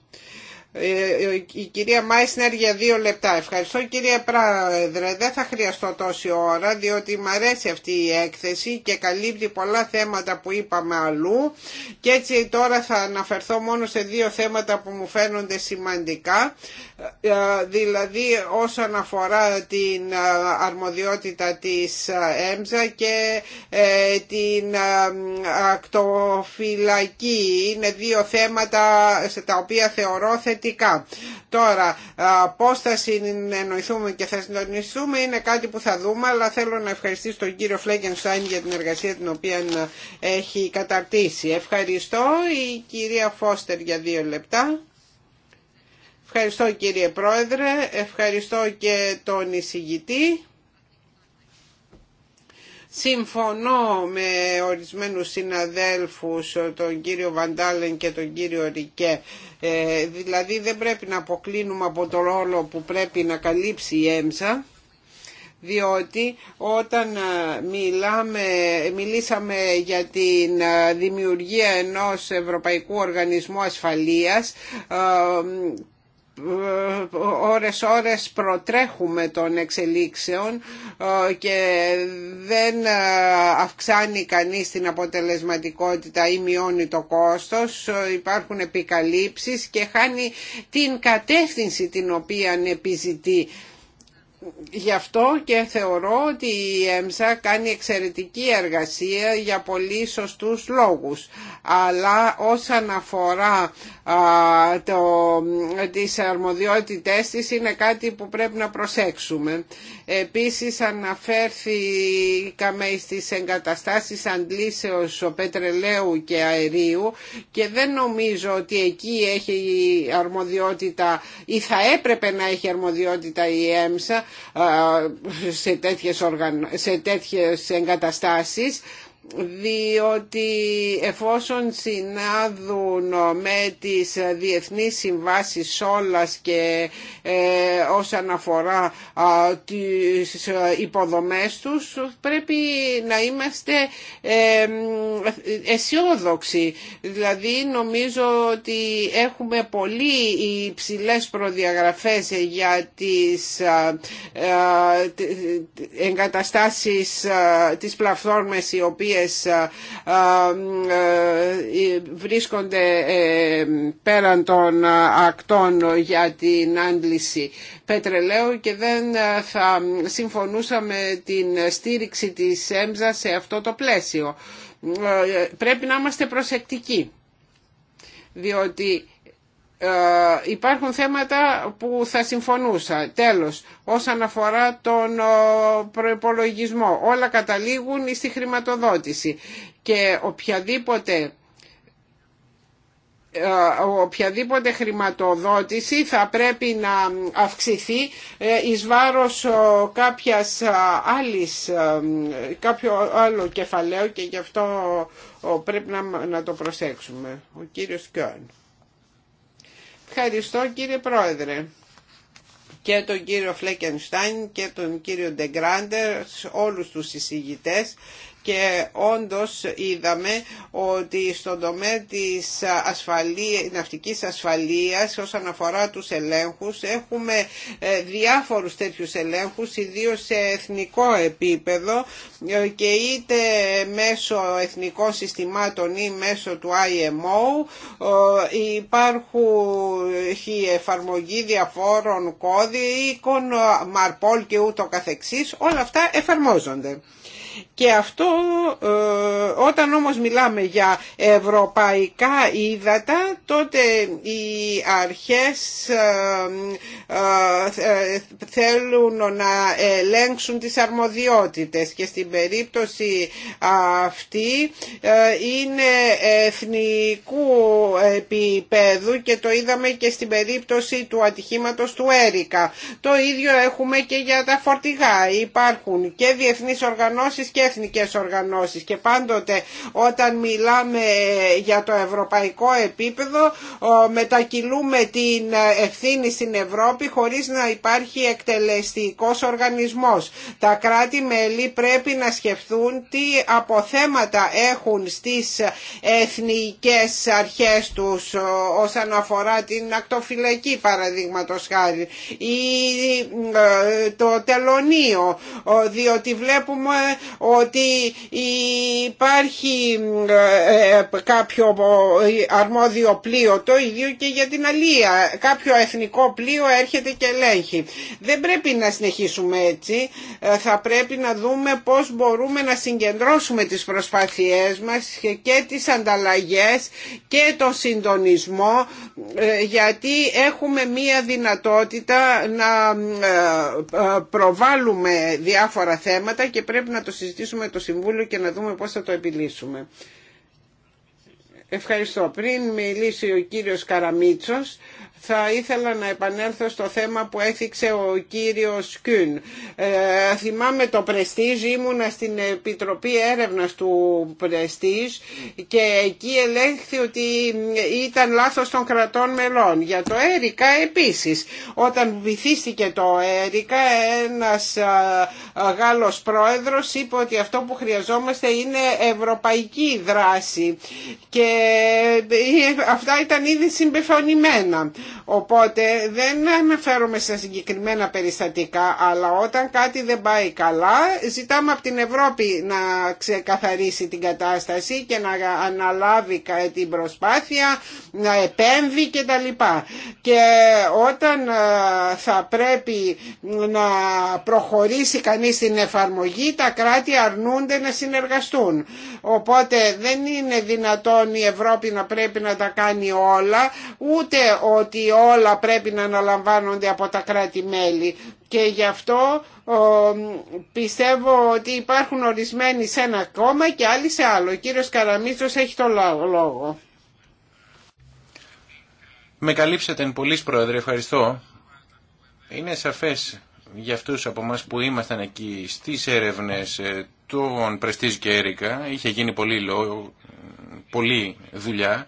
Ε, ε, η κυρία Μάισνερ για δύο λεπτά. Ευχαριστώ κυρία Πρόεδρε. Δεν θα χρειαστώ τόση ώρα διότι μου αρέσει αυτή η έκθεση και καλύπτει πολλά θέματα που είπαμε αλλού και έτσι τώρα θα αναφερθώ μόνο σε δύο θέματα που μου φαίνονται σημαντικά ε, δηλαδή όσον αφορά την αρμοδιότητα της ΕΜΖΑ και την ακτοφυλακή. Είναι δύο θέματα σε τα οποία θεωρώ θετικά Τώρα, πώ θα συνεννοηθούμε και θα συντονιστούμε είναι κάτι που θα δούμε, αλλά θέλω να ευχαριστήσω τον κύριο Φλέγκενστάιν για την εργασία την οποία ε, έχει καταρτήσει. Ευχαριστώ η κυρία Φώστερ για δύο λεπτά. Ευχαριστώ κύριε Πρόεδρε, ευχαριστώ και τον εισηγητή. Συμφωνώ με ορισμένους συναδέλφους, τον κύριο Βαντάλεν και τον κύριο Ρικέ. Ε, δηλαδή δεν πρέπει να αποκλίνουμε από το ρόλο που πρέπει να καλύψει η ΕΜΣΑ διότι όταν ε, μιλάμε, μιλήσαμε για τη ε, δημιουργία ενός Ευρωπαϊκού Οργανισμού Ασφαλείας ε, ώρες ώρες προτρέχουμε των εξελίξεων ε, και δεν ε, αυξάνει κανείς την αποτελεσματικότητα ή μειώνει το κόστος ε, υπάρχουν επικαλύψεις και χάνει την κατεύθυνση την οποία επιζητεί Γι' αυτό και θεωρώ ότι η ΕΜΣΑ κάνει εξαιρετική εργασία για πολύ σωστούς λόγους. Αλλά όσον αφορά α, το, τις αρμοδιότητές της είναι κάτι που πρέπει να προσέξουμε. Επίσης αναφέρθηκαμε στις εγκαταστάσεις αντλήσεως πετρελαίου και αερίου και δεν νομίζω ότι εκεί έχει αρμοδιότητα ή θα έπρεπε να έχει αρμοδιότητα η ΕΜΣΑ ε, σε τέτοιες, οργαν... σε τέτοιες εγκαταστάσεις διότι εφόσον συνάδουν με τις διεθνείς συμβάσεις όλας και ε, όσον αφορά τις υποδομές τους πρέπει να είμαστε ε, αισιόδοξοι. Δηλαδή νομίζω ότι έχουμε πολύ υψηλές προδιαγραφές για τις ε, εγκαταστάσεις, τις πλατφόρμες οι οποίες οποίες ε, ε, βρίσκονται ε, πέραν των ακτών για την άντληση πετρελαίου και δεν θα συμφωνούσαμε την στήριξη της ΕΜΖΑ σε αυτό το πλαίσιο. Πρέπει να είμαστε προσεκτικοί διότι ε, υπάρχουν θέματα που θα συμφωνούσα. Τέλος, όσον αφορά τον προϋπολογισμό, όλα καταλήγουν στη χρηματοδότηση και οποιαδήποτε ε, οποιαδήποτε χρηματοδότηση θα πρέπει να αυξηθεί ε, εις βάρος κάποιας άλλης, κάποιο άλλο κεφαλαίο και γι' αυτό πρέπει να, να το προσέξουμε. Ο κύριος Κιόν. Ευχαριστώ κύριε Πρόεδρε και τον κύριο Φλέκενστάιν και τον κύριο Ντεγκράντερ, όλους τους εισηγητές και όντως είδαμε ότι στον τομέα της ασφαλεία, ναυτικής ασφαλείας όσον αφορά τους ελέγχους έχουμε ε, διάφορους τέτοιους ελέγχους ιδίως σε εθνικό επίπεδο ε, και είτε μέσω εθνικών συστημάτων ή μέσω του IMO ε, υπάρχει εφαρμογή διαφόρων κώδικων, μαρπόλ και ούτω καθεξής όλα αυτά εφαρμόζονται. Και αυτό ε, όταν όμως μιλάμε για ευρωπαϊκά ύδατα τότε οι αρχές ε, ε, θέλουν να ελέγξουν τις αρμοδιότητες και στην περίπτωση αυτή είναι εθνικού επίπεδου και το είδαμε και στην περίπτωση του ατυχήματος του Έρικα. Το ίδιο έχουμε και για τα φορτηγά. Υπάρχουν και διεθνείς οργανώσεις και εθνικές οργανώσεις και πάντοτε όταν μιλάμε για το ευρωπαϊκό επίπεδο μετακυλούμε την ευθύνη στην Ευρώπη χωρίς να υπάρχει εκτελεστικός οργανισμός. Τα κράτη-μέλη πρέπει να σκεφτούν τι αποθέματα έχουν στις εθνικές αρχές τους όσον αφορά την ακτοφυλακή παραδείγματος χάρη ή ε, το τελωνίο διότι βλέπουμε ότι υπάρχει ε, ε, κάποιο αρμόδιο πλοίο το ίδιο και για την αλία κάποιο εθνικό πλοίο έρχεται και ελέγχει δεν πρέπει να συνεχίσουμε έτσι ε, θα πρέπει να δούμε πως μπορούμε να συγκεντρώσουμε τις προσπάθειές μας και τις ανταλλαγές και το συντονισμό γιατί έχουμε μία δυνατότητα να προβάλλουμε διάφορα θέματα και πρέπει να το συζητήσουμε το Συμβούλιο και να δούμε πώς θα το επιλύσουμε. Ευχαριστώ. Πριν μιλήσει ο κύριος Καραμίτσος, θα ήθελα να επανέλθω στο θέμα που έθιξε ο κύριος Κιούν. Ε, θυμάμαι το Πρεστίζ, ήμουνα στην Επιτροπή Έρευνας του Prestige και εκεί ελέγχθη ότι ήταν λάθος των κρατών μελών. Για το Έρικα επίσης. Όταν βυθίστηκε το Έρικα ένας Γάλλος πρόεδρος είπε ότι αυτό που χρειαζόμαστε είναι ευρωπαϊκή δράση και ε, αυτά ήταν ήδη συμπεφωνημένα. Οπότε δεν αναφέρομαι σε συγκεκριμένα περιστατικά, αλλά όταν κάτι δεν πάει καλά, ζητάμε από την Ευρώπη να ξεκαθαρίσει την κατάσταση και να αναλάβει την προσπάθεια, να επέμβει κτλ. Και όταν ε, θα πρέπει να προχωρήσει κανείς στην εφαρμογή, τα κράτη αρνούνται να συνεργαστούν. Οπότε δεν είναι δυνατόν η Ευρώπη να πρέπει να τα κάνει όλα, ούτε ότι όλα πρέπει να αναλαμβάνονται από τα κράτη-μέλη και γι' αυτό πιστεύω ότι υπάρχουν ορισμένοι σε ένα κόμμα και άλλοι σε άλλο. Ο κύριος Καραμίτσος έχει το λόγο. Με καλύψατε πολύ πρόεδρε, ευχαριστώ. Είναι σαφές για αυτούς από εμά που ήμασταν εκεί στις έρευνες ε, των Πρεστίζ και Έρικα, είχε γίνει πολύ δουλειά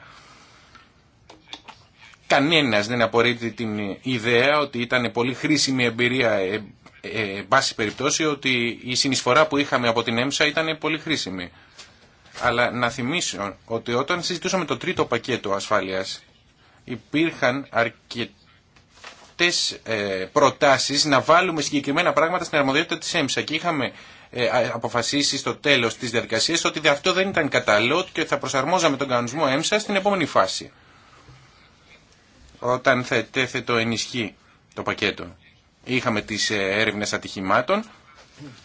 Κανένας δεν απορρίπτει την ιδέα ότι ήταν πολύ χρήσιμη εμπειρία, ε, ε, βάση περιπτώσει, ότι η συνεισφορά που είχαμε από την ΕΜΣΑ ήταν πολύ χρήσιμη. Αλλά να θυμίσω ότι όταν συζητούσαμε το τρίτο πακέτο ασφάλειας, υπήρχαν αρκετές ε, προτάσεις να βάλουμε συγκεκριμένα πράγματα στην αρμοδιότητα της ΕΜΣΑ και είχαμε ε, αποφασίσει στο τέλος της διαδικασίας ότι αυτό δεν ήταν κατάλληλο και θα προσαρμόζαμε τον κανονισμό ΕΜΣΑ στην επόμενη φάση όταν θα το ενισχύ το πακέτο. Είχαμε τις ε, έρευνες ατυχημάτων.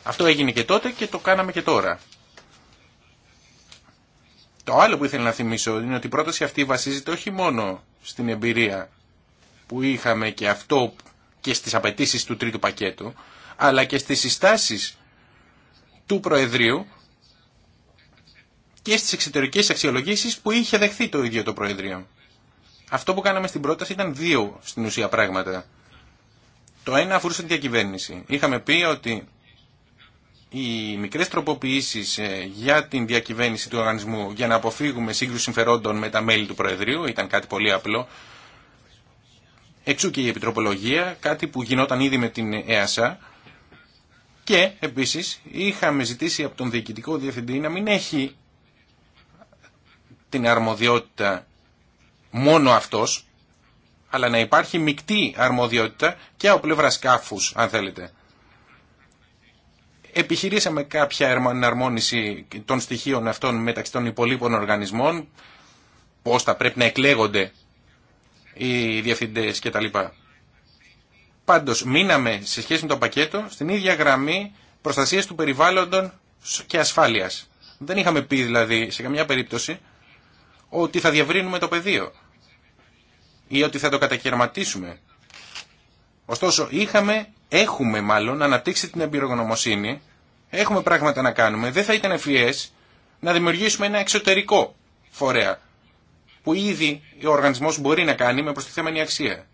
Αυτό έγινε και τότε και το κάναμε και τώρα. Το άλλο που ήθελα να θυμίσω είναι ότι η πρόταση αυτή βασίζεται όχι μόνο στην εμπειρία που είχαμε και αυτό και στις απαιτήσεις του τρίτου πακέτου, αλλά και στις συστάσεις του προέδριου και στις εξωτερικές αξιολογήσεις που είχε δεχθεί το ίδιο το Προεδρείο. Αυτό που κάναμε στην πρόταση ήταν δύο στην ουσία πράγματα. Το ένα αφορούσε τη διακυβέρνηση. Είχαμε πει ότι οι μικρέ τροποποιήσει ε, για την διακυβέρνηση του οργανισμού για να αποφύγουμε σύγκρουση συμφερόντων με τα μέλη του Προεδρείου ήταν κάτι πολύ απλό. Εξού και η επιτροπολογία, κάτι που γινόταν ήδη με την ΕΑΣΑ. Και επίση είχαμε ζητήσει από τον διοικητικό διευθυντή να μην έχει την αρμοδιότητα μόνο αυτός, αλλά να υπάρχει μεικτή αρμοδιότητα και από πλευρά σκάφους, αν θέλετε. Επιχειρήσαμε κάποια εναρμόνιση των στοιχείων αυτών μεταξύ των υπολείπων οργανισμών, πώς θα πρέπει να εκλέγονται οι διευθυντές κτλ. Πάντως, μείναμε σε σχέση με το πακέτο στην ίδια γραμμή προστασίας του περιβάλλοντος και ασφάλειας. Δεν είχαμε πει δηλαδή σε καμιά περίπτωση ότι θα διαβρύνουμε το πεδίο ή ότι θα το κατακαιρματίσουμε. Ωστόσο, είχαμε, έχουμε μάλλον αναπτύξει την εμπειρογνωμοσύνη, έχουμε πράγματα να κάνουμε, δεν θα ήταν ευφυές να δημιουργήσουμε ένα εξωτερικό φορέα που ήδη ο οργανισμός μπορεί να κάνει με προστιθέμενη αξία.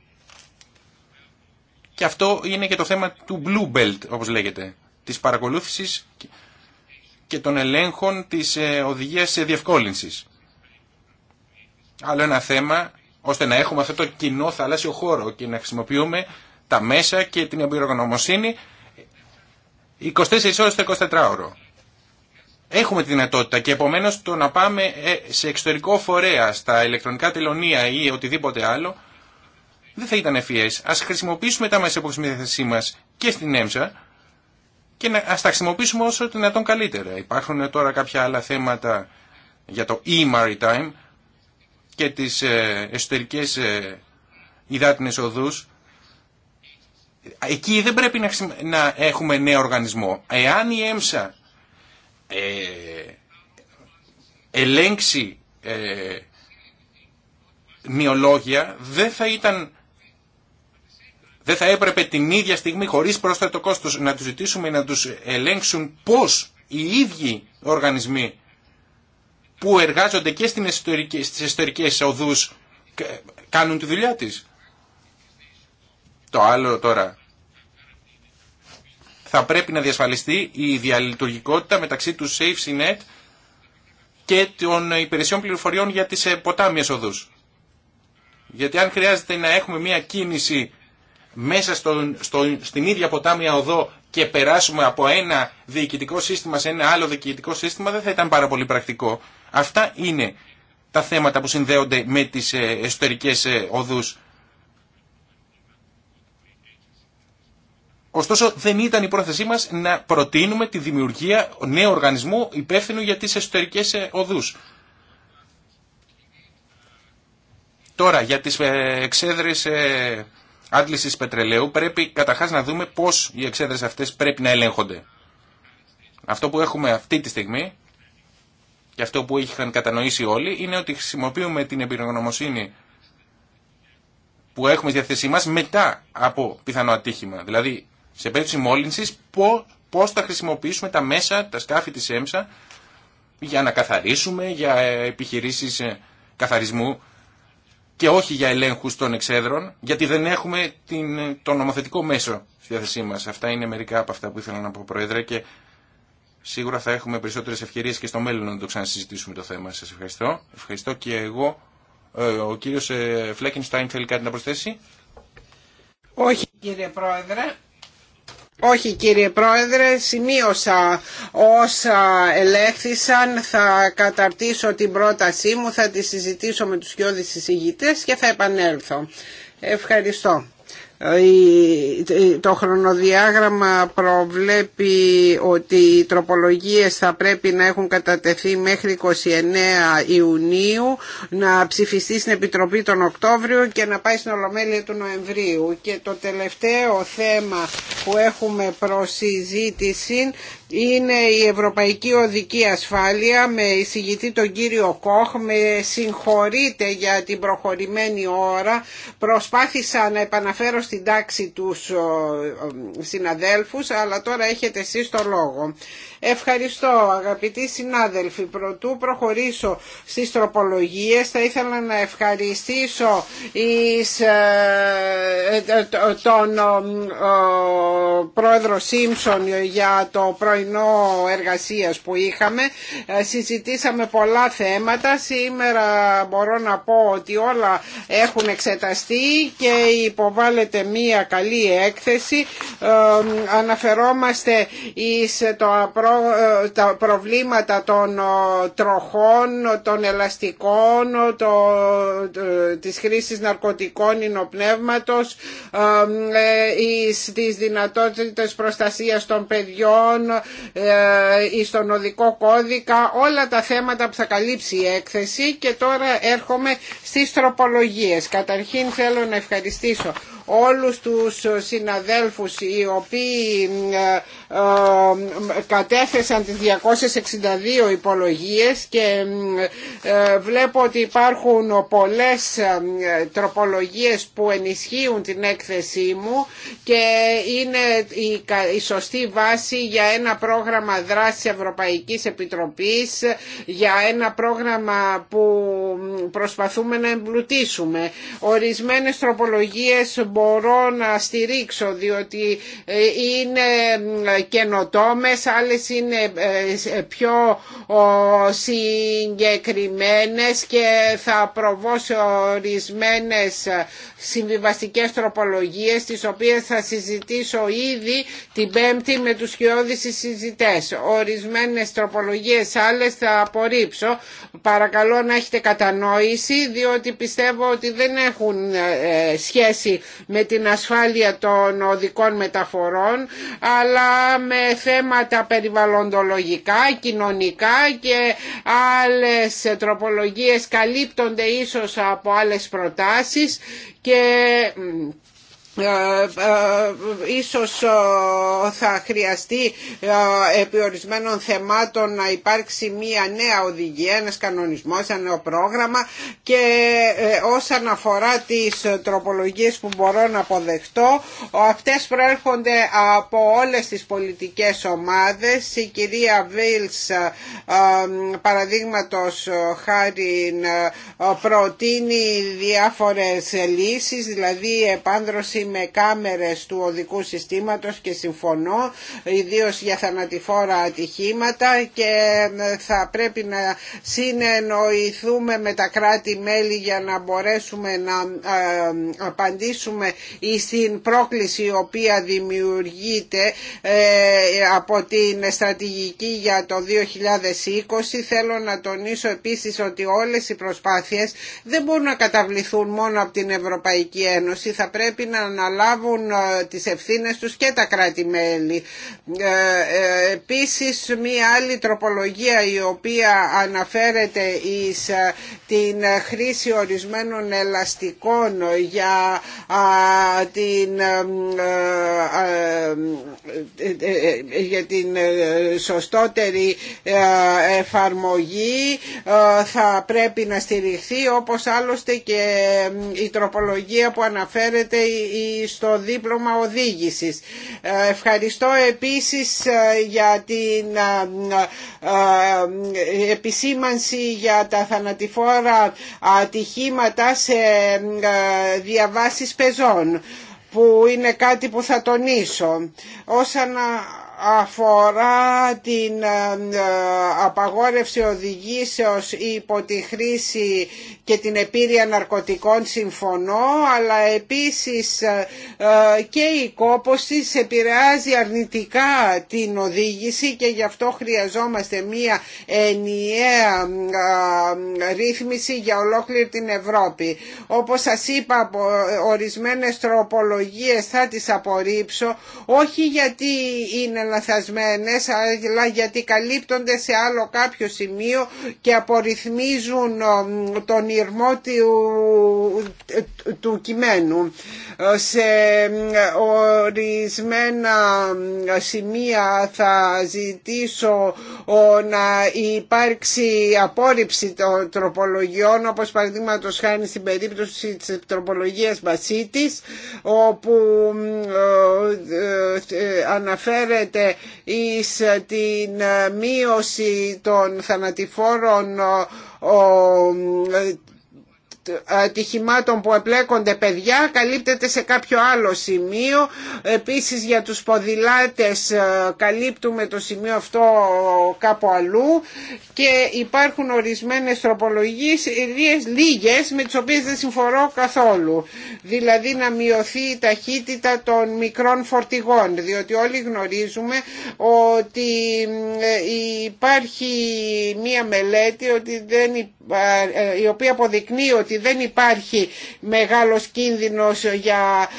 Και αυτό είναι και το θέμα του Blue Belt, όπως λέγεται, της παρακολούθησης και των ελέγχων της ε, οδηγίας ε, διευκόλυνσης άλλο ένα θέμα ώστε να έχουμε αυτό το κοινό θαλάσσιο χώρο και να χρησιμοποιούμε τα μέσα και την εμπειρογνωμοσύνη 24 ώρες το 24ωρο. Έχουμε τη δυνατότητα και επομένως το να πάμε ε, σε εξωτερικό φορέα, στα ηλεκτρονικά τελωνία ή οτιδήποτε άλλο, δεν θα ήταν ευφυές. Ας χρησιμοποιήσουμε τα μέσα που έχουμε μας και στην ΕΜΣΑ και να, ας τα χρησιμοποιήσουμε όσο δυνατόν καλύτερα. Υπάρχουν τώρα κάποια άλλα θέματα για το e-maritime, και τις ε, εσωτερικές ε, υδάτινες οδούς, εκεί δεν πρέπει να έχουμε νέο οργανισμό. Εάν η ΕΜΣΑ ε, ελέγξει ε, μειολόγια, δεν θα ήταν... Δεν θα έπρεπε την ίδια στιγμή, χωρίς πρόσθετο κόστος, να τους ζητήσουμε να τους ελέγξουν πώς οι ίδιοι οργανισμοί που εργάζονται και στην εσωτερική, στις ιστορικές οδούς κάνουν τη δουλειά της. Το άλλο τώρα. Θα πρέπει να διασφαλιστεί η διαλειτουργικότητα μεταξύ του net και των υπηρεσιών πληροφοριών για τις ε, ποτάμιες οδούς. Γιατί αν χρειάζεται να έχουμε μια κίνηση μέσα στην ίδια ποτάμια οδό και περάσουμε από ένα διοικητικό σύστημα σε ένα άλλο διοικητικό σύστημα δεν θα ήταν πάρα πολύ πρακτικό. Αυτά είναι τα θέματα που συνδέονται με τις ε, εσωτερικές ε, οδούς. Ωστόσο δεν ήταν η πρόθεσή μας να προτείνουμε τη δημιουργία νέου οργανισμού υπεύθυνου για τις εσωτερικές ε, οδούς. Τώρα για τις εξέδρες άντλησης πετρελαίου πρέπει καταρχάς να δούμε πώς οι εξέδρες αυτές πρέπει να ελέγχονται. Αυτό που έχουμε αυτή τη στιγμή και αυτό που είχαν κατανοήσει όλοι είναι ότι χρησιμοποιούμε την εμπειρογνωμοσύνη που έχουμε στη διαθέσή μας μετά από πιθανό ατύχημα. Δηλαδή, σε περίπτωση μόλυνσης, πώς θα χρησιμοποιήσουμε τα μέσα, τα σκάφη της ΕΜΣΑ για να καθαρίσουμε, για επιχειρήσεις ε, καθαρισμού και όχι για ελέγχους των εξέδρων, γιατί δεν έχουμε την, το νομοθετικό μέσο στη διάθεσή μας. Αυτά είναι μερικά από αυτά που ήθελα να πω, Πρόεδρε, και Σίγουρα θα έχουμε περισσότερες ευκαιρίες και στο μέλλον να το ξανασυζητήσουμε το θέμα. Σας ευχαριστώ. Ευχαριστώ και εγώ. Ε, ο κύριος ε, Φλέκενστάιν θέλει κάτι να προσθέσει. Όχι κύριε Πρόεδρε. Όχι κύριε Πρόεδρε, σημείωσα όσα ελέγχθησαν, θα καταρτήσω την πρότασή μου, θα τη συζητήσω με τους κοιόδης συζητητές και θα επανέλθω. Ευχαριστώ. Το χρονοδιάγραμμα προβλέπει ότι οι τροπολογίες θα πρέπει να έχουν κατατεθεί μέχρι 29 Ιουνίου, να ψηφιστεί στην Επιτροπή τον Οκτώβριο και να πάει στην Ολομέλεια του Νοεμβρίου. Και το τελευταίο θέμα που έχουμε προσυζήτηση είναι η Ευρωπαϊκή Οδική Ασφάλεια με εισηγητή τον κύριο Κόχ με συγχωρείτε για την προχωρημένη ώρα προσπάθησα να επαναφέρω στην τάξη τους συναδέλφους αλλά τώρα έχετε εσείς το λόγο Ευχαριστώ αγαπητοί συνάδελφοι. Προτού προχωρήσω στις τροπολογίες θα ήθελα να ευχαριστήσω ε, ε, τον πρόεδρο Σίμψον για το πρωινό εργασίας που είχαμε. Ε, συζητήσαμε πολλά θέματα. Σήμερα μπορώ να πω ότι όλα έχουν εξεταστεί και υποβάλλεται μία καλή έκθεση. Αναφερόμαστε εις το απρό τα προβλήματα των ε, τροχών, των ελαστικών, το, ε, της χρήσης ναρκωτικών ινοπνεύματος, στις ε, δυνατότητες προστασίας των παιδιών, στον οδικό κώδικα, όλα τα θέματα που θα καλύψει η έκθεση και τώρα έρχομαι στις τροπολογίες. Καταρχήν θέλω να ευχαριστήσω όλους τους συναδέλφους οι οποίοι ε, κατέθεσαν τις 262 υπολογίες και ε, βλέπω ότι υπάρχουν πολλές ε, τροπολογίες που ενισχύουν την έκθεσή μου και είναι η σωστή βάση για ένα πρόγραμμα δράσης Ευρωπαϊκής Επιτροπής για ένα πρόγραμμα που προσπαθούμε να εμπλουτίσουμε. Ορισμένες τροπολογίες μπορώ να στηρίξω διότι είναι καινοτόμες, άλλες είναι ε, ε, πιο συγκεκριμένες και θα προβώ σε ορισμένες συμβιβαστικές τροπολογίες τις οποίες θα συζητήσω ήδη την Πέμπτη με τους χειώδεις συζητές. Ορισμένες τροπολογίες άλλες θα απορρίψω. Παρακαλώ να έχετε κατανόηση διότι πιστεύω ότι δεν έχουν ε, σχέση με την ασφάλεια των οδικών μεταφορών αλλά με θέματα περιβαλλοντολογικά, κοινωνικά και άλλες τροπολογίες καλύπτονται ίσως από άλλες προτάσεις και ε, ε, ίσως ε, θα χρειαστεί επί ορισμένων θεμάτων να υπάρξει μία νέα οδηγία, ένας κανονισμός, ένα νέο πρόγραμμα και όσον αφορά τις τροπολογίες που μπορώ να αποδεχτώ αυτές προέρχονται από όλες τις πολιτικές ομάδες η κυρία Βίλς παραδείγματος χάρη προτείνει διάφορες λύσεις δηλαδή επάνδρωση με κάμερες του οδικού συστήματος και συμφωνώ ιδίως για θανατηφόρα ατυχήματα και ε, θα πρέπει να συνεννοηθούμε με τα κράτη-μέλη για να μπορέσουμε να ε, απαντήσουμε στην πρόκληση η οποία δημιουργείται ε, από την στρατηγική για το 2020. Θέλω να τονίσω επίσης ότι όλες οι προσπάθειες δεν μπορούν να καταβληθούν μόνο από την Ευρωπαϊκή Ένωση. Θα πρέπει να λάβουν ε, τις ευθύνες τους και τα κράτη-μέλη. Ε, ε, επίσης μία άλλη τροπολογία η οποία αναφέρεται εις την χρήση ορισμένων ελαστικών για την, για την σωστότερη εφαρμογή θα πρέπει να στηριχθεί όπως άλλωστε και η τροπολογία που αναφέρεται στο δίπλωμα οδήγησης. Ε, ευχαριστώ επίσης ε, για την ε, επισήμανση για τα θανατηφόρα ατυχήματα σε διαβάσεις πεζών που είναι κάτι που θα τονίσω. Όσον αφορά την ε, ε, απαγόρευση οδηγήσεως υπό τη χρήση και την επίρρεια ναρκωτικών συμφωνώ αλλά επίσης ε, και η κόπωση επηρεάζει αρνητικά την οδήγηση και γι' αυτό χρειαζόμαστε μία ενιαία ρύθμιση για ολόκληρη την Ευρώπη. Όπως σας είπα ορισμένες τροπολογίες θα τις απορρίψω όχι γιατί είναι λαθασμένες αλλά γιατί καλύπτονται σε άλλο κάποιο σημείο και απορριθμίζουν ε, τον ήρμο του, κειμένου. Ε, σε ε, ορισμένα σημεία θα ζητήσω να υπάρξει απόρριψη των τροπολογιών όπως παραδείγματο χάνει στην περίπτωση της τροπολογίας Μπασίτης όπου αναφέρεται οφείλεται εις ε, την ε, μείωση των θανατηφόρων ατυχημάτων που επλέκονται παιδιά καλύπτεται σε κάποιο άλλο σημείο επίσης για τους ποδηλάτες ε, καλύπτουμε το σημείο αυτό κάπου αλλού και υπάρχουν ορισμένες τροπολογίες λίγες με τις οποίες δεν συμφορώ καθόλου δηλαδή να μειωθεί η ταχύτητα των μικρών φορτηγών διότι όλοι γνωρίζουμε ότι ε, υπάρχει μία μελέτη ότι δεν ε, η οποία αποδεικνύει ότι δεν υπάρχει μεγάλος κίνδυνος για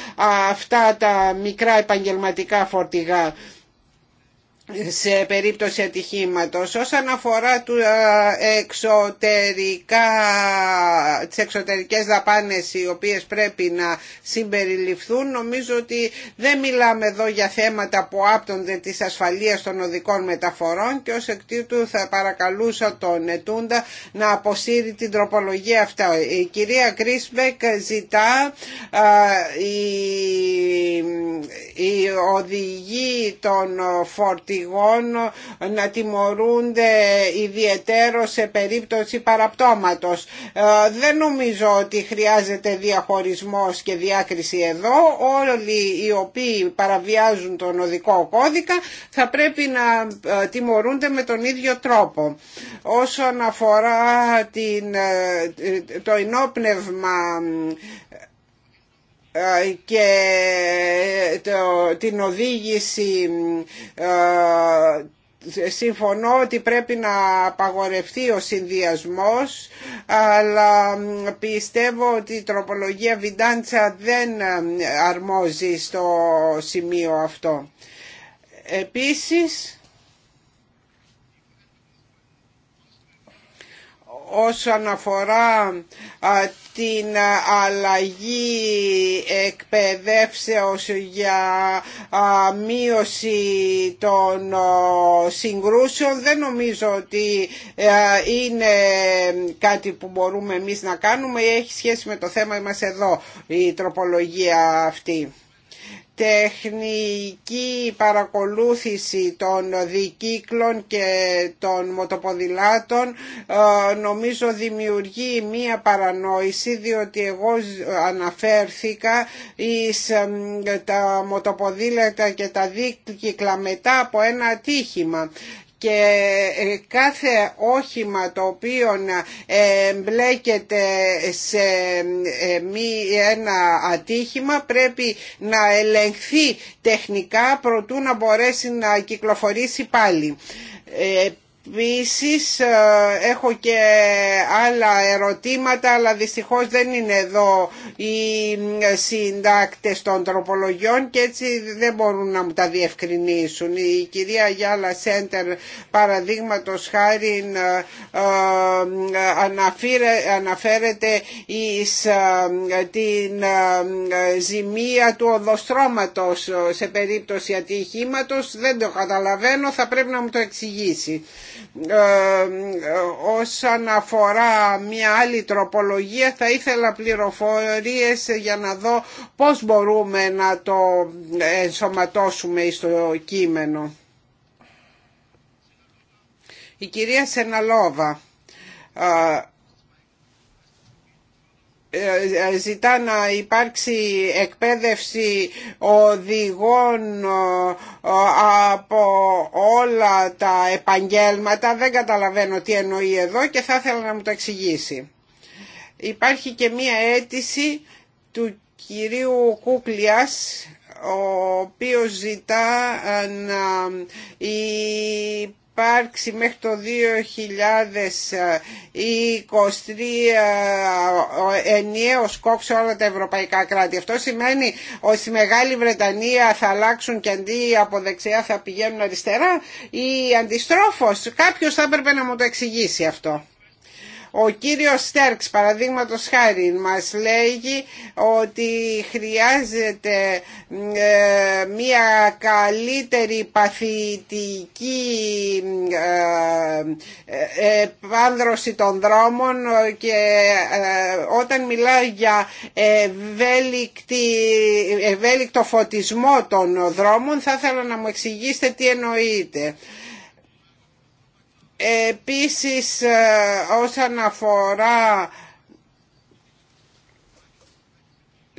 αυτά τα μικρά επαγγελματικά φορτηγά σε περίπτωση ατυχήματος. Όσον αφορά του εξωτερικά, τις εξωτερικές δαπάνες οι οποίες πρέπει να συμπεριληφθούν, νομίζω ότι δεν μιλάμε εδώ για θέματα που άπτονται της ασφαλείας των οδικών μεταφορών και ως εκ θα παρακαλούσα τον Ετούντα να αποσύρει την τροπολογία αυτά. Η κυρία Κρίσμπεκ ζητά η, η οδηγή των φορτηγών οδηγών να τιμωρούνται ιδιαίτερο σε περίπτωση παραπτώματος. Ε, δεν νομίζω ότι χρειάζεται διαχωρισμός και διάκριση εδώ. Όλοι οι οποίοι παραβιάζουν τον οδικό κώδικα θα πρέπει να ε, τιμωρούνται με τον ίδιο τρόπο. Όσον αφορά ε, το ενόπνευμα ε, και την οδήγηση ε, συμφωνώ ότι πρέπει να απαγορευτεί ο συνδυασμός αλλά πιστεύω ότι η τροπολογία Βιντάντσα δεν ε, αρμόζει στο σημείο αυτό. Επίσης όσον αφορά την αλλαγή εκπαιδεύσεως για μείωση των συγκρούσεων δεν νομίζω ότι είναι κάτι που μπορούμε εμείς να κάνουμε έχει σχέση με το θέμα μας εδώ η τροπολογία αυτή τεχνική παρακολούθηση των δικύκλων και των μοτοποδηλάτων ε, νομίζω δημιουργεί μία παρανόηση διότι εγώ αναφέρθηκα εις τα μοτοποδήλατα και τα δίκυκλα μετά από ένα ατύχημα και ε, κάθε όχημα το οποίο ε, μπλέκεται σε ε, ένα ατύχημα πρέπει να ελεγχθεί τεχνικά προτού να μπορέσει να κυκλοφορήσει πάλι. Επίσης ε, έχω και άλλα ερωτήματα αλλά δυστυχώς δεν είναι εδώ οι συντάκτες των τροπολογιών και έτσι δεν μπορούν να μου τα διευκρινίσουν. Η κυρία Γιάλα Σέντερ παραδείγματος χάρη ε, ε, αναφέρεται εις την ζημία του οδοστρώματος σε περίπτωση ατυχήματος. Δεν το καταλαβαίνω, θα πρέπει να μου το εξηγήσει. Ε, ε, όσον αφορά μια άλλη τροπολογία θα ήθελα πληροφορίες για να δω πώς μπορούμε να το ενσωματώσουμε στο κείμενο. Η κυρία Σεναλόβα ε, ε, ε, ζητά να υπάρξει εκπαίδευση οδηγών ε, από όλα τα επαγγέλματα. Δεν καταλαβαίνω τι εννοεί εδώ και θα ήθελα να μου το εξηγήσει. Υπάρχει και μία αίτηση του κυρίου Κούκλιας ο οποίος ζητά να υπάρξει μέχρι το 2023 ενιαίος κόξ όλα τα ευρωπαϊκά κράτη. Αυτό σημαίνει ότι στη Μεγάλη Βρετανία θα αλλάξουν και αντί από δεξιά θα πηγαίνουν αριστερά ή αντιστρόφως. Κάποιος θα έπρεπε να μου το εξηγήσει αυτό. Ο κύριος Στέρξ παραδείγματος χάρη μας λέγει ότι χρειάζεται ε, μια καλύτερη παθητική ε, ε, επάνδρωση των δρόμων και όταν μιλάω για ευέλικτο φωτισμό των δρόμων θα ήθελα να μου εξηγήσετε τι εννοείται. Επίσης ε, όσον αφορά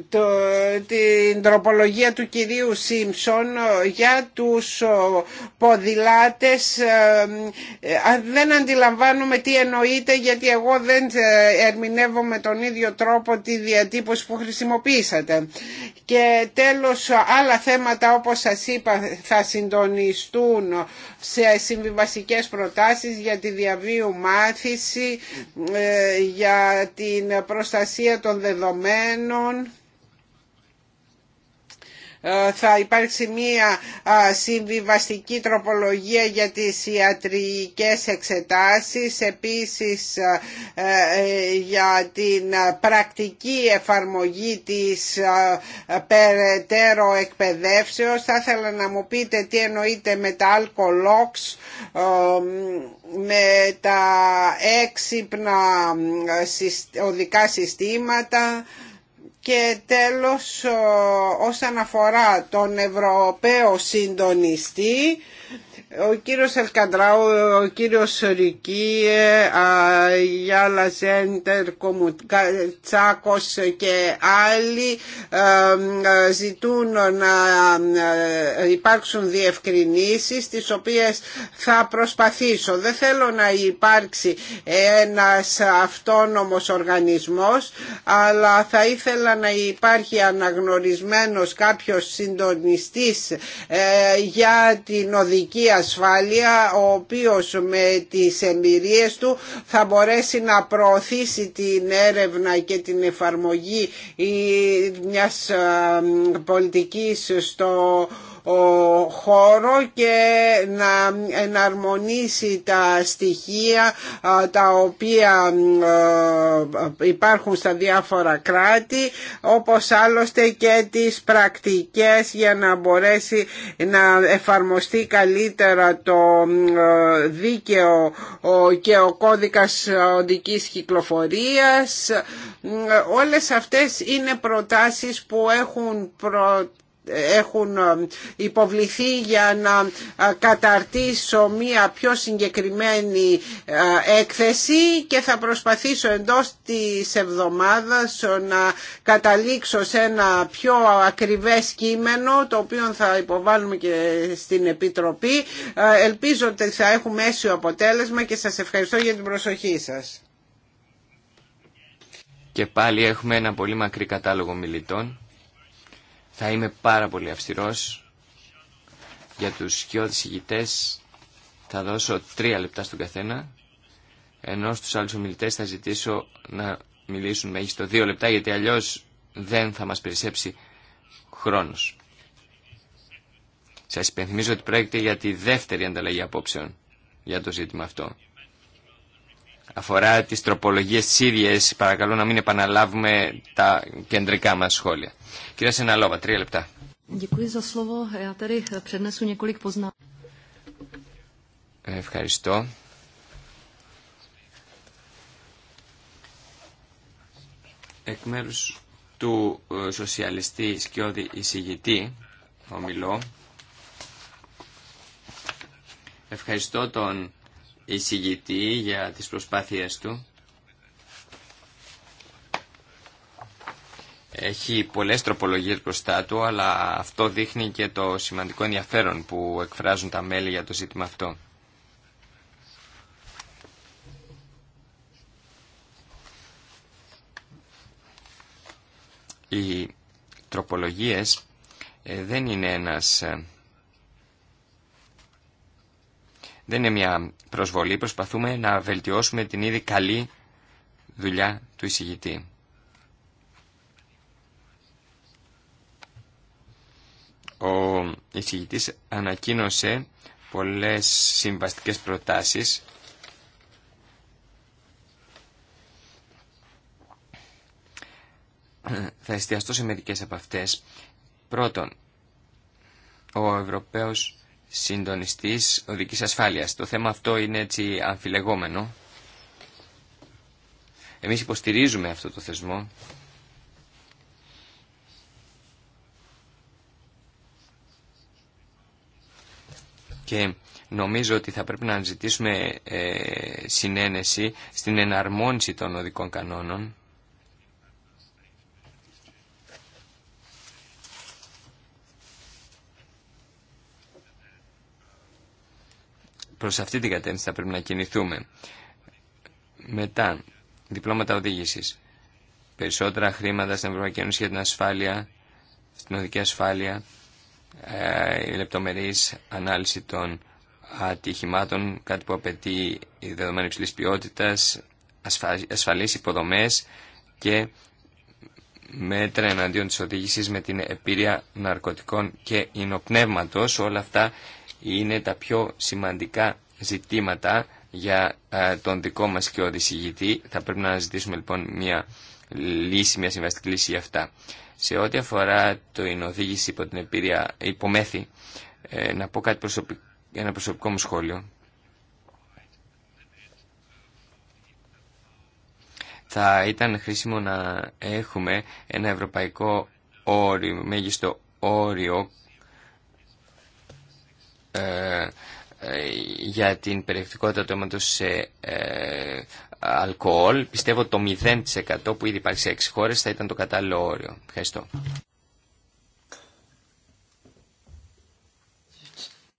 το, την τροπολογία του κυρίου Σίμψον ε, για τους ε, ποδηλάτες ε, δεν αντιλαμβάνουμε τι εννοείται γιατί εγώ δεν ερμηνεύω με τον ίδιο τρόπο τη διατύπωση που χρησιμοποίησατε. Και τέλος άλλα θέματα όπως σας είπα θα συντονιστούν σε συμβιβασικές προτάσεις για τη διαβίου μάθηση, για την προστασία των δεδομένων ε, θα υπάρξει μία συμβιβαστική τροπολογία για τις ιατρικές εξετάσεις, επίσης ε, ε, για την πρακτική εφαρμογή της περαιτέρω εκπαιδεύσεως. Θα ήθελα να μου πείτε τι εννοείται με τα αλκοολόξ, με τα έξυπνα οδικά συστήματα, και τέλος όσον αφορά τον Ευρωπαίο Συντονιστή ο κύριος Ελκαντράου, ο κύριος Ρικίε, Γιάλα Ζέντερ Κομουτσάκος και άλλοι ε, ε, ζητούν να ε, υπάρξουν διευκρινήσεις τις οποίες θα προσπαθήσω. Δεν θέλω να υπάρξει ένας αυτόνομος οργανισμός αλλά θα ήθελα να υπάρχει αναγνωρισμένος κάποιος συντονιστής για την οδική ασφάλεια ο οποίος με τις εμπειρίες του θα μπορέσει να προωθήσει την έρευνα και την εφαρμογή ε, μιας ε, πολιτικής στο χώρο και να εναρμονίσει τα στοιχεία τα οποία υπάρχουν στα διάφορα κράτη όπως άλλωστε και τις πρακτικές για να μπορέσει να εφαρμοστεί καλύτερα το δίκαιο και ο κώδικας οδικής κυκλοφορίας. Όλες αυτές είναι προτάσεις που έχουν έχουν ε, υποβληθεί για να ε, καταρτήσω μία πιο συγκεκριμένη ε, έκθεση και θα προσπαθήσω εντός της εβδομάδας να καταλήξω σε ένα πιο ακριβές κείμενο το οποίο θα υποβάλουμε και στην Επιτροπή. Ελπίζω ότι θα έχουμε αίσιο αποτέλεσμα και σας ευχαριστώ για την προσοχή σας. Και πάλι έχουμε ένα πολύ μακρύ κατάλογο μιλητών. Θα είμαι πάρα πολύ αυστηρός. Για τους σκιώδεις ηγητές θα δώσω τρία λεπτά στον καθένα, ενώ στους άλλους ομιλητές θα ζητήσω να μιλήσουν μέχρι στο δύο λεπτά, γιατί αλλιώς δεν θα μας περισσέψει χρόνος. Σας υπενθυμίζω ότι πρόκειται για τη δεύτερη ανταλλαγή απόψεων για το ζήτημα αυτό αφορά τις τροπολογίες της ίδιας, παρακαλώ να μην επαναλάβουμε τα κεντρικά μας σχόλια. Κυρία Σεναλόβα, τρία λεπτά. Ευχαριστώ. Εκ μέρους του ε, σοσιαλιστή Σκιώδη εισηγητή, ομιλώ, ευχαριστώ τον εισηγητή για τις προσπάθειες του. Έχει πολλές τροπολογίες μπροστά του, αλλά αυτό δείχνει και το σημαντικό ενδιαφέρον που εκφράζουν τα μέλη για το ζήτημα αυτό. Οι τροπολογίες ε, δεν είναι ένας ε, Δεν είναι μια προσβολή, προσπαθούμε να βελτιώσουμε την ήδη καλή δουλειά του εισηγητή. Ο εισηγητής ανακοίνωσε πολλές συμβαστικές προτάσεις Θα εστιαστώ σε μερικές από αυτές. Πρώτον, ο Ευρωπαίος συντονιστή οδικής ασφάλειας. Το θέμα αυτό είναι έτσι αμφιλεγόμενο. Εμείς υποστηρίζουμε αυτό το θεσμό. Και νομίζω ότι θα πρέπει να ζητήσουμε ε, συνένεση στην εναρμόνιση των οδικών κανόνων προς αυτή την κατεύθυνση θα πρέπει να κινηθούμε. Μετά, διπλώματα οδήγησης. Περισσότερα χρήματα στην Ευρωπαϊκή Ένωση για την ασφάλεια, στην οδική ασφάλεια, ε, η λεπτομερής ανάλυση των ατυχημάτων, κάτι που απαιτεί η δεδομένη υψηλής ποιότητας, ασφαλείς υποδομές και μέτρα εναντίον της οδήγησης με την επίρρεια ναρκωτικών και ινοπνεύματος. Όλα αυτά είναι τα πιο σημαντικά ζητήματα για τον δικό μας και δυσηγητή. Θα πρέπει να αναζητήσουμε λοιπόν μια λύση, μια συμβαστική λύση για αυτά. Σε ό,τι αφορά το οδήγηση υπό την επίρρεια υπομέθη, ε, να πω κάτι προσωπικό, ένα προσωπικό μου σχόλιο. Θα ήταν χρήσιμο να έχουμε ένα ευρωπαϊκό όριο, μέγιστο όριο ε, για την περιεκτικότητα του αίματος σε ε, αλκοόλ. Πιστεύω το 0% που ήδη υπάρχει σε 6 χώρες θα ήταν το κατάλληλο όριο. Ευχαριστώ.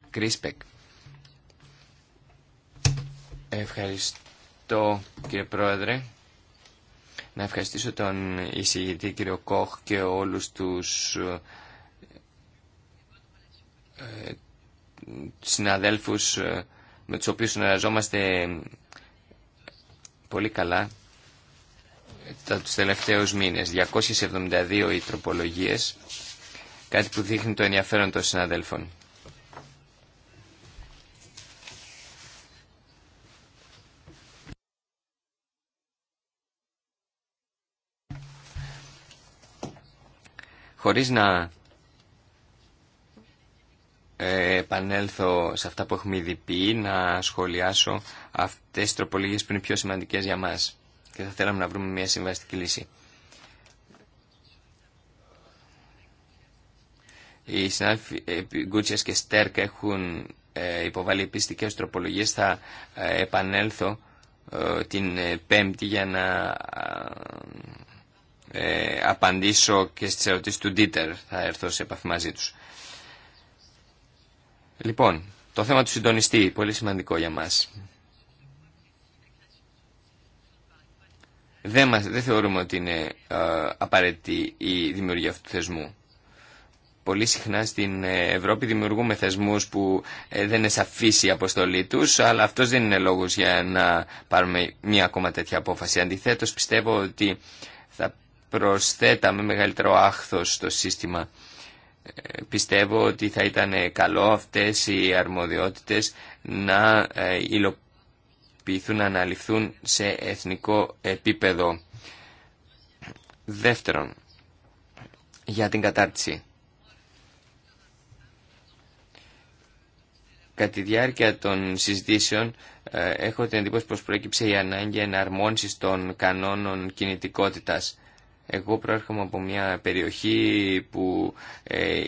Κρίσπεκ. Ευχαριστώ κύριε Πρόεδρε. Να ευχαριστήσω τον εισηγητή κύριο Κόχ και όλους τους ε, συναδέλφους ε, με τους οποίους συνεργαζόμαστε πολύ καλά τους τελευταίους μήνες. 272 οι τροπολογίες, κάτι που δείχνει το ενδιαφέρον των συναδέλφων. Χωρίς να ε, επανέλθω σε αυτά που έχουμε ήδη πει, να σχολιάσω αυτές τις τροπολογίες που είναι πιο σημαντικές για μας και θα θέλαμε να βρούμε μια συμβαστική λύση. Οι συνάδελφοι ε, Γκούτσιας και Στέρκ έχουν ε, υποβάλει επίστηκες τροπολογίες. Θα επανέλθω την Πέμπτη για να απαντήσω και στις ερωτήσεις του Ντίτερ. Θα έρθω σε επαφή μαζί τους. Λοιπόν, το θέμα του συντονιστή, πολύ σημαντικό για μας. Δεν, μας, δεν θεωρούμε ότι είναι ε, απαραίτητη η δημιουργία αυτού του θεσμού. Πολύ συχνά στην ε, Ευρώπη δημιουργούμε θεσμούς που ε, δεν είναι σαφής η αποστολή τους, αλλά αυτός δεν είναι λόγος για να πάρουμε μία ακόμα τέτοια απόφαση. Αντιθέτως πιστεύω ότι θα προσθέταμε μεγαλύτερο άχθος στο σύστημα πιστεύω ότι θα ήταν καλό αυτές οι αρμοδιότητες να ε, υλοποιηθούν, να αναλυφθούν σε εθνικό επίπεδο. Δεύτερον, για την κατάρτιση. Κατά τη διάρκεια των συζητήσεων ε, έχω την εντύπωση πως προέκυψε η ανάγκη εναρμόνισης των κανόνων κινητικότητας εγώ προέρχομαι από μια περιοχή που ε,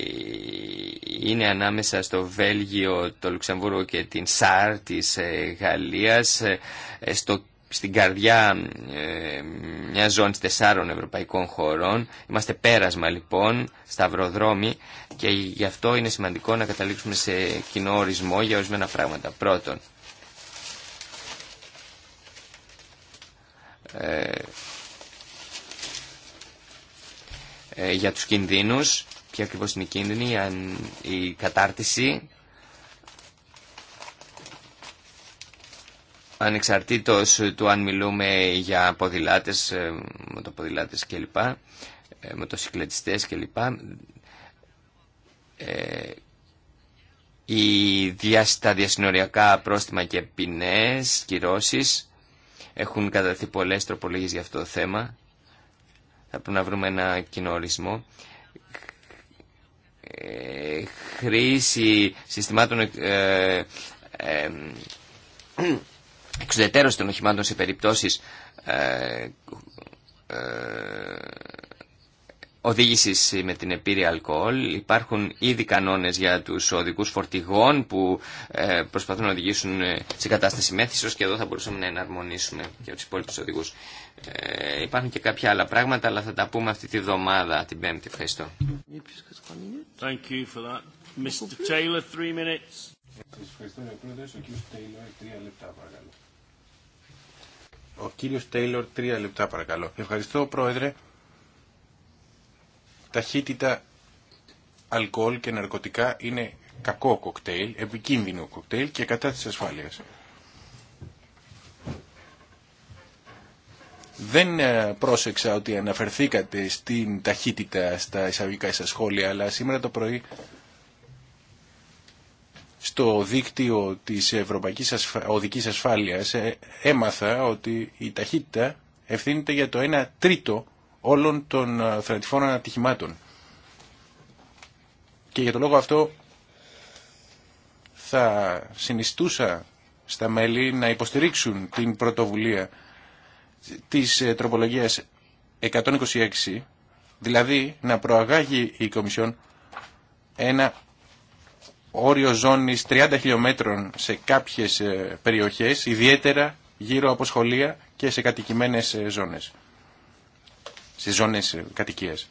είναι ανάμεσα στο Βέλγιο, το Λουξεμβούργο και την ΣΑΡ της ε, Γαλλίας, ε, στο, στην καρδιά μια ζώνη τεσσάρων ευρωπαϊκών χωρών. Είμαστε πέρασμα λοιπόν, στα σταυροδρόμοι και γι' αυτό είναι σημαντικό να καταλήξουμε σε κοινό ορισμό για ορισμένα πράγματα. Πρώτον, ε, για τους κινδύνους, ποια ακριβώ είναι η κίνδυνη, αν η κατάρτιση, ανεξαρτήτως του αν μιλούμε για ποδηλάτες, ε, μοτοποδηλάτες κλπ, ε, μοτοσυκλετιστές κλπ, οι τα διασυνοριακά πρόστιμα και ποινές, κυρώσεις, έχουν καταθεί πολλές τροπολογίες για αυτό το θέμα θα πρέπει να βρούμε ένα κοινό ορισμό. Ε, χρήση συστημάτων ε, ε, εξουδετερώση των οχημάτων σε περιπτώσεις ε, ε, οδήγησης με την επίρρεια αλκοόλ. Υπάρχουν ήδη κανόνες για τους οδικούς φορτηγών που ε, προσπαθούν να οδηγήσουν ε, σε κατάσταση μέθησο και εδώ θα μπορούσαμε να εναρμονίσουμε και τους υπόλοιπους οδηγούς. Ε, υπάρχουν και κάποια άλλα πράγματα, αλλά θα τα πούμε αυτή τη βδομάδα, την Πέμπτη. Ευχαριστώ. Thank you for that. Mr. Taylor, minutes. Ο Τέιλορ, τρία λεπτά, παρακαλώ. Ο Τέιλορ, τρία λεπτά, παρακαλώ. Ευχαριστώ, Πρόεδρε ταχύτητα αλκοόλ και ναρκωτικά είναι κακό κοκτέιλ, επικίνδυνο κοκτέιλ και κατά της ασφάλειας. Δεν ε, πρόσεξα ότι αναφερθήκατε στην ταχύτητα στα εισαγωγικά σας σχόλια, αλλά σήμερα το πρωί στο δίκτυο της Ευρωπαϊκής Ασφα... Οδικής Ασφάλειας ε, έμαθα ότι η ταχύτητα ευθύνεται για το 1 τρίτο όλων των ε, θανατηφόρων ατυχημάτων. Και για το λόγο αυτό θα συνιστούσα στα μέλη να υποστηρίξουν την πρωτοβουλία της ε, τροπολογίας 126, δηλαδή να προαγάγει η Κομισιόν ένα όριο ζώνης 30 χιλιόμετρων σε κάποιες ε, περιοχές, ιδιαίτερα γύρω από σχολεία και σε κατοικημένες ζώνες στις ζώνες ε, κατοικίας.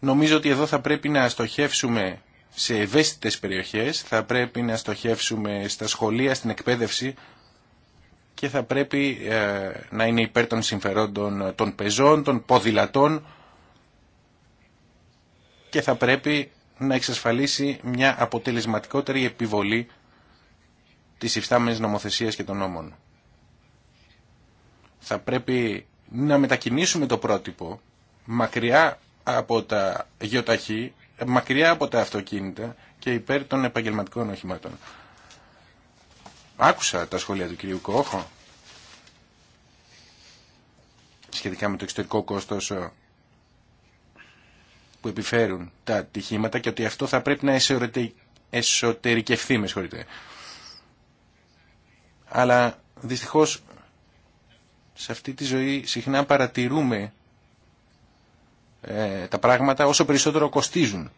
Νομίζω ότι εδώ θα πρέπει να στοχεύσουμε σε ευαίσθητες περιοχές, θα πρέπει να στοχεύσουμε στα σχολεία, στην εκπαίδευση και θα πρέπει ε, να είναι υπέρ των συμφερόντων των πεζών, των ποδηλατών και θα πρέπει να εξασφαλίσει μια αποτελεσματικότερη επιβολή της υφτάμενης νομοθεσίας και των νόμων. Θα πρέπει να μετακινήσουμε το πρότυπο μακριά από τα γεωταχή, μακριά από τα αυτοκίνητα και υπέρ των επαγγελματικών οχημάτων. Άκουσα τα σχόλια του κυρίου Κόχο σχετικά με το εξωτερικό κόστος ε, που επιφέρουν τα ατυχήματα και ότι αυτό θα πρέπει να εσωτερικευθεί, με συγχωρείτε. Αλλά δυστυχώς σε αυτή τη ζωή συχνά παρατηρούμε ε, τα πράγματα όσο περισσότερο κοστίζουν.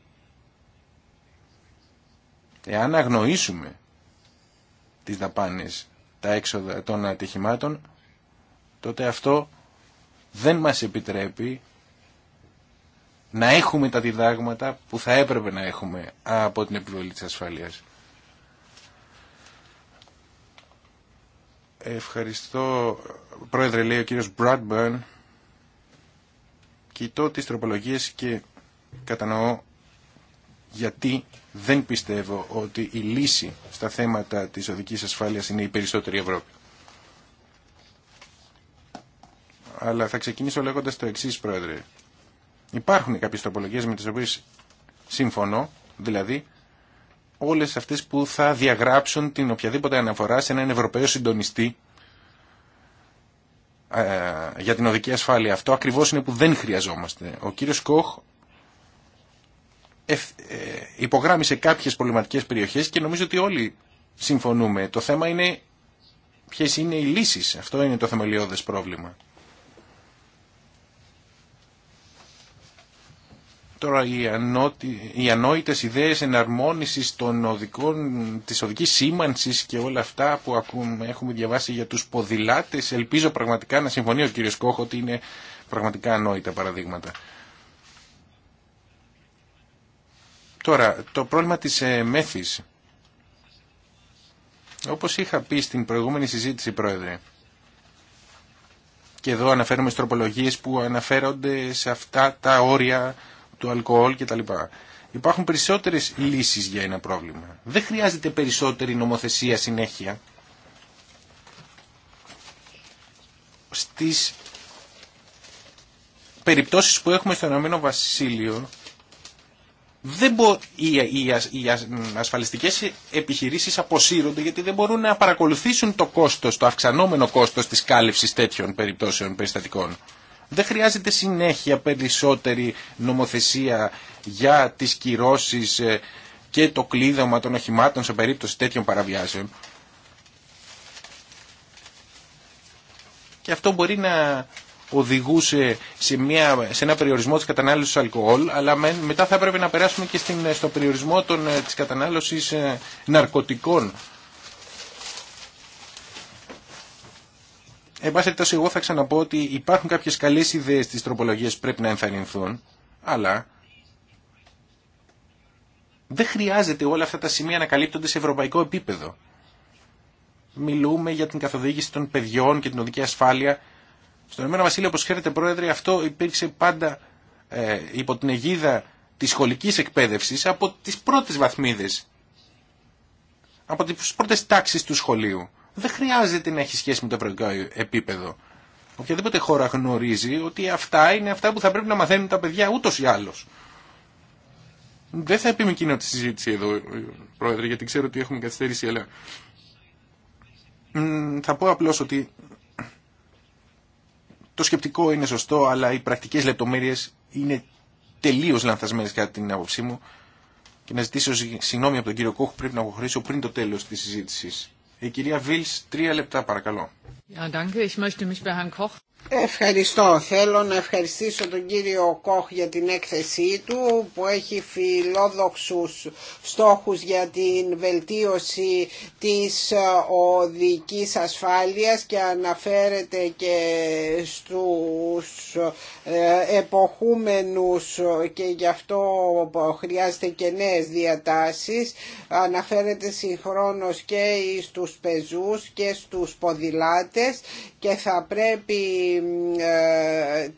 Εάν αγνοήσουμε τις δαπάνες, τα έξοδα των ατυχημάτων, τότε αυτό δεν μας επιτρέπει να έχουμε τα διδάγματα που θα έπρεπε να έχουμε από την επιβολή της ασφαλείας. Ευχαριστώ, πρόεδρε, λέει ο κύριος Bradburn. Κοιτώ τις τροπολογίες και κατανοώ γιατί δεν πιστεύω ότι η λύση στα θέματα της οδικής ασφάλειας είναι η περισσότερη Ευρώπη. Αλλά θα ξεκινήσω λέγοντας το εξής, πρόεδρε. Υπάρχουν κάποιες τροπολογίες με τις οποίες συμφωνώ, δηλαδή όλες αυτές που θα διαγράψουν την οποιαδήποτε αναφορά σε έναν Ευρωπαίο συντονιστή ε, για την οδική ασφάλεια. Αυτό ακριβώς είναι που δεν χρειαζόμαστε. Ο κύριος Κοχ ε, υπογράμμισε κάποιες προβληματικές περιοχές και νομίζω ότι όλοι συμφωνούμε. Το θέμα είναι ποιες είναι οι λύσεις. Αυτό είναι το θεμελιώδες πρόβλημα. Τώρα οι, ανότι, οι ανόητες ιδέες εναρμόνισης των οδικών, της οδικής σήμανσης και όλα αυτά που έχουμε διαβάσει για τους ποδηλάτες, ελπίζω πραγματικά να συμφωνεί ο κύριος Κόχο ότι είναι πραγματικά ανόητα παραδείγματα. Τώρα, το πρόβλημα της ε, μέθης. Όπως είχα πει στην προηγούμενη συζήτηση, Πρόεδρε, και εδώ αναφέρουμε στροπολογίες που αναφέρονται σε αυτά τα όρια του αλκοόλ κτλ. Υπάρχουν περισσότερες λύσεις για ένα πρόβλημα. Δεν χρειάζεται περισσότερη νομοθεσία συνέχεια. Στις περιπτώσεις που έχουμε στο Ηνωμένο Βασίλειο, δεν μπο... οι, ασφαλιστικές επιχειρήσεις αποσύρονται γιατί δεν μπορούν να παρακολουθήσουν το κόστος, το αυξανόμενο κόστος της κάλυψη τέτοιων περιπτώσεων περιστατικών. Δεν χρειάζεται συνέχεια περισσότερη νομοθεσία για τις κυρώσεις ε, και το κλείδωμα των οχημάτων σε περίπτωση τέτοιων παραβιάσεων. Και αυτό μπορεί να οδηγούσε σε, μια, σε ένα περιορισμό της κατανάλωσης αλκοόλ, αλλά μετά θα έπρεπε να περάσουμε και στην, στο περιορισμό των, ε, της κατανάλωσης ε, ναρκωτικών Εν πάση περιπτώσει, εγώ θα ξαναπώ ότι υπάρχουν κάποιε καλέ ιδέε τη τροπολογία που πρέπει να ενθαρρυνθούν, αλλά δεν χρειάζεται όλα αυτά τα σημεία να καλύπτονται σε ευρωπαϊκό επίπεδο. Μιλούμε για την καθοδήγηση των παιδιών και την οδική ασφάλεια. Στον Ηνωμένο Βασίλειο, όπω ξέρετε, Πρόεδρε, αυτό υπήρξε πάντα ε, υπό την αιγίδα τη σχολική εκπαίδευση από τι πρώτε βαθμίδε. Από τι πρώτε τάξει του σχολείου δεν χρειάζεται να έχει σχέση με το ευρωπαϊκό επίπεδο. Οποιαδήποτε χώρα γνωρίζει ότι αυτά είναι αυτά που θα πρέπει να μαθαίνουν τα παιδιά ούτω ή άλλω. Δεν θα επιμηκύνω τη συζήτηση εδώ, Πρόεδρε, γιατί ξέρω ότι έχουμε καθυστέρηση, αλλά θα πω απλώ ότι το σκεπτικό είναι σωστό, αλλά οι πρακτικέ λεπτομέρειε είναι τελείω λανθασμένε κατά την άποψή μου και να ζητήσω συγγνώμη από τον κύριο Κόχ πρέπει να αποχωρήσω πριν το τέλο τη συζήτηση η κυρία Βίλς, τρία λεπτά παρακαλώ. Ja, danke. Ich möchte mich bei Herrn Koch Ευχαριστώ. Θέλω να ευχαριστήσω τον κύριο Κόχ για την έκθεσή του που έχει φιλόδοξους στόχους για την βελτίωση της ε, οδικής ασφάλειας και αναφέρεται και στους ε, εποχούμενους και γι' αυτό χρειάζεται και νέες διατάσεις. Αναφέρεται συγχρόνως και στους πεζούς και στους ποδηλάτες και θα πρέπει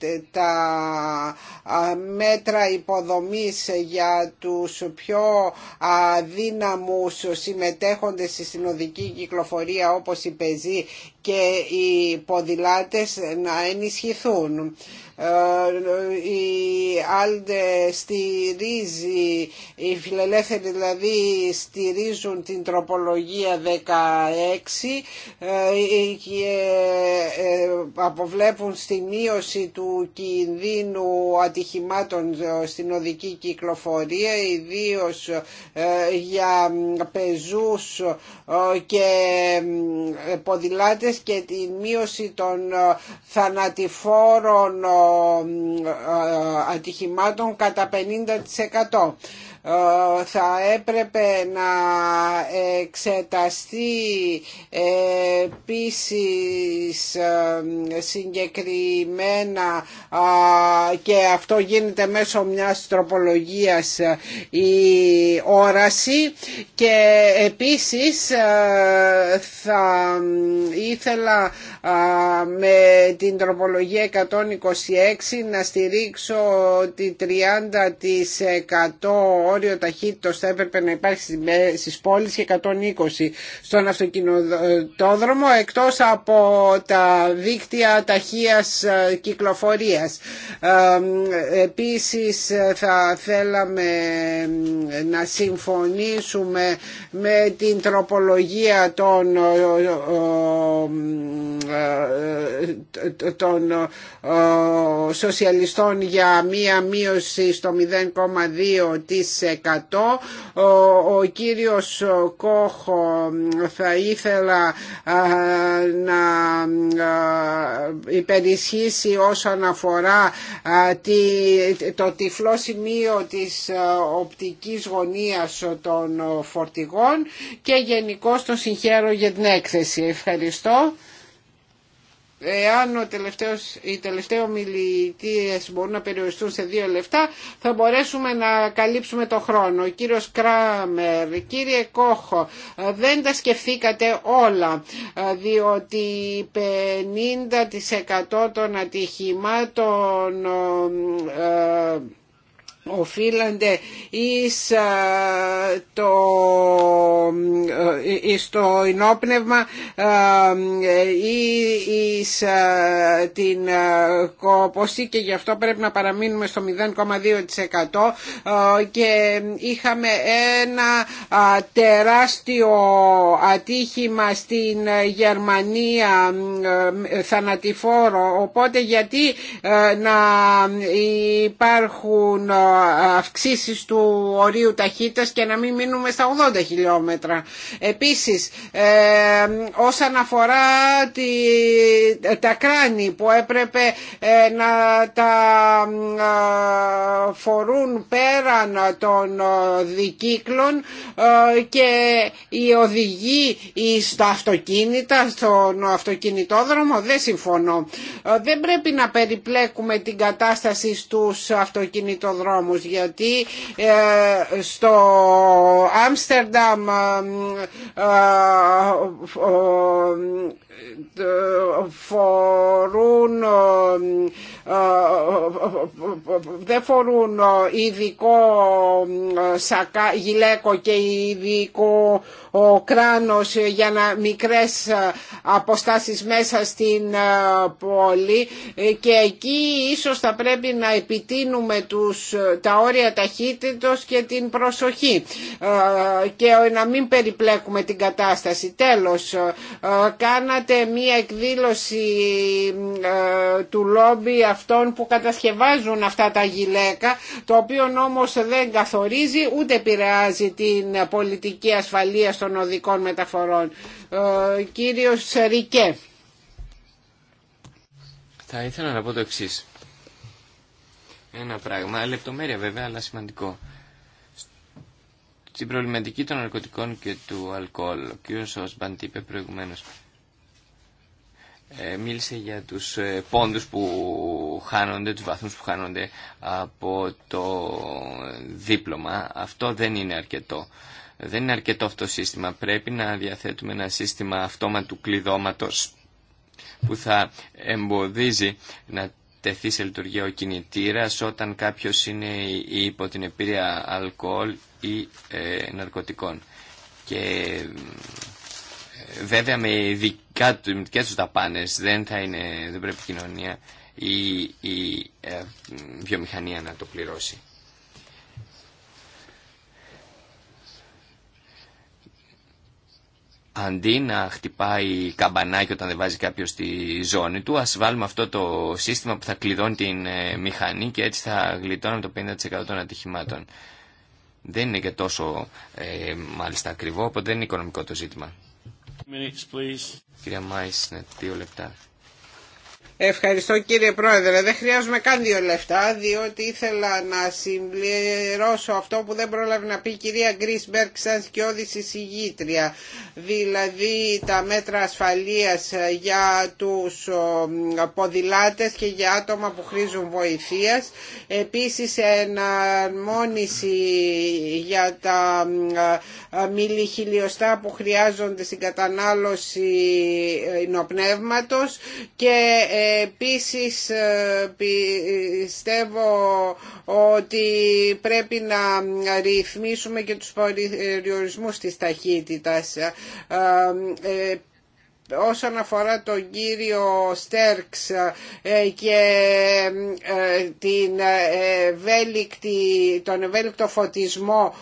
ε, τα μέτρα υποδομής για τους πιο αδύναμους συμμετέχοντες στη συνοδική κυκλοφορία όπως η πεζή και οι ποδηλάτες να ενισχυθούν. Ε, η Άλντε στηρίζει, οι φιλελεύθεροι δηλαδή στηρίζουν την τροπολογία 16 ε, και ε, αποβλέπουν στη μείωση του κινδύνου ατυχημάτων στην οδική κυκλοφορία Ιδίω για πεζούς και ποδηλάτες και τη μείωση των ε, θανατηφόρων ε, ε, ατυχημάτων κατά 50%. Ε, θα έπρεπε να εξεταστεί ε, επίσης ε, συγκεκριμένα και αυτό γίνεται μέσω μιας τροπολογίας η όραση και επίσης θα ήθελα με την τροπολογία 126 να στηρίξω ότι 30% όριο ταχύτητος θα έπρεπε να υπάρχει στις πόλεις και 120 στον αυτοκινητόδρομο εκτός από τα δίκτυα ταχείας ε, κυκλοφορίας. Επίσης ε, θα θέλαμε να συμφωνήσουμε με την τροπολογία των ε, των ε, σοσιαλιστών για μία μείωση στο 0,2% ο κύριος Κόχο θα ήθελα ε, να υπερισχύσει όσον αφορά το τυφλό σημείο της οπτικής γωνίας των φορτηγών και γενικώ τον συγχαίρω για την έκθεση. Ευχαριστώ εάν ο τελευταίος, οι τελευταίοι ομιλητές μπορούν να περιοριστούν σε δύο λεπτά θα μπορέσουμε να καλύψουμε το χρόνο. Ο κύριος Κράμερ, κύριε Κόχο, δεν τα σκεφτήκατε όλα διότι 50% των ατυχημάτων ε, οφείλονται εις το, ε, εις το ενόπνευμα ή εις την κόποση και γι' αυτό πρέπει να παραμείνουμε στο 0,2% και είχαμε ένα τεράστιο ατύχημα στην Γερμανία θανατηφόρο οπότε γιατί ε, να υπάρχουν αυξήσεις του ορίου ταχύτητας και να μην μείνουμε στα 80 χιλιόμετρα. Επίσης, ε, όσον αφορά τη, τα κράνη που έπρεπε ε, να τα ε, φορούν πέραν των δικύκλων και οι οδηγοί στα αυτοκίνητα, στον αυτοκινητόδρομο, δεν συμφωνώ. Δεν πρέπει να περιπλέκουμε την κατάσταση στους αυτοκινητοδρόμους όμως γιατί ε, στο Άμστερνταμ ε, ε, φορούν, δεν φορούν ειδικό σακά, γυλαίκο και ειδικό ο κράνος για να μικρές αποστάσεις μέσα στην πόλη και εκεί ίσως θα πρέπει να επιτείνουμε τους, τα όρια ταχύτητος και την προσοχή ε, και να μην περιπλέκουμε την κατάσταση. Τέλος, ε, κάνατε είδατε μία εκδήλωση ε, του λόμπι αυτών που κατασκευάζουν αυτά τα γυλαίκα το οποίο όμως δεν καθορίζει ούτε επηρεάζει την πολιτική ασφαλεία των οδικών μεταφορών. Ε, κύριος Ρικέ. Θα ήθελα να πω το εξής. Ένα πράγμα, λεπτομέρεια βέβαια, αλλά σημαντικό. Στην προβληματική των ναρκωτικών και του αλκοόλ, ο κ. Σόσμπαντ είπε ε, μίλησε για τους ε, πόντους που χάνονται, τους βαθμούς που χάνονται από το δίπλωμα. Αυτό δεν είναι αρκετό. Δεν είναι αρκετό αυτό το σύστημα. Πρέπει να διαθέτουμε ένα σύστημα αυτόματου κλειδώματος που θα εμποδίζει να τεθεί σε λειτουργία ο κινητήρας όταν κάποιος είναι υπό την επίρρεια αλκοόλ ή ε, ναρκωτικών βέβαια με δικά του, δικές τους δεν θα είναι, δεν πρέπει η κοινωνία ή η ε, βιομηχανία να το πληρώσει. Αντί να χτυπάει καμπανάκι όταν δεν βάζει κάποιο στη ζώνη του, α βάλουμε αυτό το σύστημα που θα κλειδώνει την ε, μηχανή και έτσι θα γλιτώνουμε το 50% των ατυχημάτων. Δεν είναι και τόσο ε, μάλιστα ακριβό, οπότε δεν είναι οικονομικό το ζήτημα. Minutes, Κυρία Μάης, δύο λεπτά. Ευχαριστώ κύριε Πρόεδρε. Δεν χρειάζομαι καν δύο λεφτά, διότι ήθελα να συμπληρώσω αυτό που δεν πρόλαβε να πει η κυρία Γκρίσμπερκ σαν όδηση συγγήτρια, δηλαδή τα μέτρα ασφαλείας για τους ποδηλάτες και για άτομα που χρήζουν βοηθείας, επίσης εναρμόνιση για τα μιλιχιλιοστά που χρειάζονται στην κατανάλωση ε, νοπνεύματος και ε, Επίσης ε, πιστεύω ότι πρέπει να ρυθμίσουμε και τους περιορισμούς της ταχύτητας. Ε, ε, όσον αφορά τον κύριο Στέρξ ε, και ε, την ε, τον ευέλικτο φωτισμό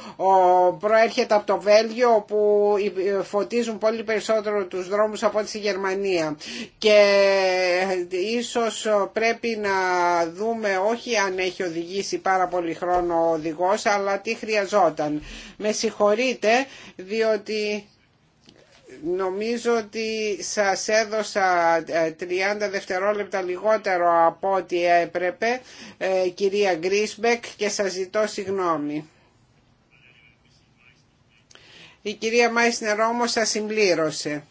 προέρχεται από το Βέλγιο που φωτίζουν πολύ περισσότερο τους δρόμους από τη Γερμανία και ίσως πρέπει να δούμε όχι αν έχει οδηγήσει πάρα πολύ χρόνο ο οδηγός αλλά τι χρειαζόταν. Με συγχωρείτε διότι Νομίζω ότι σας έδωσα 30 ε, δευτερόλεπτα λιγότερο από ό,τι έπρεπε, ε, κυρία Γκρίσμπεκ, και σας ζητώ συγγνώμη. Η κυρία Μάισνερ όμως σας συμπλήρωσε.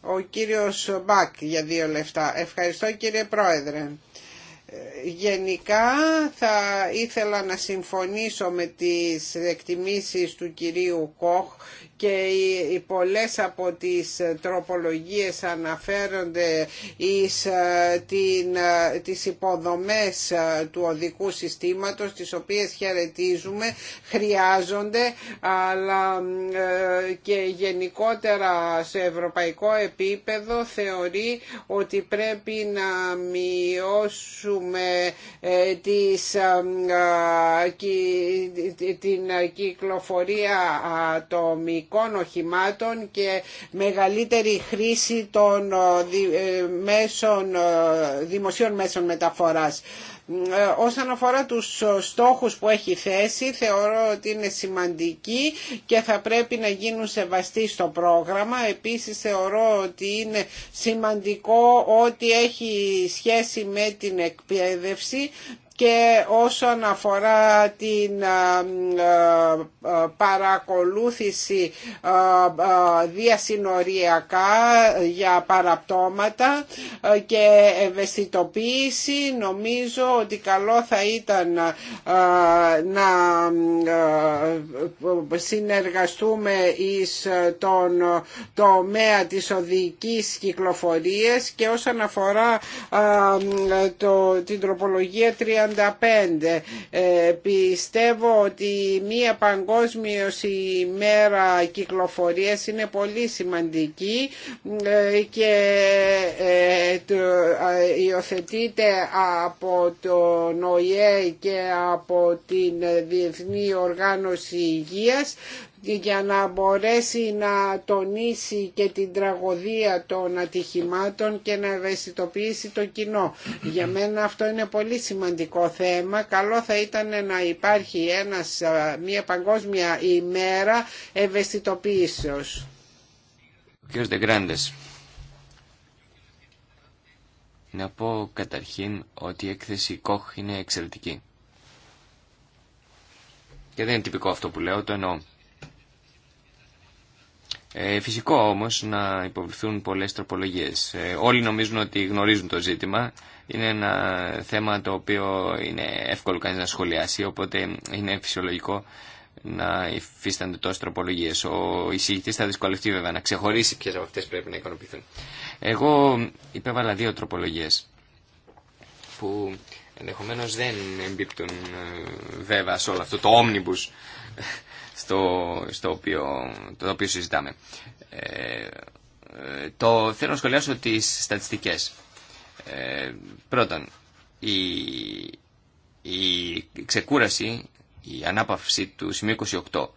Ο κύριος Μπακ για δύο λεφτά. Ευχαριστώ κύριε Πρόεδρε. Ε, γενικά θα ήθελα να συμφωνήσω με τις εκτιμήσεις του κυρίου Κοχ και οι πολλές από τις τροπολογίες αναφέρονται εις ε, την, ε, τις υποδομές ε, του οδικού συστήματος τις οποίες χαιρετίζουμε, χρειάζονται αλλά και γενικότερα σε ευρωπαϊκό επίπεδο θεωρεί ότι πρέπει να μειώσουμε τις, την κυκλοφορία ατομική ηλεκτρικών οχημάτων και μεγαλύτερη χρήση των ε, ε, μέσων, ε, δημοσίων μέσων μεταφοράς. Όσον αφορά τους στόχους που έχει θέσει, θεωρώ ότι είναι σημαντική και θα πρέπει να γίνουν σεβαστοί στο πρόγραμμα. Επίσης θεωρώ ότι είναι σημαντικό ότι έχει σχέση με την εκπαίδευση και όσον αφορά την παρακολούθηση διασυνοριακά για παραπτώματα και ευαισθητοποίηση νομίζω ότι καλό θα ήταν να συνεργαστούμε εις τον τομέα της οδικής κυκλοφορίας και όσον αφορά το, την τροπολογία 30 ε, πιστεύω ότι μία παγκόσμια ημέρα κυκλοφορίας είναι πολύ σημαντική ε, και ε, υιοθετείται από το ΝΟΙΕ και από την Διεθνή Οργάνωση Υγείας για να μπορέσει να τονίσει και την τραγωδία των ατυχημάτων και να ευαισθητοποιήσει το κοινό. Για μένα αυτό είναι πολύ σημαντικό θέμα. Καλό θα ήταν να υπάρχει ένας, μια παγκόσμια ημέρα ευαισθητοποίησεως. Ο κ. Δεγκράντες. Να πω καταρχήν ότι η έκθεση Κόχ είναι εξαιρετική. Και δεν είναι τυπικό αυτό που λέω, το εννοώ. Ε, φυσικό όμως να υποβληθούν πολλές τροπολογίες. Ε, όλοι νομίζουν ότι γνωρίζουν το ζήτημα. Είναι ένα θέμα το οποίο είναι εύκολο κανείς να σχολιάσει, οπότε είναι φυσιολογικό να υφίστανται τόσε τροπολογίε. Ο εισηγητή θα δυσκολευτεί βέβαια να ξεχωρίσει ποιε από αυτέ πρέπει να ικανοποιηθούν. Εγώ υπέβαλα δύο τροπολογίε που ενδεχομένω δεν εμπίπτουν ε, βέβαια σε όλο αυτό το όμνιμπους στο, στο οποίο, το οποίο συζητάμε. Ε, το θέλω να σχολιάσω τις στατιστικές. Ε, πρώτον, η, η ξεκούραση, η ανάπαυση του σημείου 28.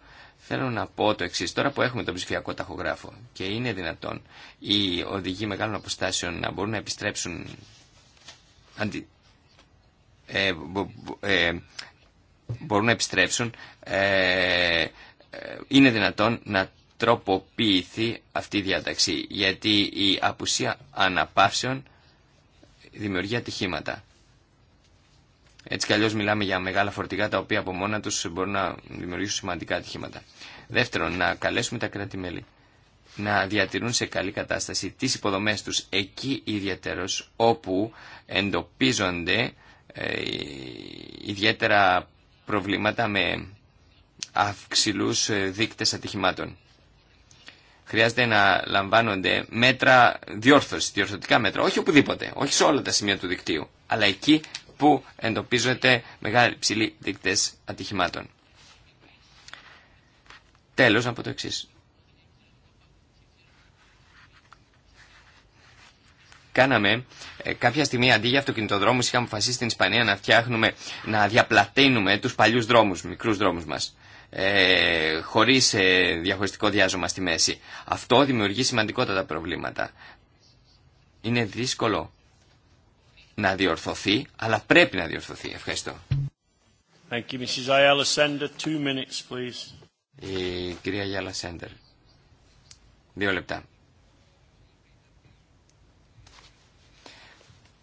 Θέλω να πω το εξή. Τώρα που έχουμε τον ψηφιακό ταχογράφο και είναι δυνατόν οι οδηγοί μεγάλων αποστάσεων να μπορούν να επιστρέψουν αντι, ε, ε, μπορούν να επιστρέψουν, ε, ε, είναι δυνατόν να τροποποιηθεί αυτή η διάταξη, γιατί η απουσία αναπαύσεων δημιουργεί ατυχήματα. Έτσι κι αλλιώς μιλάμε για μεγάλα φορτηγά τα οποία από μόνα τους μπορούν να δημιουργήσουν σημαντικά ατυχήματα. Δεύτερον, να καλέσουμε τα κράτη-μέλη να διατηρούν σε καλή κατάσταση τις υποδομές τους εκεί ιδιαίτερως όπου εντοπίζονται ε, ιδιαίτερα προβλήματα με αυξηλούς ε, δείκτες ατυχημάτων. Χρειάζεται να λαμβάνονται μέτρα διόρθωση, διορθωτικά μέτρα, όχι οπουδήποτε, όχι σε όλα τα σημεία του δικτύου, αλλά εκεί που εντοπίζονται μεγάλοι ψηλοί δείκτες ατυχημάτων. Τέλος, πω το εξή. κάναμε, ε, κάποια στιγμή αντί για αυτοκινητοδρόμους είχαμε αποφασίσει στην Ισπανία να φτιάχνουμε, να διαπλατείνουμε τους παλιούς δρόμους, μικρού δρόμου μας. Ε, χωρίς ε, διαχωριστικό διάζωμα στη μέση. Αυτό δημιουργεί σημαντικότατα προβλήματα. Είναι δύσκολο να διορθωθεί, αλλά πρέπει να διορθωθεί. Ευχαριστώ. you, Sender. minutes, please. Η κυρία Γιάλα Σέντερ. Δύο λεπτά.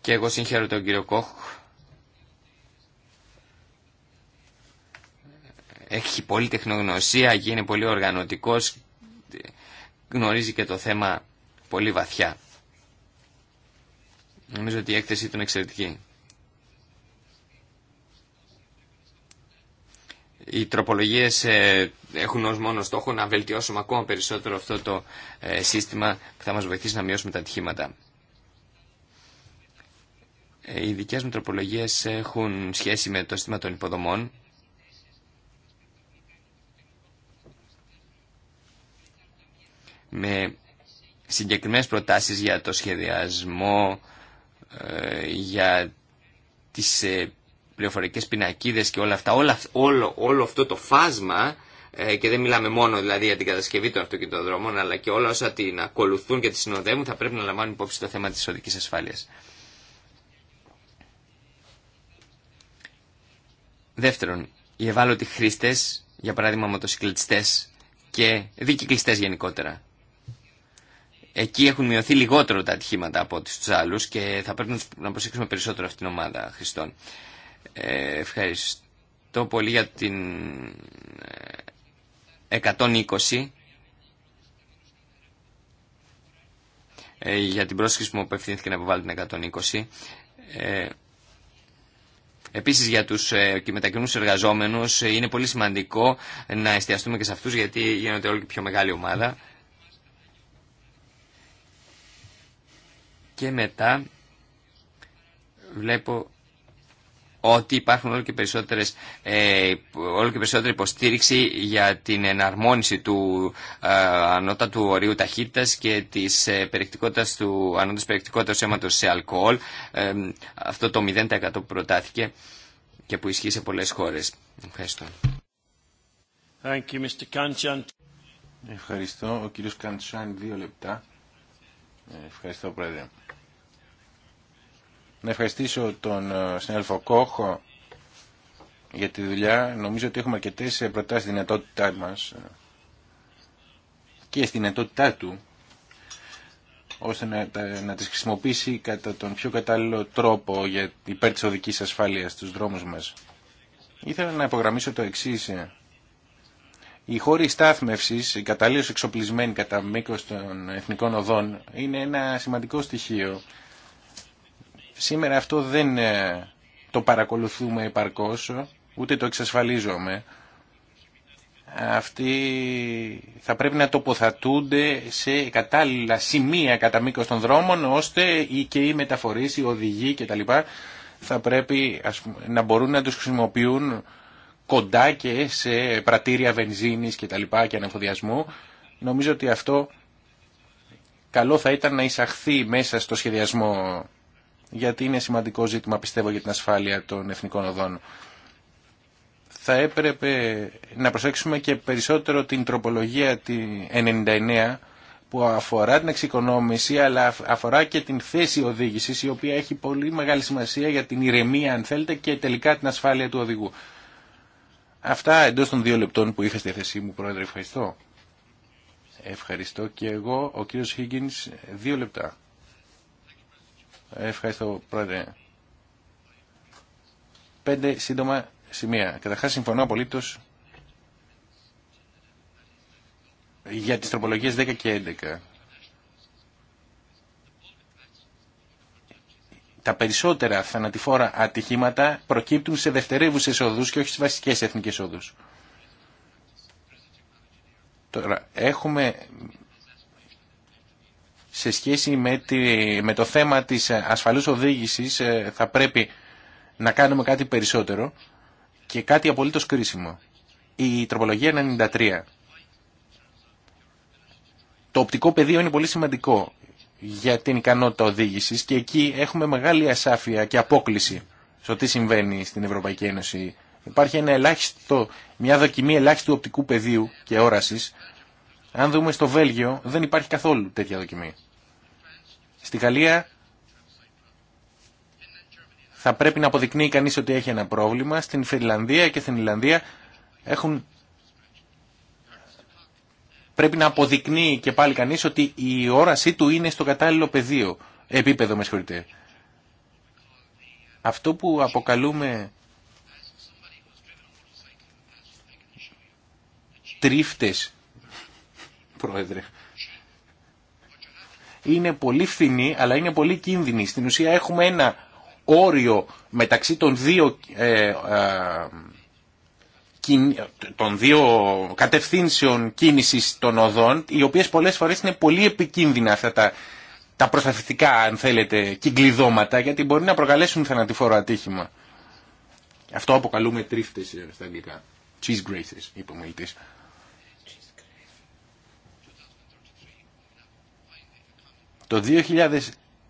Και εγώ συγχαίρω τον κύριο Κόχ. Έχει πολύ τεχνογνωσία, γίνει πολύ οργανωτικός, γνωρίζει και το θέμα πολύ βαθιά. Νομίζω ότι η έκθεση ήταν εξαιρετική. Οι τροπολογίες ε, έχουν ως μόνο στόχο να βελτιώσουμε ακόμα περισσότερο αυτό το ε, σύστημα που θα μας βοηθήσει να μειώσουμε τα ατυχήματα. Ε, οι δικές μου τροπολογίες έχουν σχέση με το σύστημα των υποδομών. Με συγκεκριμένες προτάσεις για το σχεδιασμό, ε, για τις ε, πληροφορικές πινακίδες και όλα αυτά, όλο, όλο, όλο αυτό το φάσμα και δεν μιλάμε μόνο δηλαδή για την κατασκευή των αυτοκινητοδρόμων αλλά και όλα όσα την ακολουθούν και τη συνοδεύουν θα πρέπει να λαμβάνουν υπόψη το θέμα της οδικής ασφάλειας. Δεύτερον, οι ευάλωτοι χρήστε, για παράδειγμα μοτοσυκλετιστέ και δικυκλιστέ γενικότερα. Εκεί έχουν μειωθεί λιγότερο τα ατυχήματα από ό,τι στου άλλου και θα πρέπει να προσέξουμε περισσότερο αυτήν την ομάδα χρηστών. Ε, ευχαριστώ πολύ για την 120 ε, ε, για την πρόσκληση που μου απευθύνθηκε να υποβάλω την 120. Ε, Επίσης για τους ε, μετακινούς εργαζόμενους ε, είναι πολύ σημαντικό να εστιαστούμε και σε αυτούς γιατί γίνονται όλο και πιο μεγάλη ομάδα. Και μετά βλέπω ότι υπάρχουν όλο και, περισσότερες, ε, και περισσότερη υποστήριξη για την εναρμόνιση του ε, ανώτατου ορίου ταχύτητας και της ε, περιεκτικότητας του ανώτατης περιεκτικότητας αίματος σε αλκοόλ. Ε, αυτό το 0% που προτάθηκε και που ισχύει σε πολλές χώρες. Ευχαριστώ. Thank you, Mr. Ευχαριστώ. Ο κύριος Καντσάν, δύο λεπτά. Ε, ευχαριστώ, Πρόεδρε να ευχαριστήσω τον ε, συνέλφο Κόχο για τη δουλειά. Νομίζω ότι έχουμε αρκετέ προτάσει δυνατότητά μα ε, και στη δυνατότητά του ώστε να, να τις χρησιμοποιήσει κατά τον πιο κατάλληλο τρόπο για υπέρ της οδικής ασφάλειας στους δρόμους μας. Ήθελα να υπογραμμίσω το εξή. Οι ε. χώροι στάθμευση, καταλήλω εξοπλισμένοι κατά μήκος των εθνικών οδών, είναι ένα σημαντικό στοιχείο Σήμερα αυτό δεν ε, το παρακολουθούμε επαρκώς, ούτε το εξασφαλίζομαι. Αυτοί θα πρέπει να τοποθετούνται σε κατάλληλα σημεία κατά μήκο των δρόμων, ώστε και οι μεταφορείς, οι οδηγοί κτλ. θα πρέπει να μπορούν να τους χρησιμοποιούν κοντά και σε πρατήρια βενζίνης και και ανεφοδιασμού. Νομίζω ότι αυτό καλό θα ήταν να εισαχθεί μέσα στο σχεδιασμό γιατί είναι σημαντικό ζήτημα πιστεύω για την ασφάλεια των εθνικών οδών. Θα έπρεπε να προσέξουμε και περισσότερο την τροπολογία την 99 που αφορά την εξοικονόμηση αλλά αφορά και την θέση οδήγησης η οποία έχει πολύ μεγάλη σημασία για την ηρεμία αν θέλετε και τελικά την ασφάλεια του οδηγού. Αυτά εντός των δύο λεπτών που είχα στη θέση μου πρόεδρε ευχαριστώ. Ευχαριστώ και εγώ ο κύριος Higgins δύο λεπτά. Ευχαριστώ, Πρόεδρε. Πέντε σύντομα σημεία. Καταρχά, συμφωνώ απολύτως για τι τροπολογίε 10 και 11. Τα περισσότερα θανατηφόρα ατυχήματα προκύπτουν σε δευτερεύουσες οδούς και όχι στις βασικές εθνικές οδούς. Τώρα, έχουμε σε σχέση με, με το θέμα της ασφαλούς οδήγησης ε, θα πρέπει να κάνουμε κάτι περισσότερο και κάτι απολύτως κρίσιμο. Η τροπολογία 93. Το οπτικό πεδίο είναι πολύ σημαντικό για την ικανότητα οδήγησης και εκεί έχουμε μεγάλη ασάφεια και απόκληση στο τι συμβαίνει στην Ευρωπαϊκή Ένωση. Υπάρχει ένα ελάχιστο, μια δοκιμή ελάχιστου οπτικού πεδίου και όρασης αν δούμε στο Βέλγιο δεν υπάρχει καθόλου τέτοια δοκιμή. Στη Γαλλία θα πρέπει να αποδεικνύει κανείς ότι έχει ένα πρόβλημα. Στην Φιλανδία και στην Ιλλανδία έχουν... πρέπει να αποδεικνύει και πάλι κανείς ότι η όρασή του είναι στο κατάλληλο πεδίο. Επίπεδο, με συγχωρείτε. Αυτό που αποκαλούμε τρίφτες Πρόεδρε. Είναι πολύ φθηνή, αλλά είναι πολύ κίνδυνη. Στην ουσία έχουμε ένα όριο μεταξύ των δύο, ε, ε, των δύο κατευθύνσεων κίνησης των οδών, οι οποίες πολλές φορές είναι πολύ επικίνδυνα αυτά τα, τα αν θέλετε, κυκλειδώματα, γιατί μπορεί να προκαλέσουν θανατηφόρο ατύχημα. Αυτό αποκαλούμε τρίφτες ε, στα αγγλικά. Cheese graces, είπε ο μιλητής. Το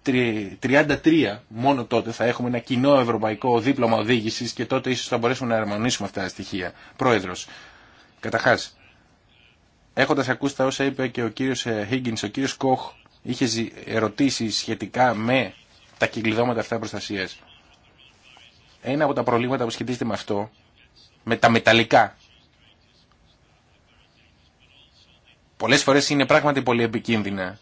2033 μόνο τότε θα έχουμε ένα κοινό ευρωπαϊκό δίπλωμα οδήγησης και τότε ίσως θα μπορέσουμε να αρμονίσουμε αυτά τα στοιχεία. Πρόεδρος, καταρχάς, έχοντας ακούσει τα όσα είπε και ο κύριος ε, Higgins, ο κύριος Κοχ είχε ερωτήσει σχετικά με τα κυκλειδώματα αυτά προστασία. Ένα από τα προβλήματα που σχετίζεται με αυτό, με τα μεταλλικά πολλές φορές είναι πράγματι πολύ επικίνδυνα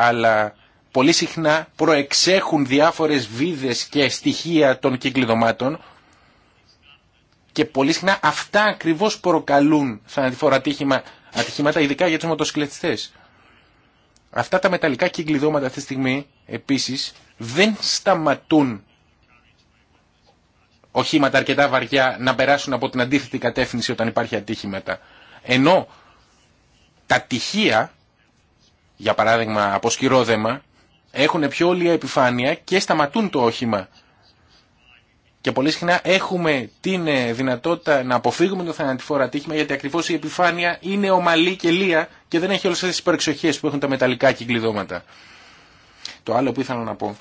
αλλά πολύ συχνά προεξέχουν διάφορες βίδες και στοιχεία των κυκλειδωμάτων και πολύ συχνά αυτά ακριβώς προκαλούν θανατηφόρα ατύχημα, ατυχήματα, ειδικά για τους μοτοσυκλετιστές. Αυτά τα μεταλλικά κυκλειδώματα αυτή τη στιγμή επίσης δεν σταματούν οχήματα αρκετά βαριά να περάσουν από την αντίθετη κατεύθυνση όταν υπάρχει ατύχηματα. Ενώ τα τυχεία για παράδειγμα από σκυρόδεμα, έχουν πιο όλια επιφάνεια και σταματούν το όχημα. Και πολύ συχνά έχουμε την ε, δυνατότητα να αποφύγουμε το θανατηφόρο ατύχημα γιατί ακριβώς η επιφάνεια είναι ομαλή και λία και δεν έχει όλες αυτές τις υπερεξοχές που έχουν τα μεταλλικά κυκλειδώματα. Το άλλο που ήθελα να πω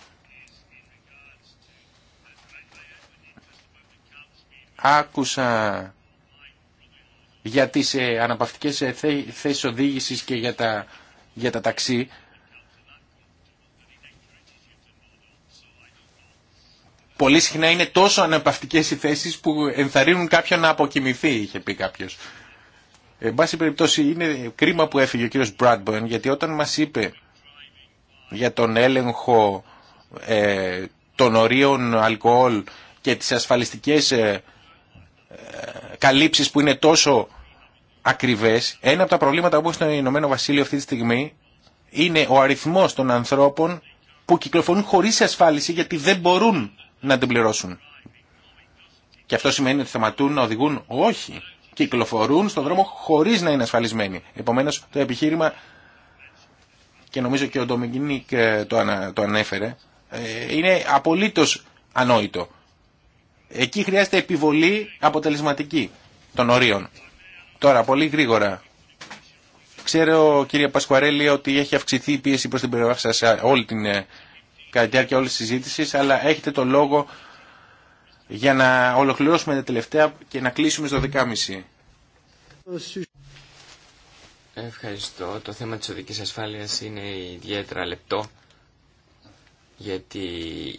άκουσα για τις ε, αναπαυτικές ε, θέσεις οδήγησης και για τα για τα ταξί. Πολύ συχνά είναι τόσο αναπαυτικές οι θέσεις που ενθαρρύνουν κάποιον να αποκοιμηθεί, είχε πει κάποιος. Εν πάση περιπτώσει είναι κρίμα που έφυγε ο κύριος Bradburn γιατί όταν μας είπε για τον έλεγχο ε, των ορίων αλκοόλ και τις ασφαλιστικές ε, ε καλύψεις που είναι τόσο Ακριβέ, Ένα από τα προβλήματα έχει στο Ηνωμένο Βασίλειο αυτή τη στιγμή είναι ο αριθμό των ανθρώπων που κυκλοφορούν χωρί ασφάλιση γιατί δεν μπορούν να την πληρώσουν. Και αυτό σημαίνει ότι σταματούν να οδηγούν. Όχι. Κυκλοφορούν στον δρόμο χωρί να είναι ασφαλισμένοι. Επομένω το επιχείρημα, και νομίζω και ο Ντομινίκ ε, το, το ανέφερε, ε, είναι απολύτω ανόητο. Εκεί χρειάζεται επιβολή αποτελεσματική των ορίων. Τώρα, πολύ γρήγορα. Ξέρω, κύριε Πασκουαρέλη, ότι έχει αυξηθεί η πίεση προ την περιοχή σας όλη την, ε, τη διάρκεια όλης της αλλά έχετε το λόγο για να ολοκληρώσουμε τα τελευταία και να κλείσουμε στο 12.30. Ευχαριστώ. Το θέμα της οδικής ασφάλειας είναι ιδιαίτερα λεπτό γιατί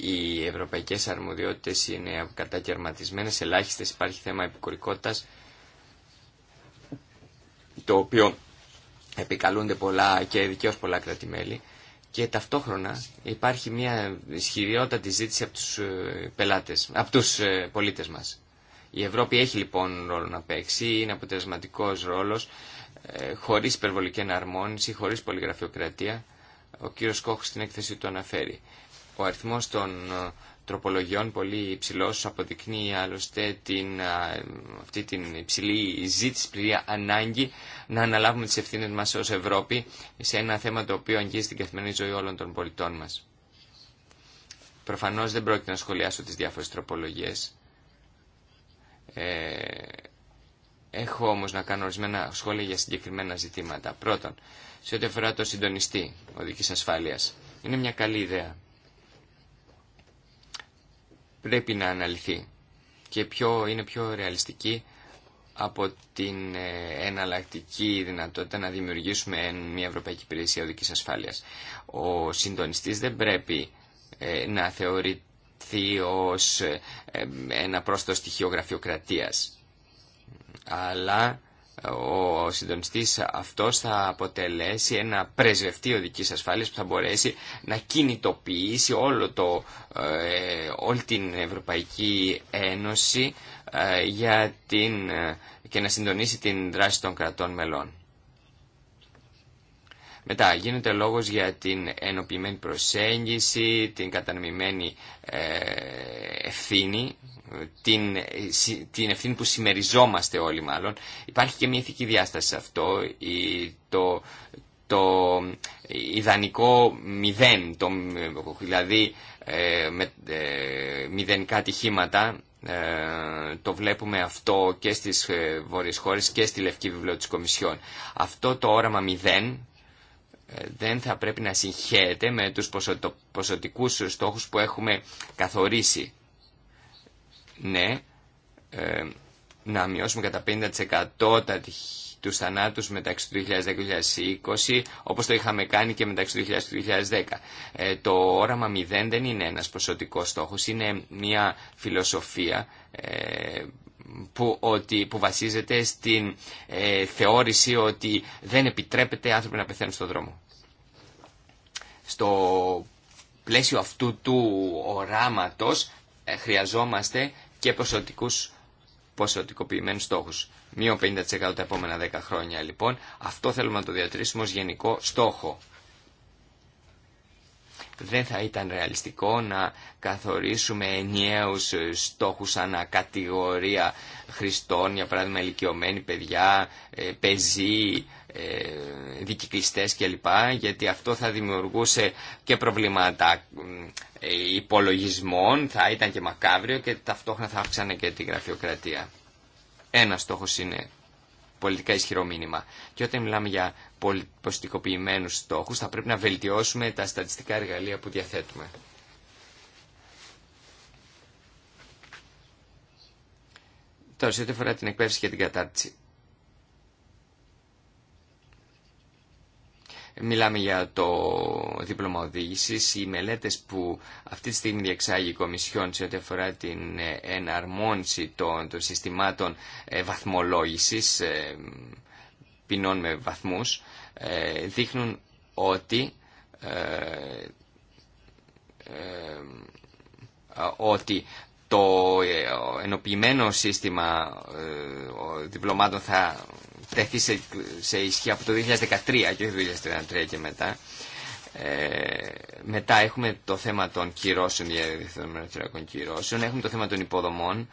οι ευρωπαϊκές αρμοδιότητες είναι κατακαιρματισμένες, ελάχιστες υπάρχει θέμα επικουρικότητας το οποίο επικαλούνται πολλά και δικαίως πολλά κρατημέλη και ταυτόχρονα υπάρχει μια ισχυριότατη ζήτηση από τους, ε, πελάτες, από τους ε, πολίτες μας. Η Ευρώπη έχει λοιπόν ρόλο να παίξει, είναι αποτελεσματικός ρόλος, ε, χωρίς υπερβολική εναρμόνιση, χωρίς πολυγραφειοκρατία. Ο κύριος Κόχ στην έκθεση του αναφέρει. Ο αριθμός των τροπολογιών πολύ υψηλός αποδεικνύει άλλωστε την, αυτή την υψηλή ζήτηση, πληρία ανάγκη να αναλάβουμε τις ευθύνες μας ως Ευρώπη σε ένα θέμα το οποίο αγγίζει την καθημερινή ζωή όλων των πολιτών μας. Προφανώς δεν πρόκειται να σχολιάσω τις διάφορες τροπολογίες. Ε, έχω όμως να κάνω ορισμένα σχόλια για συγκεκριμένα ζητήματα. Πρώτον, σε ό,τι αφορά το συντονιστή οδικής ασφάλειας. Είναι μια καλή ιδέα πρέπει να αναλυθεί και πιο, είναι πιο ρεαλιστική από την ε, εναλλακτική δυνατότητα να δημιουργήσουμε μια Ευρωπαϊκή Υπηρεσία Οδικής Ασφάλειας. Ο συντονιστής δεν πρέπει ε, να θεωρηθεί ως ε, ένα πρόσθετο στοιχείο γραφειοκρατίας, αλλά ο συντονιστής αυτός θα αποτελέσει ένα πρεσβευτή οδικής ασφάλειας που θα μπορέσει να κινητοποιήσει όλο το, ε, όλη την Ευρωπαϊκή Ένωση ε, για την, ε, και να συντονίσει την δράση των κρατών μελών. Μετά γίνεται λόγος για την ενοποιημένη προσέγγιση, την κατανοημένη ευθύνη την, την ευθύνη που συμμεριζόμαστε όλοι μάλλον. Υπάρχει και μια ηθική διάσταση σε αυτό. Η, το, το ιδανικό μηδέν, το, δηλαδή ε, με, ε, μηδενικά ατυχήματα, ε, το βλέπουμε αυτό και στις ε, βόρειες και στη Λευκή Βιβλίο της Κομισιόν. Αυτό το όραμα μηδέν ε, δεν θα πρέπει να συγχαίεται με τους ποσοτικούς στόχους που έχουμε καθορίσει ναι, ε, να μειώσουμε κατά 50% τα, τους θανάτους μεταξύ του 2010 και 2020, όπως το είχαμε κάνει και μεταξύ του 2000 2010. Ε, το όραμα 0 δεν είναι ένας ποσοτικός στόχος, είναι μια φιλοσοφία ε, που, ότι, που βασίζεται στην θεώρηση ότι δεν επιτρέπεται άνθρωποι να πεθαίνουν στον δρόμο. Στο πλαίσιο αυτού του οράματος χρειαζόμαστε και ποσοτικούς ποσοτικοποιημένους στόχους. Μείον 50% τα επόμενα 10 χρόνια λοιπόν. Αυτό θέλουμε να το διατρήσουμε ως γενικό στόχο. Δεν θα ήταν ρεαλιστικό να καθορίσουμε ενιαίους στόχους ανά κατηγορία χρηστών, για παράδειγμα ηλικιωμένοι παιδιά, ε, πεζή. Ε, και κλπ. Γιατί αυτό θα δημιουργούσε και προβλήματα ε, υπολογισμών, θα ήταν και μακάβριο και ταυτόχρονα θα αύξανε και τη γραφειοκρατία. Ένα στόχος είναι πολιτικά ισχυρό μήνυμα. Και όταν μιλάμε για πολιτικοποιημένους στόχους θα πρέπει να βελτιώσουμε τα στατιστικά εργαλεία που διαθέτουμε. Τώρα, σε ό,τι αφορά την εκπαίδευση και την κατάρτιση. Μιλάμε για το δίπλωμα οδήγηση. Οι μελέτε που αυτή τη στιγμή διεξάγει η Κομισιόν σε ό,τι αφορά την εναρμόνιση των, των συστημάτων ε, βαθμολόγηση, ε, ποινών με βαθμού, ε, δείχνουν ότι ότι το ενοποιημένο σύστημα διπλωμάτων θα τεθεί σε, σε ισχύ από το 2013 και όχι το 2013 και μετά. Ε, μετά έχουμε το θέμα των κυρώσεων, διαδικτυακών κυρώσεων, έχουμε το θέμα των υποδομών.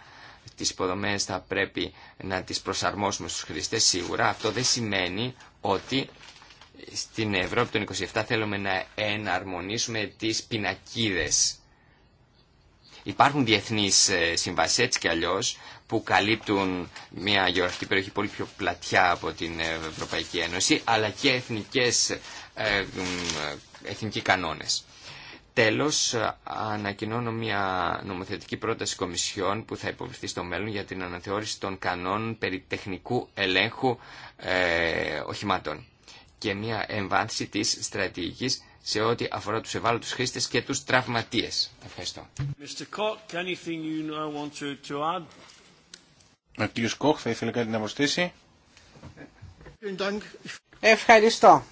Τις υποδομές θα πρέπει να τις προσαρμόσουμε στους χρήστες σίγουρα. Αυτό δεν σημαίνει ότι στην Ευρώπη των 27 θέλουμε να εναρμονίσουμε τις πινακίδες. Υπάρχουν διεθνείς ε, συμβάσεις έτσι και αλλιώς που καλύπτουν μια γεωγραφική περιοχή πολύ πιο πλατιά από την ε, Ευρωπαϊκή Ένωση, αλλά και εθνικές, ε, ε, εθνικοί κανόνες. Τέλος, ανακοινώνω μια νομοθετική πρόταση κομισιών που θα υποβληθεί στο μέλλον για την αναθεώρηση των κανόνων περί τεχνικού ελέγχου ε, οχημάτων και μια εμβάθυνση της στρατηγικής σε ό,τι αφορά τους ευάλωτους χρήστες και τους τραυματίες. Ευχαριστώ. Ο κ. Ευχαριστώ.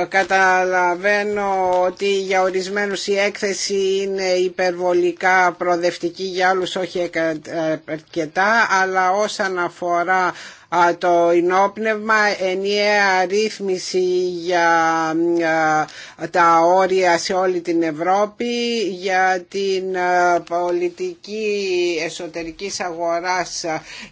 Ε, καταλαβαίνω ότι για ορισμένους η έκθεση είναι υπερβολικά προοδευτική, για άλλους όχι αρκετά, αλλά όσον αφορά το ενόπνευμα, ενιαία ρύθμιση για τα όρια σε όλη την Ευρώπη, για την πολιτική εσωτερικής αγοράς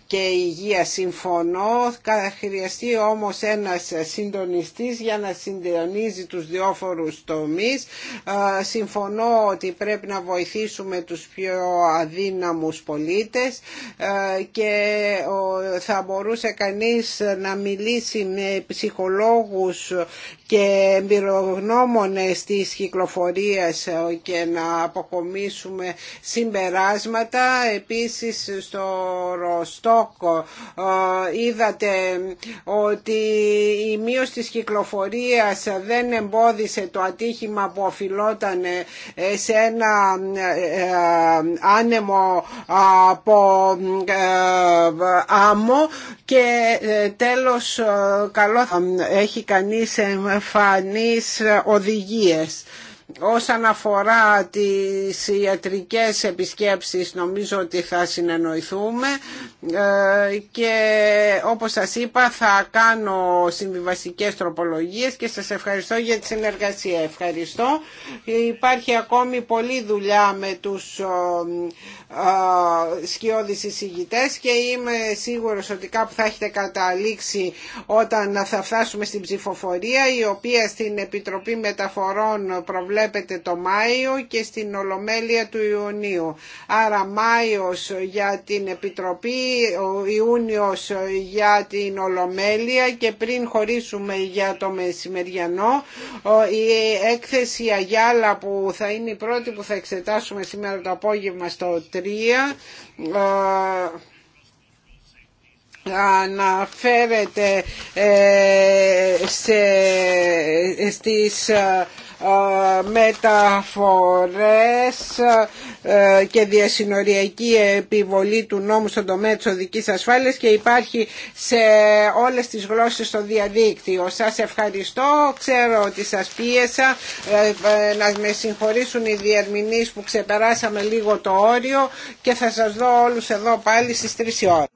και υγεία συμφωνώ. Χρειαστεί όμως ένας συντονιστής για να συντονίζει τους διόφορους τομείς. Συμφωνώ ότι πρέπει να βοηθήσουμε τους πιο αδύναμους πολίτες και θα μπορούσε μπορούσε κανείς να μιλήσει με ψυχολόγους και εμπειρογνώμονες της κυκλοφορίας και να αποκομίσουμε συμπεράσματα. Επίσης στο Ροστόκο ε, είδατε ότι η μείωση της κυκλοφορίας δεν εμπόδισε το ατύχημα που οφειλόταν σε ένα ε, ε, άνεμο από άμμο και τέλος καλό έχει κανείς φανείς ε, οδηγίες όσον αφορά τις ιατρικές επισκέψεις νομίζω ότι θα συνεννοηθούμε ε, και όπως σας είπα θα κάνω συμβιβαστικές τροπολογίες και σας ευχαριστώ για τη συνεργασία. Ευχαριστώ. Υπάρχει ακόμη πολλή δουλειά με τους ε, ε, σκιώδεις εισηγητές και είμαι σίγουρος ότι κάπου θα έχετε καταλήξει όταν θα φτάσουμε στην ψηφοφορία η οποία στην Επιτροπή Μεταφορών προβλέπει Βλέπετε το Μάιο και στην Ολομέλεια του Ιουνίου. Άρα Μάιος για την Επιτροπή, ο Ιούνιος για την Ολομέλεια και πριν χωρίσουμε για το μεσημεριανό η έκθεση Αγιάλα που θα είναι η πρώτη που θα εξετάσουμε σήμερα το απόγευμα στο 3 αναφέρεται ε, σε, στις ε, ε, μεταφορές ε, και διασυνοριακή επιβολή του νόμου στον τομέα της οδικής ασφάλειας και υπάρχει σε όλες τις γλώσσες στο διαδίκτυο. Σας ευχαριστώ, ξέρω ότι σας πίεσα, ε, να με συγχωρήσουν οι διερμηνείς που ξεπεράσαμε λίγο το όριο και θα σας δω όλους εδώ πάλι στις 3 ώρες.